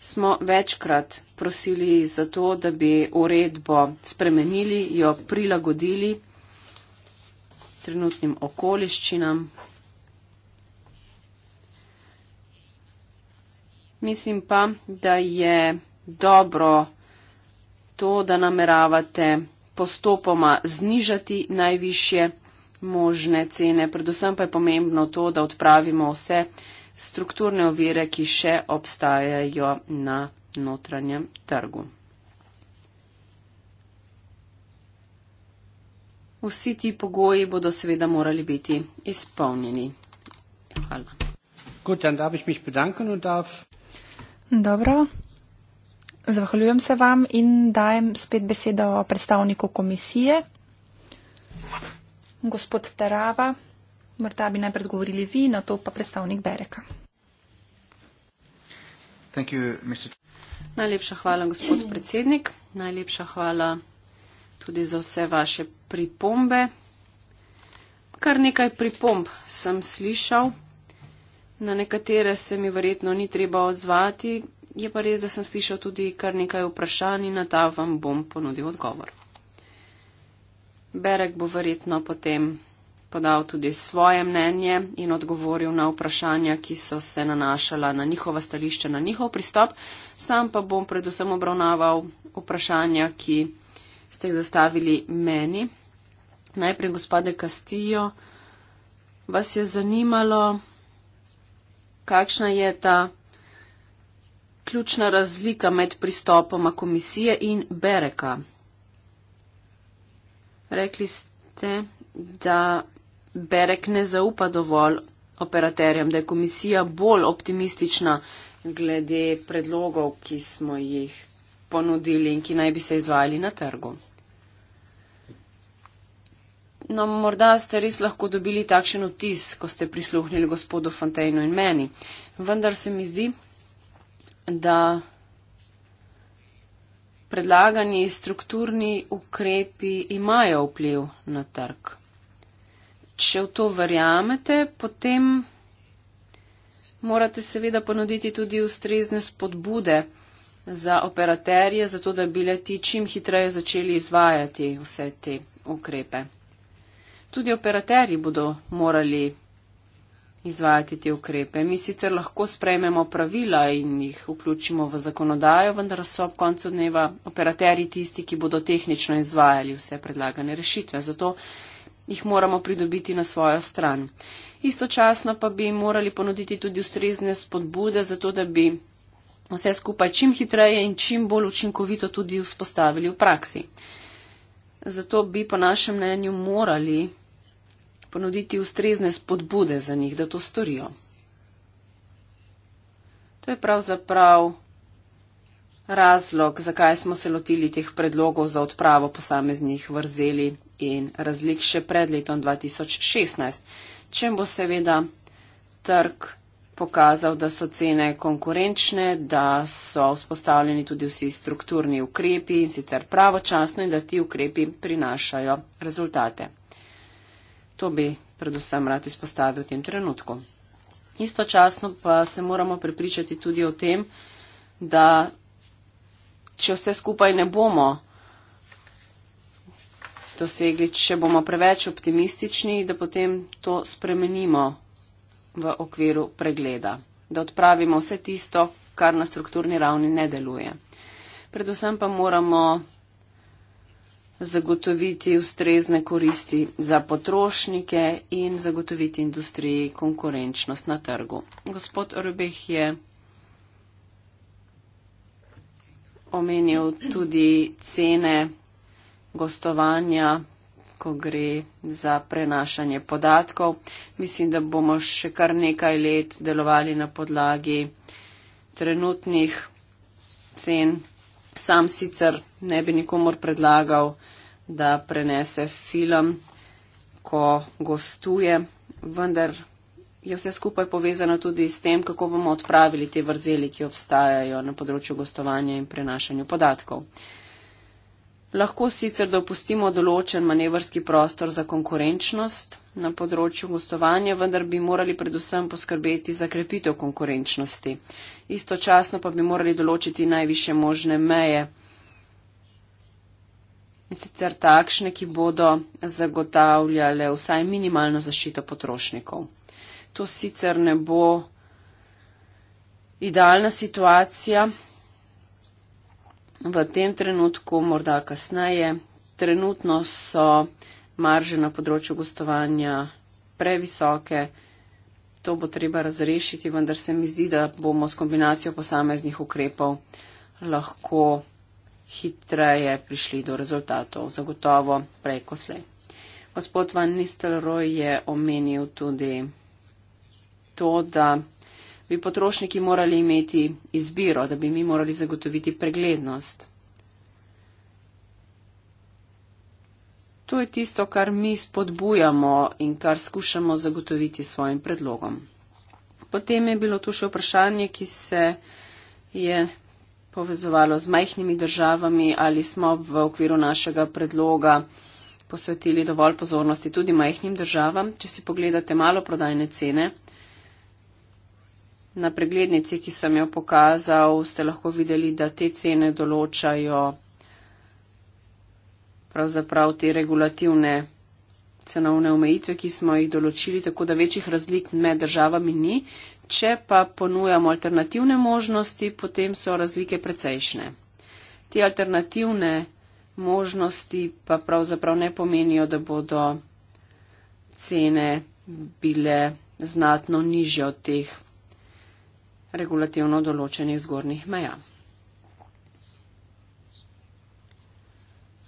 smo večkrat prosili za to, da bi uredbo spremenili, jo prilagodili trenutnim okoliščinam. Mislim pa, da je dobro to, da nameravate postopoma znižati najvišje možne cene. Predvsem pa je pomembno to, da odpravimo vse strukturne ovire, ki še obstajajo na notranjem trgu. Vsi ti pogoji bodo seveda morali biti izpolnjeni. Hvala. Gut, dann darf ich mich bedanken und darf. Dobro. Zahvaljujem se vam in dajem spet besedo predstavniku komisije. Gospod Tarava, morda bi najprej odgovorili vi, na to pa predstavnik Bereka. You, Najlepša hvala, gospod predsednik. Najlepša hvala tudi za vse vaše pripombe. Kar nekaj pripomb sem slišal, na nekatere se mi verjetno ni treba odzvati, je pa res, da sem slišal tudi kar nekaj vprašanj in na ta vam bom ponudil odgovor. Berek bo verjetno potem podal tudi svoje mnenje in odgovoril na vprašanja, ki so se nanašala na njihova stališča, na njihov pristop. Sam pa bom predvsem obravnaval vprašanja, ki ste jih zastavili meni. Najprej gospode Kastijo, vas je zanimalo, kakšna je ta ključna razlika med pristopoma komisije in Bereka? Rekli ste, da Berek ne zaupa dovolj operaterjem, da je komisija bolj optimistična glede predlogov, ki smo jih ponudili in ki naj bi se izvajali na trgu. No, morda ste res lahko dobili takšen vtis, ko ste prisluhnili gospodu Fontaineu in meni. Vendar se mi zdi, da predlagani strukturni ukrepi imajo vpliv na trg. Če v to verjamete, potem morate seveda ponuditi tudi ustrezne spodbude za operaterje, zato da bi leti čim hitreje začeli izvajati vse te ukrepe. Tudi operaterji bodo morali izvajati te ukrepe. Mi sicer lahko sprejmemo pravila in jih vključimo v zakonodajo, vendar so ob koncu dneva operaterji tisti, ki bodo tehnično izvajali vse predlagane rešitve. Zato jih moramo pridobiti na svojo stran. Istočasno pa bi morali ponuditi tudi ustrezne spodbude, zato da bi vse skupaj čim hitreje in čim bolj učinkovito tudi vzpostavili v praksi. Zato bi po našem mnenju morali ponuditi ustrezne spodbude za njih, da to storijo. To je pravzaprav razlog, zakaj smo se lotili teh predlogov za odpravo posameznih vrzeli in razlik še pred letom 2016, čem bo seveda trg pokazal, da so cene konkurenčne, da so vzpostavljeni tudi vsi strukturni ukrepi in sicer pravočasno in da ti ukrepi prinašajo rezultate. To bi predvsem rad izpostavil v tem trenutku. Istočasno pa se moramo prepričati tudi o tem, da če vse skupaj ne bomo dosegli, če bomo preveč optimistični, da potem to spremenimo v okviru pregleda, da odpravimo vse tisto, kar na strukturni ravni ne deluje. Predvsem pa moramo zagotoviti ustrezne koristi za potrošnike in zagotoviti industriji konkurenčnost na trgu. Gospod Orbeh je omenil tudi cene gostovanja, ko gre za prenašanje podatkov. Mislim, da bomo še kar nekaj let delovali na podlagi trenutnih cen sam sicer ne bi nikomor predlagal, da prenese film, ko gostuje, vendar je vse skupaj povezano tudi s tem, kako bomo odpravili te vrzeli, ki obstajajo na področju gostovanja in prenašanja podatkov. Lahko sicer dopustimo določen manevrski prostor za konkurenčnost na področju gostovanja, vendar bi morali predvsem poskrbeti za krepitev konkurenčnosti. Istočasno pa bi morali določiti najviše možne meje. In sicer takšne, ki bodo zagotavljale vsaj minimalno zaščito potrošnikov. To sicer ne bo idealna situacija v tem trenutku, morda kasneje. Trenutno so marže na področju gostovanja previsoke. To bo treba razrešiti, vendar se mi zdi, da bomo s kombinacijo posameznih ukrepov lahko hitreje prišli do rezultatov. Zagotovo preko slej. Gospod Van Nistelrooy je omenil tudi to, da bi potrošniki morali imeti izbiro, da bi mi morali zagotoviti preglednost. To je tisto, kar mi spodbujamo in kar skušamo zagotoviti svojim predlogom. Potem je bilo tu še vprašanje, ki se je povezovalo z majhnimi državami, ali smo v okviru našega predloga posvetili dovolj pozornosti tudi majhnim državam. Če si pogledate malo prodajne cene, Na preglednici, ki sem jo pokazal, ste lahko videli, da te cene določajo pravzaprav te regulativne cenovne omejitve, ki smo jih določili, tako da večjih razlik med državami ni. Če pa ponujamo alternativne možnosti, potem so razlike precejšne. Te alternativne možnosti pa pravzaprav ne pomenijo, da bodo cene bile znatno nižje od teh regulativno določenih zgornjih meja.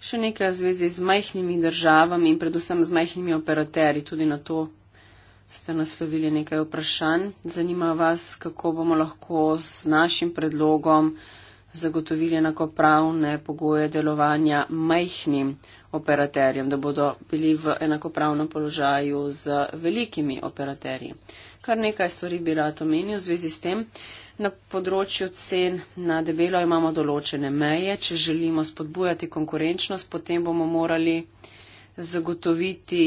Še nekaj v zvezi z majhnimi državami in predvsem z majhnimi operaterji. Tudi na to ste naslovili nekaj vprašanj. Zanima vas, kako bomo lahko s našim predlogom zagotovili enakopravne pogoje delovanja majhnim operaterjem, da bodo bili v enakopravnem položaju z velikimi operaterji. Kar nekaj stvari bi rad omenil v zvezi s tem. Na področju cen na debelo imamo določene meje. Če želimo spodbujati konkurenčnost, potem bomo morali zagotoviti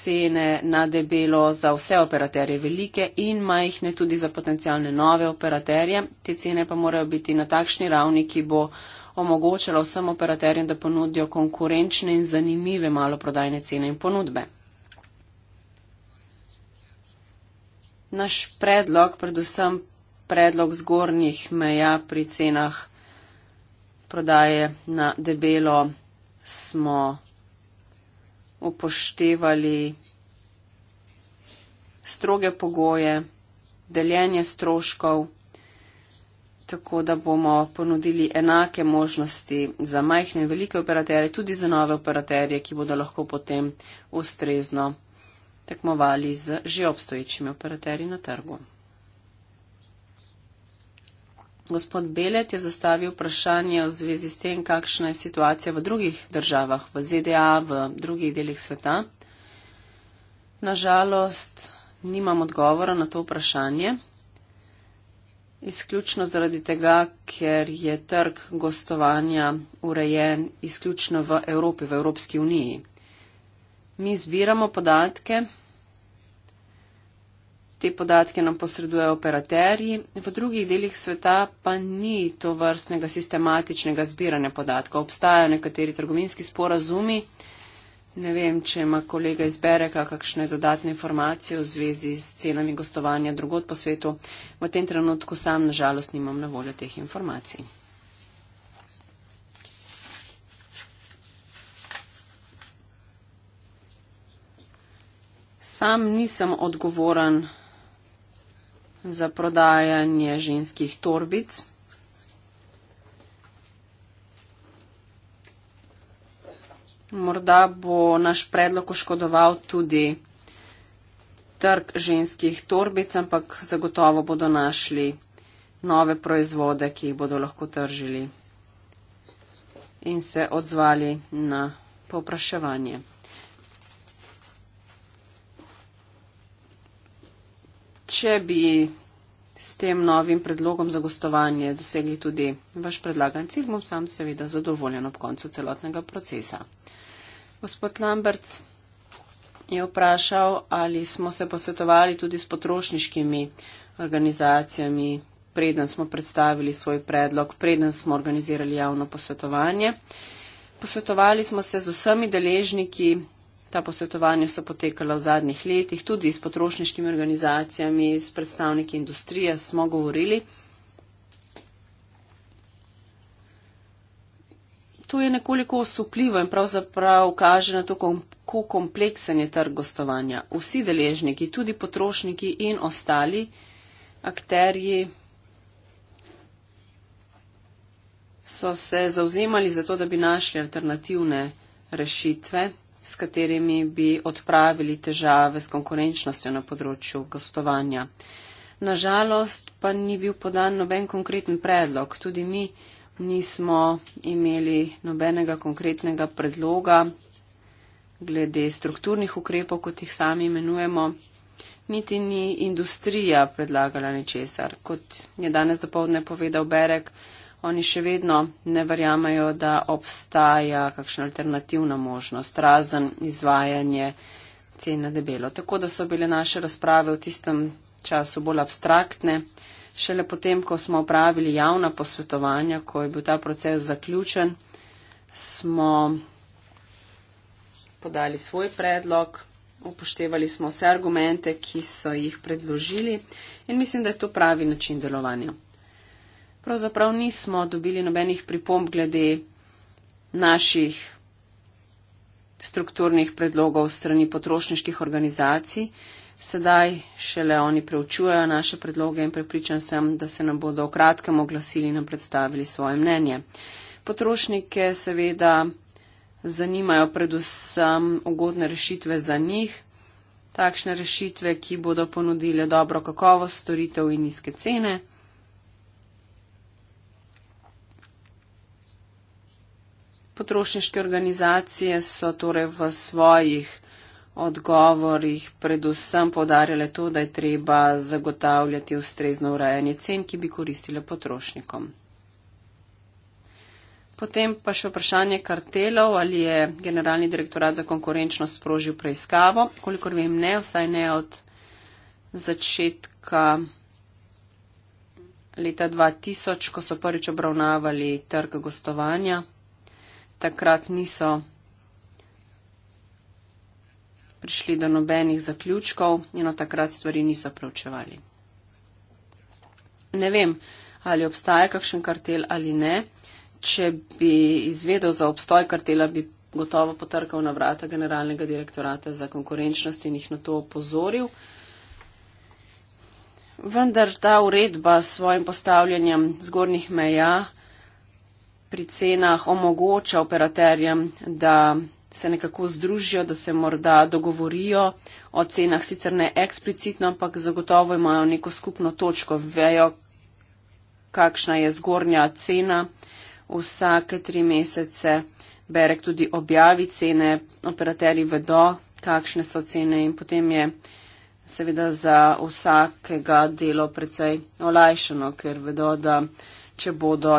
cene na debelo za vse operaterje, velike in majhne, tudi za potencijalne nove operaterje. Te cene pa morajo biti na takšni ravni, ki bo omogočala vsem operaterjem, da ponudijo konkurenčne in zanimive maloprodajne cene in ponudbe. naš predlog, predvsem predlog zgornjih meja pri cenah prodaje na debelo, smo upoštevali stroge pogoje, deljenje stroškov, tako da bomo ponudili enake možnosti za majhne in velike operaterje, tudi za nove operaterje, ki bodo lahko potem ustrezno tekmovali z že obstoječimi operaterji na trgu. Gospod Belet je zastavil vprašanje v zvezi s tem, kakšna je situacija v drugih državah, v ZDA, v drugih delih sveta. Nažalost, nimam odgovora na to vprašanje, izključno zaradi tega, ker je trg gostovanja urejen izključno v Evropi, v Evropski uniji mi zbiramo podatke, te podatke nam posredujejo operaterji, v drugih delih sveta pa ni to vrstnega sistematičnega zbiranja podatkov. Obstajajo nekateri trgovinski sporazumi. Ne vem, če ima kolega iz Bereka kakšne dodatne informacije v zvezi s cenami gostovanja drugot po svetu. V tem trenutku sam nažalost nimam na voljo teh informacij. sam nisem odgovoren za prodajanje ženskih torbic. Morda bo naš predlog oškodoval tudi trg ženskih torbic, ampak zagotovo bodo našli nove proizvode, ki jih bodo lahko tržili in se odzvali na popraševanje. če bi s tem novim predlogom za gostovanje dosegli tudi vaš predlagan cilj, bom sam seveda zadovoljen ob koncu celotnega procesa. Gospod Lambert je vprašal, ali smo se posvetovali tudi s potrošniškimi organizacijami, preden smo predstavili svoj predlog, preden smo organizirali javno posvetovanje. Posvetovali smo se z vsemi deležniki Ta posvetovanja so potekala v zadnjih letih, tudi s potrošniškimi organizacijami, s predstavniki industrije smo govorili. To je nekoliko osupljivo in pravzaprav kaže na to, kako kompleksen je trg gostovanja. Vsi deležniki, tudi potrošniki in ostali akterji so se zauzemali za to, da bi našli alternativne rešitve s katerimi bi odpravili težave s konkurenčnostjo na področju gostovanja. Nažalost pa ni bil podan noben konkreten predlog. Tudi mi nismo imeli nobenega konkretnega predloga glede strukturnih ukrepov, kot jih sami imenujemo. Niti ni industrija predlagala ničesar. Kot je danes dopovdne povedal Berek, oni še vedno ne verjamajo, da obstaja kakšna alternativna možnost, razen izvajanje cena debelo. Tako da so bile naše razprave v tistem času bolj abstraktne. Šele potem, ko smo opravili javna posvetovanja, ko je bil ta proces zaključen, smo podali svoj predlog, upoštevali smo vse argumente, ki so jih predložili in mislim, da je to pravi način delovanja pravzaprav nismo dobili nobenih pripomb glede naših strukturnih predlogov strani potrošniških organizacij. Sedaj šele oni preučujejo naše predloge in prepričan sem, da se nam bodo v kratkem oglasili in nam predstavili svoje mnenje. Potrošnike seveda zanimajo predvsem ugodne rešitve za njih, takšne rešitve, ki bodo ponudile dobro kakovost storitev in nizke cene. Potrošniške organizacije so torej v svojih odgovorjih predvsem podarjale to, da je treba zagotavljati ustrezno urejanje cen, ki bi koristile potrošnikom. Potem pa še vprašanje kartelov, ali je Generalni direktorat za konkurenčnost sprožil preiskavo. Kolikor vem, ne, vsaj ne od začetka leta 2000, ko so prvič obravnavali trg gostovanja takrat niso prišli do nobenih zaključkov in od takrat stvari niso preučevali. Ne vem, ali obstaja kakšen kartel ali ne. Če bi izvedel za obstoj kartela, bi gotovo potrkal na vrata generalnega direktorata za konkurenčnost in jih na to opozoril. Vendar ta uredba s svojim postavljanjem zgornjih meja pri cenah omogoča operaterjem, da se nekako združijo, da se morda dogovorijo o cenah, sicer ne eksplicitno, ampak zagotovo imajo neko skupno točko, vejo, kakšna je zgornja cena. Vsake tri mesece Berek tudi objavi cene, operaterji vedo, kakšne so cene in potem je seveda za vsakega delo precej olajšano, ker vedo, da če bodo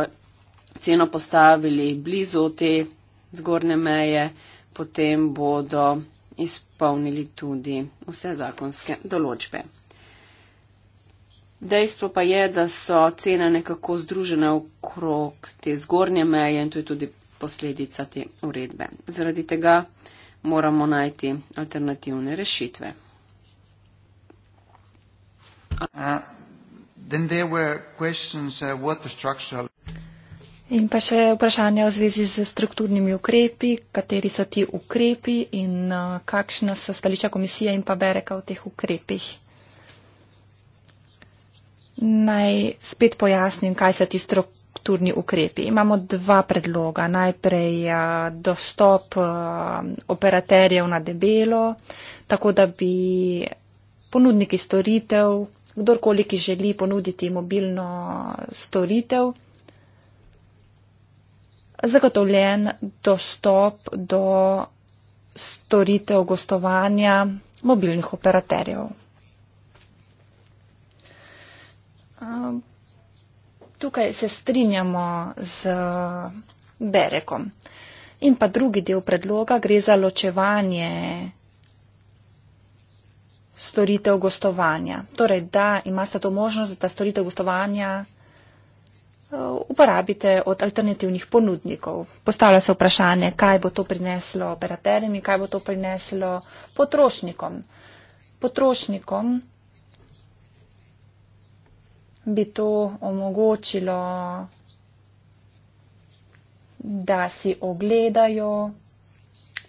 ceno postavili blizu te zgornje meje, potem bodo izpolnili tudi vse zakonske določbe. Dejstvo pa je, da so cene nekako združene okrog te zgornje meje in to je tudi posledica te uredbe. Zaradi tega moramo najti alternativne rešitve. Uh, then there were questions uh, what the structural In pa še vprašanje v zvezi z strukturnimi ukrepi, kateri so ti ukrepi in uh, kakšna so stališča komisije in pa bereka v teh ukrepih. Naj spet pojasnim, kaj so ti strukturni ukrepi. Imamo dva predloga. Najprej uh, dostop uh, operaterjev na debelo, tako da bi ponudniki storitev, kdorkoli, ki želi ponuditi mobilno storitev, zagotovljen dostop do storitev gostovanja mobilnih operaterjev. Ehm, tukaj se strinjamo z Berekom. In pa drugi del predloga gre za ločevanje storitev gostovanja. Torej, da imate to možnost, da storitev gostovanja Eh, uporabite od alternativnih ponudnikov. Postavlja se vprašanje, kaj bo to prineslo operaterjem in kaj bo to prineslo potrošnikom. Potrošnikom bi to omogočilo, da si ogledajo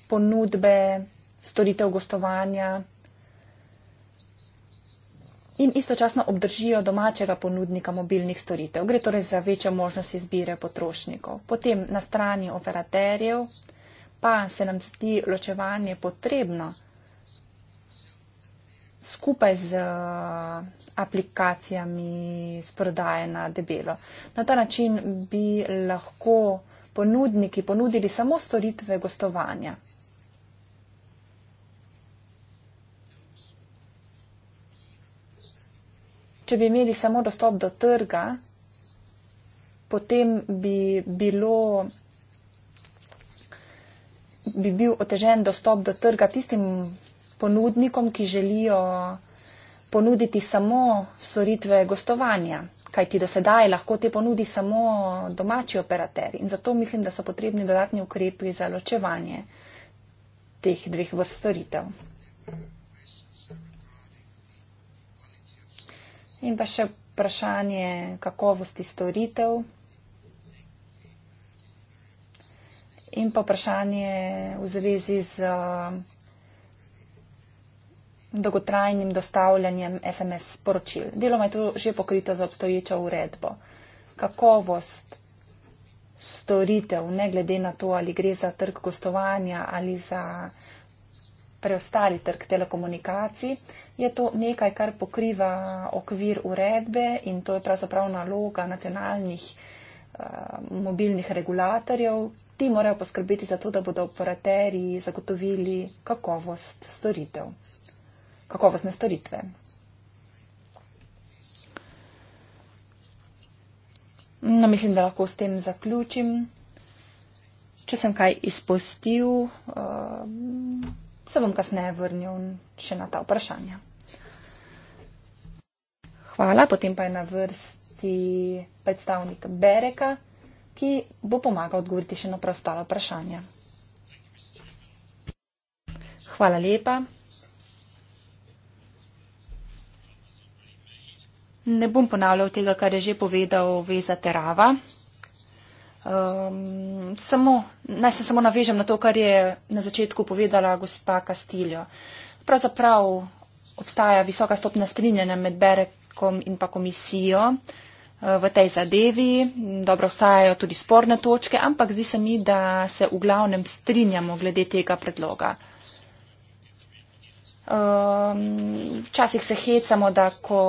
ponudbe, storitev gostovanja, in istočasno obdržijo domačega ponudnika mobilnih storitev. Gre torej za večjo možnost izbire potrošnikov. Potem na strani operaterjev pa se nam zdi ločevanje potrebno skupaj z eh, aplikacijami s prodaje na debelo. Na ta način bi lahko ponudniki ponudili samo storitve gostovanja. Če bi imeli samo dostop do trga, potem bi, bilo, bi bil otežen dostop do trga tistim ponudnikom, ki želijo ponuditi samo storitve gostovanja, kajti do sedaj lahko te ponudi samo domači operateri. In zato mislim, da so potrebni dodatni ukrepi za ločevanje teh dveh vrst storitev. Thank you. In pa še vprašanje kakovosti storitev. In pa vprašanje v zvezi z um, dolgotrajnim dostavljanjem SMS sporočil. Deloma je to že pokrito z obstoječo uredbo. Kakovost storitev, ne glede na to, ali gre za trg gostovanja ali za preostali trg telekomunikacij, je to nekaj, kar pokriva okvir uredbe in to je pravzaprav naloga nacionalnih eh, mobilnih regulatorjev. Ti morajo poskrbeti za to, da bodo operaterji zagotovili kakovost storitev, kakovostne storitve. No, mislim, da lahko s tem zaključim. Če sem kaj izpostil. Uh, eh, se bom kasneje vrnil še na ta vprašanja. Hvala, potem pa je na vrsti predstavnik Bereka, ki bo pomagal odgovoriti še na preostala vprašanja. Hvala lepa. Ne bom ponavljal tega, kar je že povedal Veza Terava. Um, samo, naj se samo navežem na to, kar je na začetku povedala gospa Kastiljo. Pravzaprav obstaja visoka stopna strinjanja med Berekom in pa komisijo eh, v tej zadevi. Dobro, obstajajo tudi sporne točke, ampak zdi se mi, da se v glavnem strinjamo glede tega predloga. Ehm, včasih um, se hecamo, da ko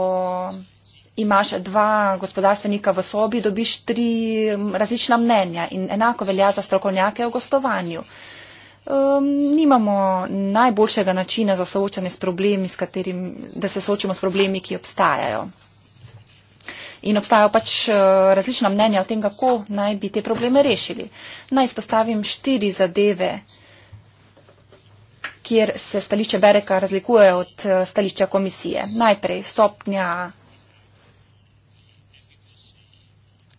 imaš dva gospodarstvenika v sobi, dobiš tri različna mnenja in enako velja za strokovnjake v gostovanju. Um, nimamo najboljšega načina za soočanje s problemi, s katerim, da se soočimo s problemi, ki obstajajo. In obstajajo pač uh, različna mnenja o tem, kako naj bi te probleme rešili. Naj izpostavim štiri zadeve, kjer se stališče Bereka razlikuje od uh, stališča komisije. Najprej stopnja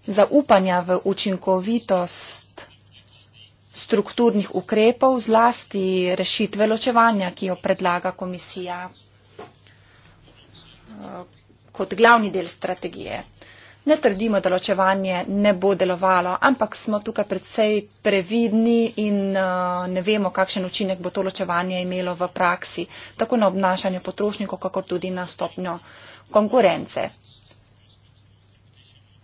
zaupanja v učinkovitost strukturnih ukrepov, zlasti rešitve ločevanja, ki jo predlaga komisija eh, kot glavni del strategije. Ne trdimo, da ločevanje ne bo delovalo, ampak smo tukaj predvsej previdni in eh, ne vemo, kakšen učinek bo to ločevanje imelo v praksi, tako na obnašanje potrošnikov, kakor tudi na stopnjo konkurence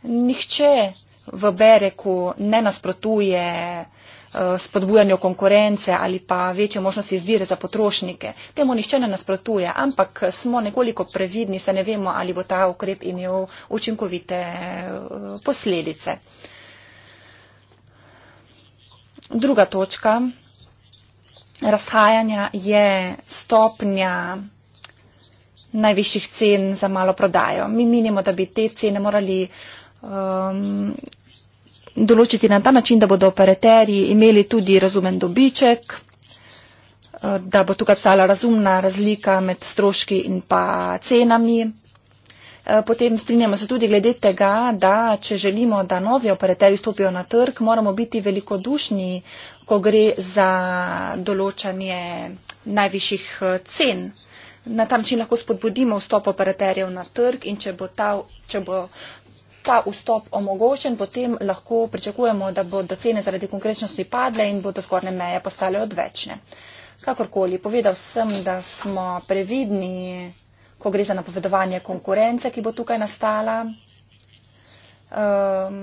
nihče v Bereku ne nasprotuje eh, spodbujanju konkurence ali pa večje možnosti izbire za potrošnike. Temu nihče ne nasprotuje, ampak smo nekoliko previdni, se ne vemo, ali bo ta ukrep imel učinkovite eh, posledice. Druga točka razhajanja je stopnja najvišjih cen za malo prodajo. Mi menimo, da bi te cene morali um, določiti na ta način, da bodo operaterji imeli tudi razumen dobiček, uh, da bo tukaj stala razumna razlika med stroški in pa cenami. Uh, potem strinjamo se tudi glede tega, da če želimo, da novi operaterji stopijo na trg, moramo biti velikodušni, ko gre za določanje najvišjih uh, cen. Na ta način lahko spodbudimo vstop operaterjev na trg in če bo, ta, če bo ta vstop omogočen, potem lahko pričakujemo, da bodo cene zaradi konkurenčnosti padle in bodo zgornje meje postale odvečne. Kakorkoli, povedal sem, da smo previdni, ko gre za napovedovanje konkurence, ki bo tukaj nastala. Um,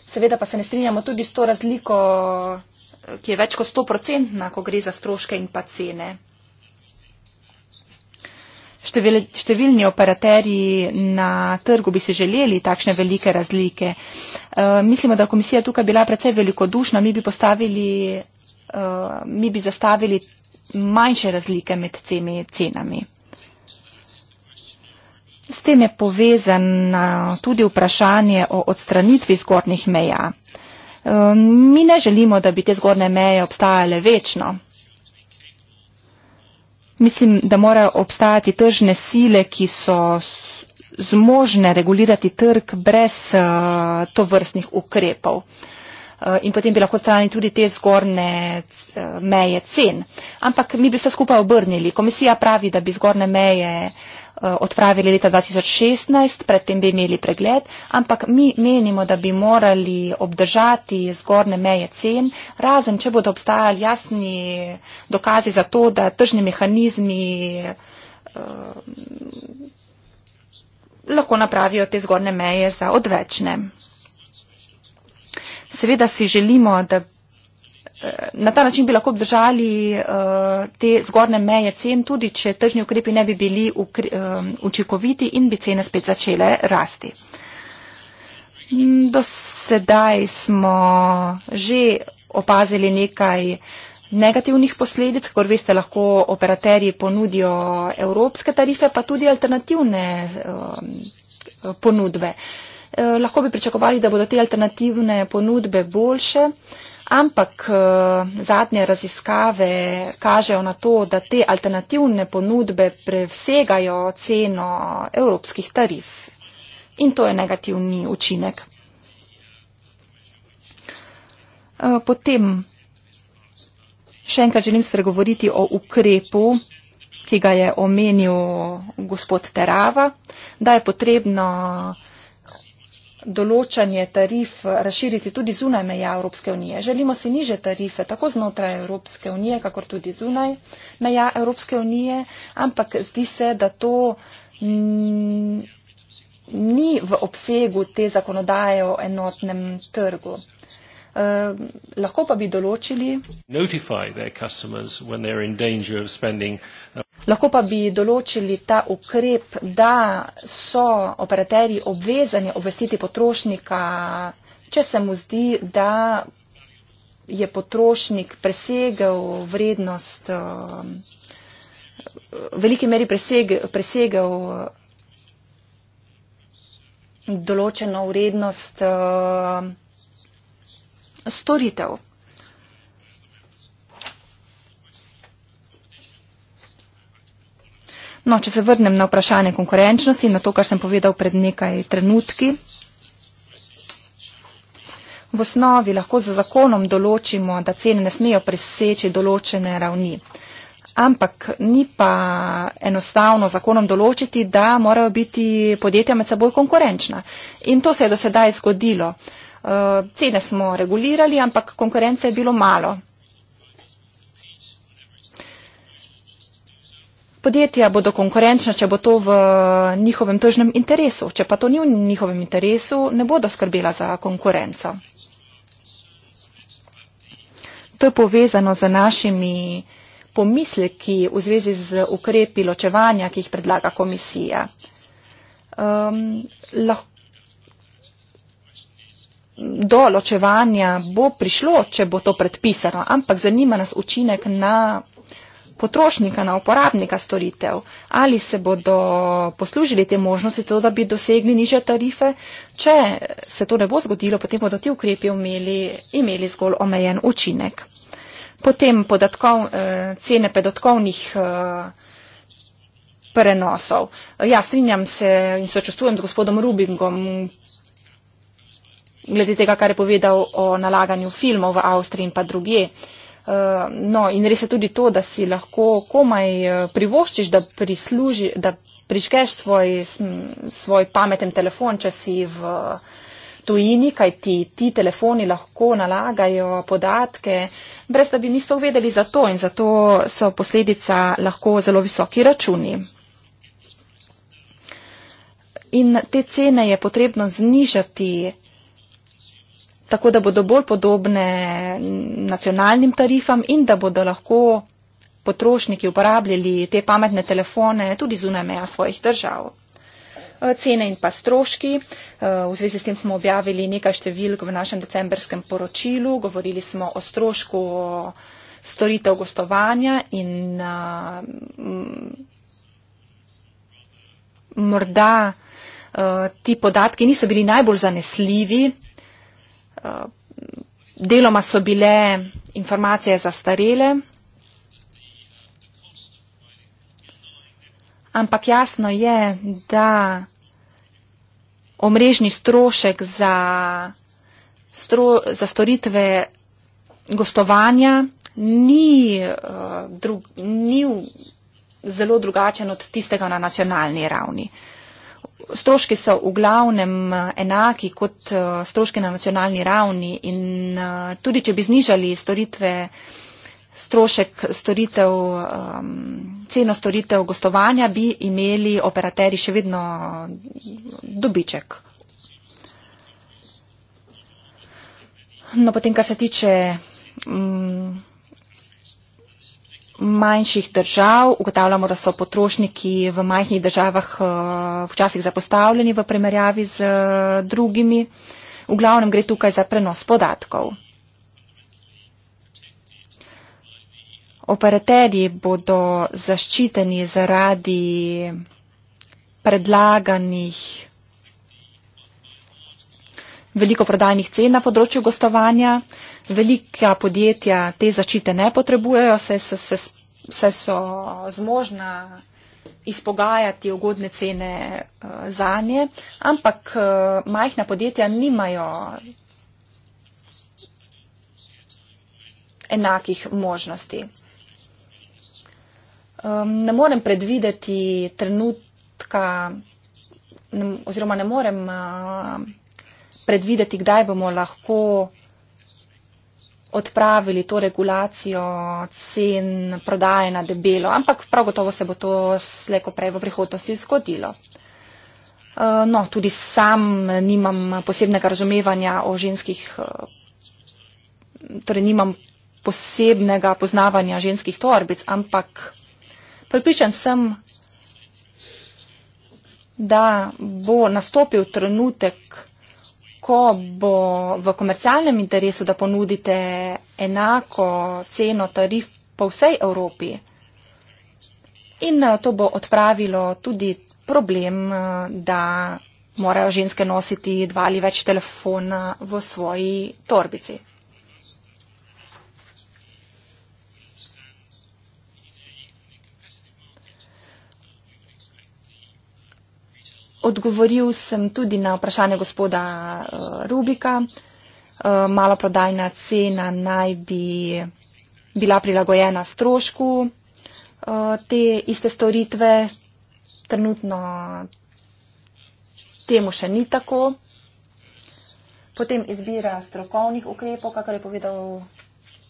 seveda pa se ne strinjamo tudi s to razliko, ki je več kot 100-odstotna, ko gre za stroške in pa cene. Števil, številni operaterji na trgu bi se želeli takšne velike razlike. Uh, mislimo, da komisija tukaj bila predvsej velikodušna, mi bi, postavili, uh, mi bi zastavili manjše razlike med temi cenami. S tem je povezano tudi vprašanje o odstranitvi zgornjih meja. Eh, mi ne želimo, da bi te zgornje meje obstajale večno. Mislim, da morajo obstajati tržne sile, ki so zmožne regulirati trg brez uh, eh, to vrstnih ukrepov. Eh, in potem bi lahko odstranili tudi te zgorne eh, meje cen. Ampak mi bi se skupaj obrnili. Komisija pravi, da bi zgorne meje uh, Eh, odpravili leta 2016, predtem bi imeli pregled, ampak mi menimo, da bi morali obdržati zgorne meje cen, razen če bodo obstajali jasni dokazi za to, da tržni mehanizmi eh, lahko napravijo te zgorne meje za odvečne. Seveda si želimo, da Eh, na ta način bi lahko obdržali eh, te zgornje meje cen, tudi če tržni ukrepi ne bi bili eh, učinkoviti in bi cene spet začele rasti. Mm, do sedaj smo že opazili nekaj negativnih posledic, kot veste, lahko operaterji ponudijo evropske tarife, pa tudi alternativne ponudbe eh, lahko bi pričakovali, da bodo te alternativne ponudbe boljše, ampak eh, zadnje raziskave kažejo na to, da te alternativne ponudbe prevsegajo ceno evropskih tarif in to je negativni učinek. Eh, potem še enkrat želim spregovoriti o ukrepu ki ga je omenil gospod Terava, da je potrebno uh, določanje tarif razširiti tudi zunaj meja Evropske unije. Želimo si niže tarife tako znotraj Evropske unije, kakor tudi zunaj meja Evropske unije, ampak zdi se, da to mm, ni v obsegu te zakonodaje o enotnem trgu. Ehm, lahko pa bi določili. Uh, lahko pa bi določili ta ukrep, da so operaterji obvezani obvestiti potrošnika, če se mu zdi, da je potrošnik presegel vrednost, ehm, v veliki meri presegel, presegel določeno vrednost. Ehm, storitev. No, če se vrnem na vprašanje konkurenčnosti in na to, kar sem povedal pred nekaj trenutki. V osnovi lahko z zakonom določimo, da cene ne smejo preseči določene ravni. Ampak ni pa enostavno zakonom določiti, da morajo biti podjetja med seboj konkurenčna. In to se je do sedaj zgodilo. Uh, Eh, cene smo regulirali, ampak konkurence je bilo malo. Podjetja bodo konkurenčna, če bo to v njihovem tržnem interesu. Če pa to ni v njihovem interesu, ne bodo skrbela za konkurenco. To je povezano z našimi pomisleki v zvezi z ukrepi ločevanja, ki jih predlaga komisija. Um, lahko do ločevanja bo prišlo, če bo to predpisano, ampak zanima nas učinek na potrošnika, na uporabnika storitev. Ali se bodo poslužili te možnosti, to, da bi dosegli niže tarife? Če se to ne bo zgodilo, potem bodo ti ukrepi imeli, imeli zgolj omejen učinek. Potem podatkov, eh, cene podatkovnih eh, prenosov. Ja, strinjam se in sočustujem z gospodom Rubingom, glede tega, kar je povedal o nalaganju filmov v Avstriji in pa druge. Eh, no, in res je tudi to, da si lahko komaj eh, privoščiš, da, prisluži, da priškeš svoj, svoj pameten telefon, če si v tujini, kaj ti, ti telefoni lahko nalagajo podatke, brez da bi mi sploh vedeli za to in zato so posledica lahko zelo visoki računi. In te cene je potrebno znižati tako da bodo bolj podobne nacionalnim tarifam in da bodo lahko potrošniki uporabljali te pametne telefone tudi zunaj meja svojih držav. E, cene in pa stroški. E, v zvezi s tem smo objavili nekaj številk v našem decembrskem poročilu. Govorili smo o strošku storitev gostovanja in uh, morda uh, ti podatki niso bili najbolj zanesljivi. Eh, deloma so bile informacije zastarele, ampak jasno je, da omrežni strošek za, stro, za storitve gostovanja ni, uh, drug, ni zelo drugačen od tistega na nacionalni ravni. Uh, stroški so v glavnem eh, enaki kot eh, stroške na nacionalni ravni in eh, tudi, če bi znižali storitve, strošek storitev, ehm, ceno storitev gostovanja, bi imeli operateri še vedno dobiček. No, potem, kar se tiče. Mm, manjših držav, ugotavljamo, da so potrošniki v majhnih državah eh, včasih zapostavljeni v primerjavi z eh, drugimi. V glavnem gre tukaj za prenos podatkov. Operaterji bodo zaščiteni zaradi predlaganih veliko prodajnih cen na področju gostovanja. Velika podjetja te zaščite ne potrebujejo, saj so, se, se so zmožna izpogajati ugodne cene uh, eh, za nje, ampak uh, majhna podjetja nimajo enakih možnosti. Um, ne morem predvideti trenutka, ne, oziroma ne morem. Uh, predvideti, kdaj bomo lahko odpravili to regulacijo cen prodaje na debelo, ampak prav gotovo se bo to sleko prej v prihodnosti zgodilo. Eh, no, tudi sam nimam posebnega razumevanja o ženskih, eh, torej nimam posebnega poznavanja ženskih torbic, ampak pripričan sem, da bo nastopil trenutek, kako bo v komercialnem interesu, da ponudite enako ceno tarif po vsej Evropi. In eh, to bo odpravilo tudi problem, eh, da morajo ženske nositi dva ali več telefona v svoji torbici. Odgovoril sem tudi na vprašanje gospoda eh, Rubika. Eh, Mala prodajna cena naj bi bila prilagojena strošku eh, te iste storitve. Trenutno temu še ni tako. Potem izbira strokovnih ukrepov, kakor je povedal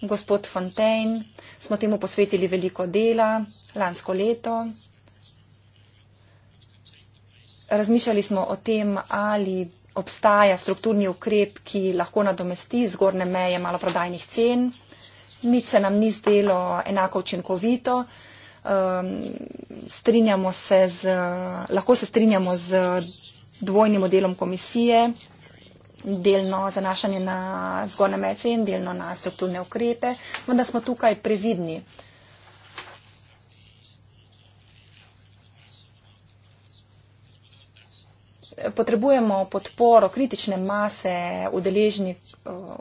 gospod Fontaine. Smo temu posvetili veliko dela lansko leto. Razmišljali smo o tem, ali obstaja strukturni ukrep, ki lahko nadomesti zgornje meje maloprodajnih cen. Nič se nam ni zdelo enako učinkovito. Um, se z, lahko se strinjamo z dvojnim modelom komisije, delno zanašanje na zgornje meje cen, delno na strukturne ukrepe, vendar smo tukaj previdni. potrebujemo podporo kritične mase eh,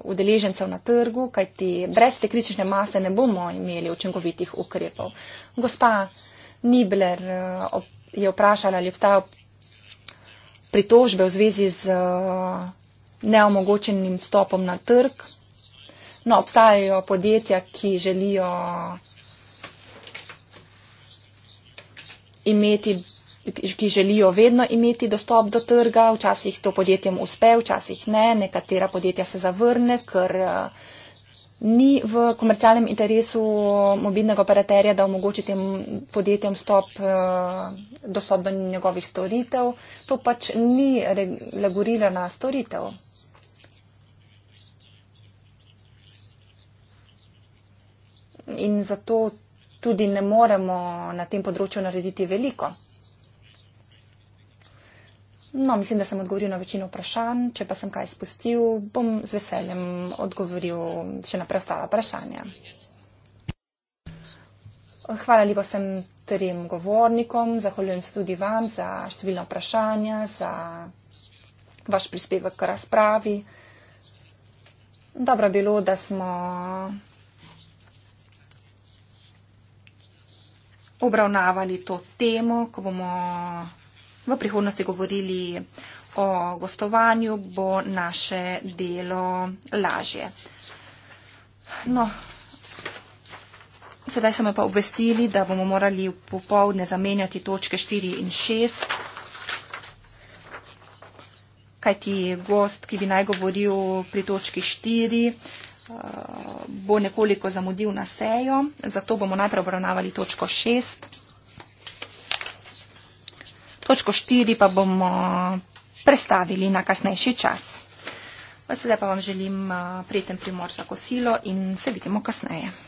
udeležencev na trgu, kajti brez te kritične mase ne bomo imeli učinkovitih ukrepov. Gospa Nibler eh, je vprašala, ali obstajajo pritožbe v zvezi z eh, neomogočenim stopom na trg. No, obstajajo podjetja, ki želijo imeti ki želijo vedno imeti dostop do trga, včasih to podjetjem uspe, včasih ne, nekatera podjetja se zavrne, ker eh, ni v komercialnem interesu mobilnega operaterja, da omogoči tem podjetjem stop, eh, dostop do njegovih storitev. To pač ni regulirana storitev. In zato tudi ne moremo na tem področju narediti veliko. No, mislim, da sem odgovoril na večino vprašanj. Če pa sem kaj spustil, bom z veseljem odgovoril še na preostala vprašanja. Hvala lepo vsem trem govornikom, zahvaljujem se tudi vam za številna vprašanja, za vaš prispevek k razpravi. Dobro je bilo, da smo obravnavali to temo, ko bomo v prihodnosti govorili o gostovanju, bo naše delo lažje. No, sedaj so me pa obvestili, da bomo morali v popovdne zamenjati točke 4 in 6. Kajti gost, ki bi naj govoril pri točki 4, eh, bo nekoliko zamudil na sejo, zato bomo najprej obravnavali točko 6. Točko 4 pa bomo prestavili na kasnejši čas. Sedaj pa vam želim prijeten primor za kosilo in se vidimo kasneje.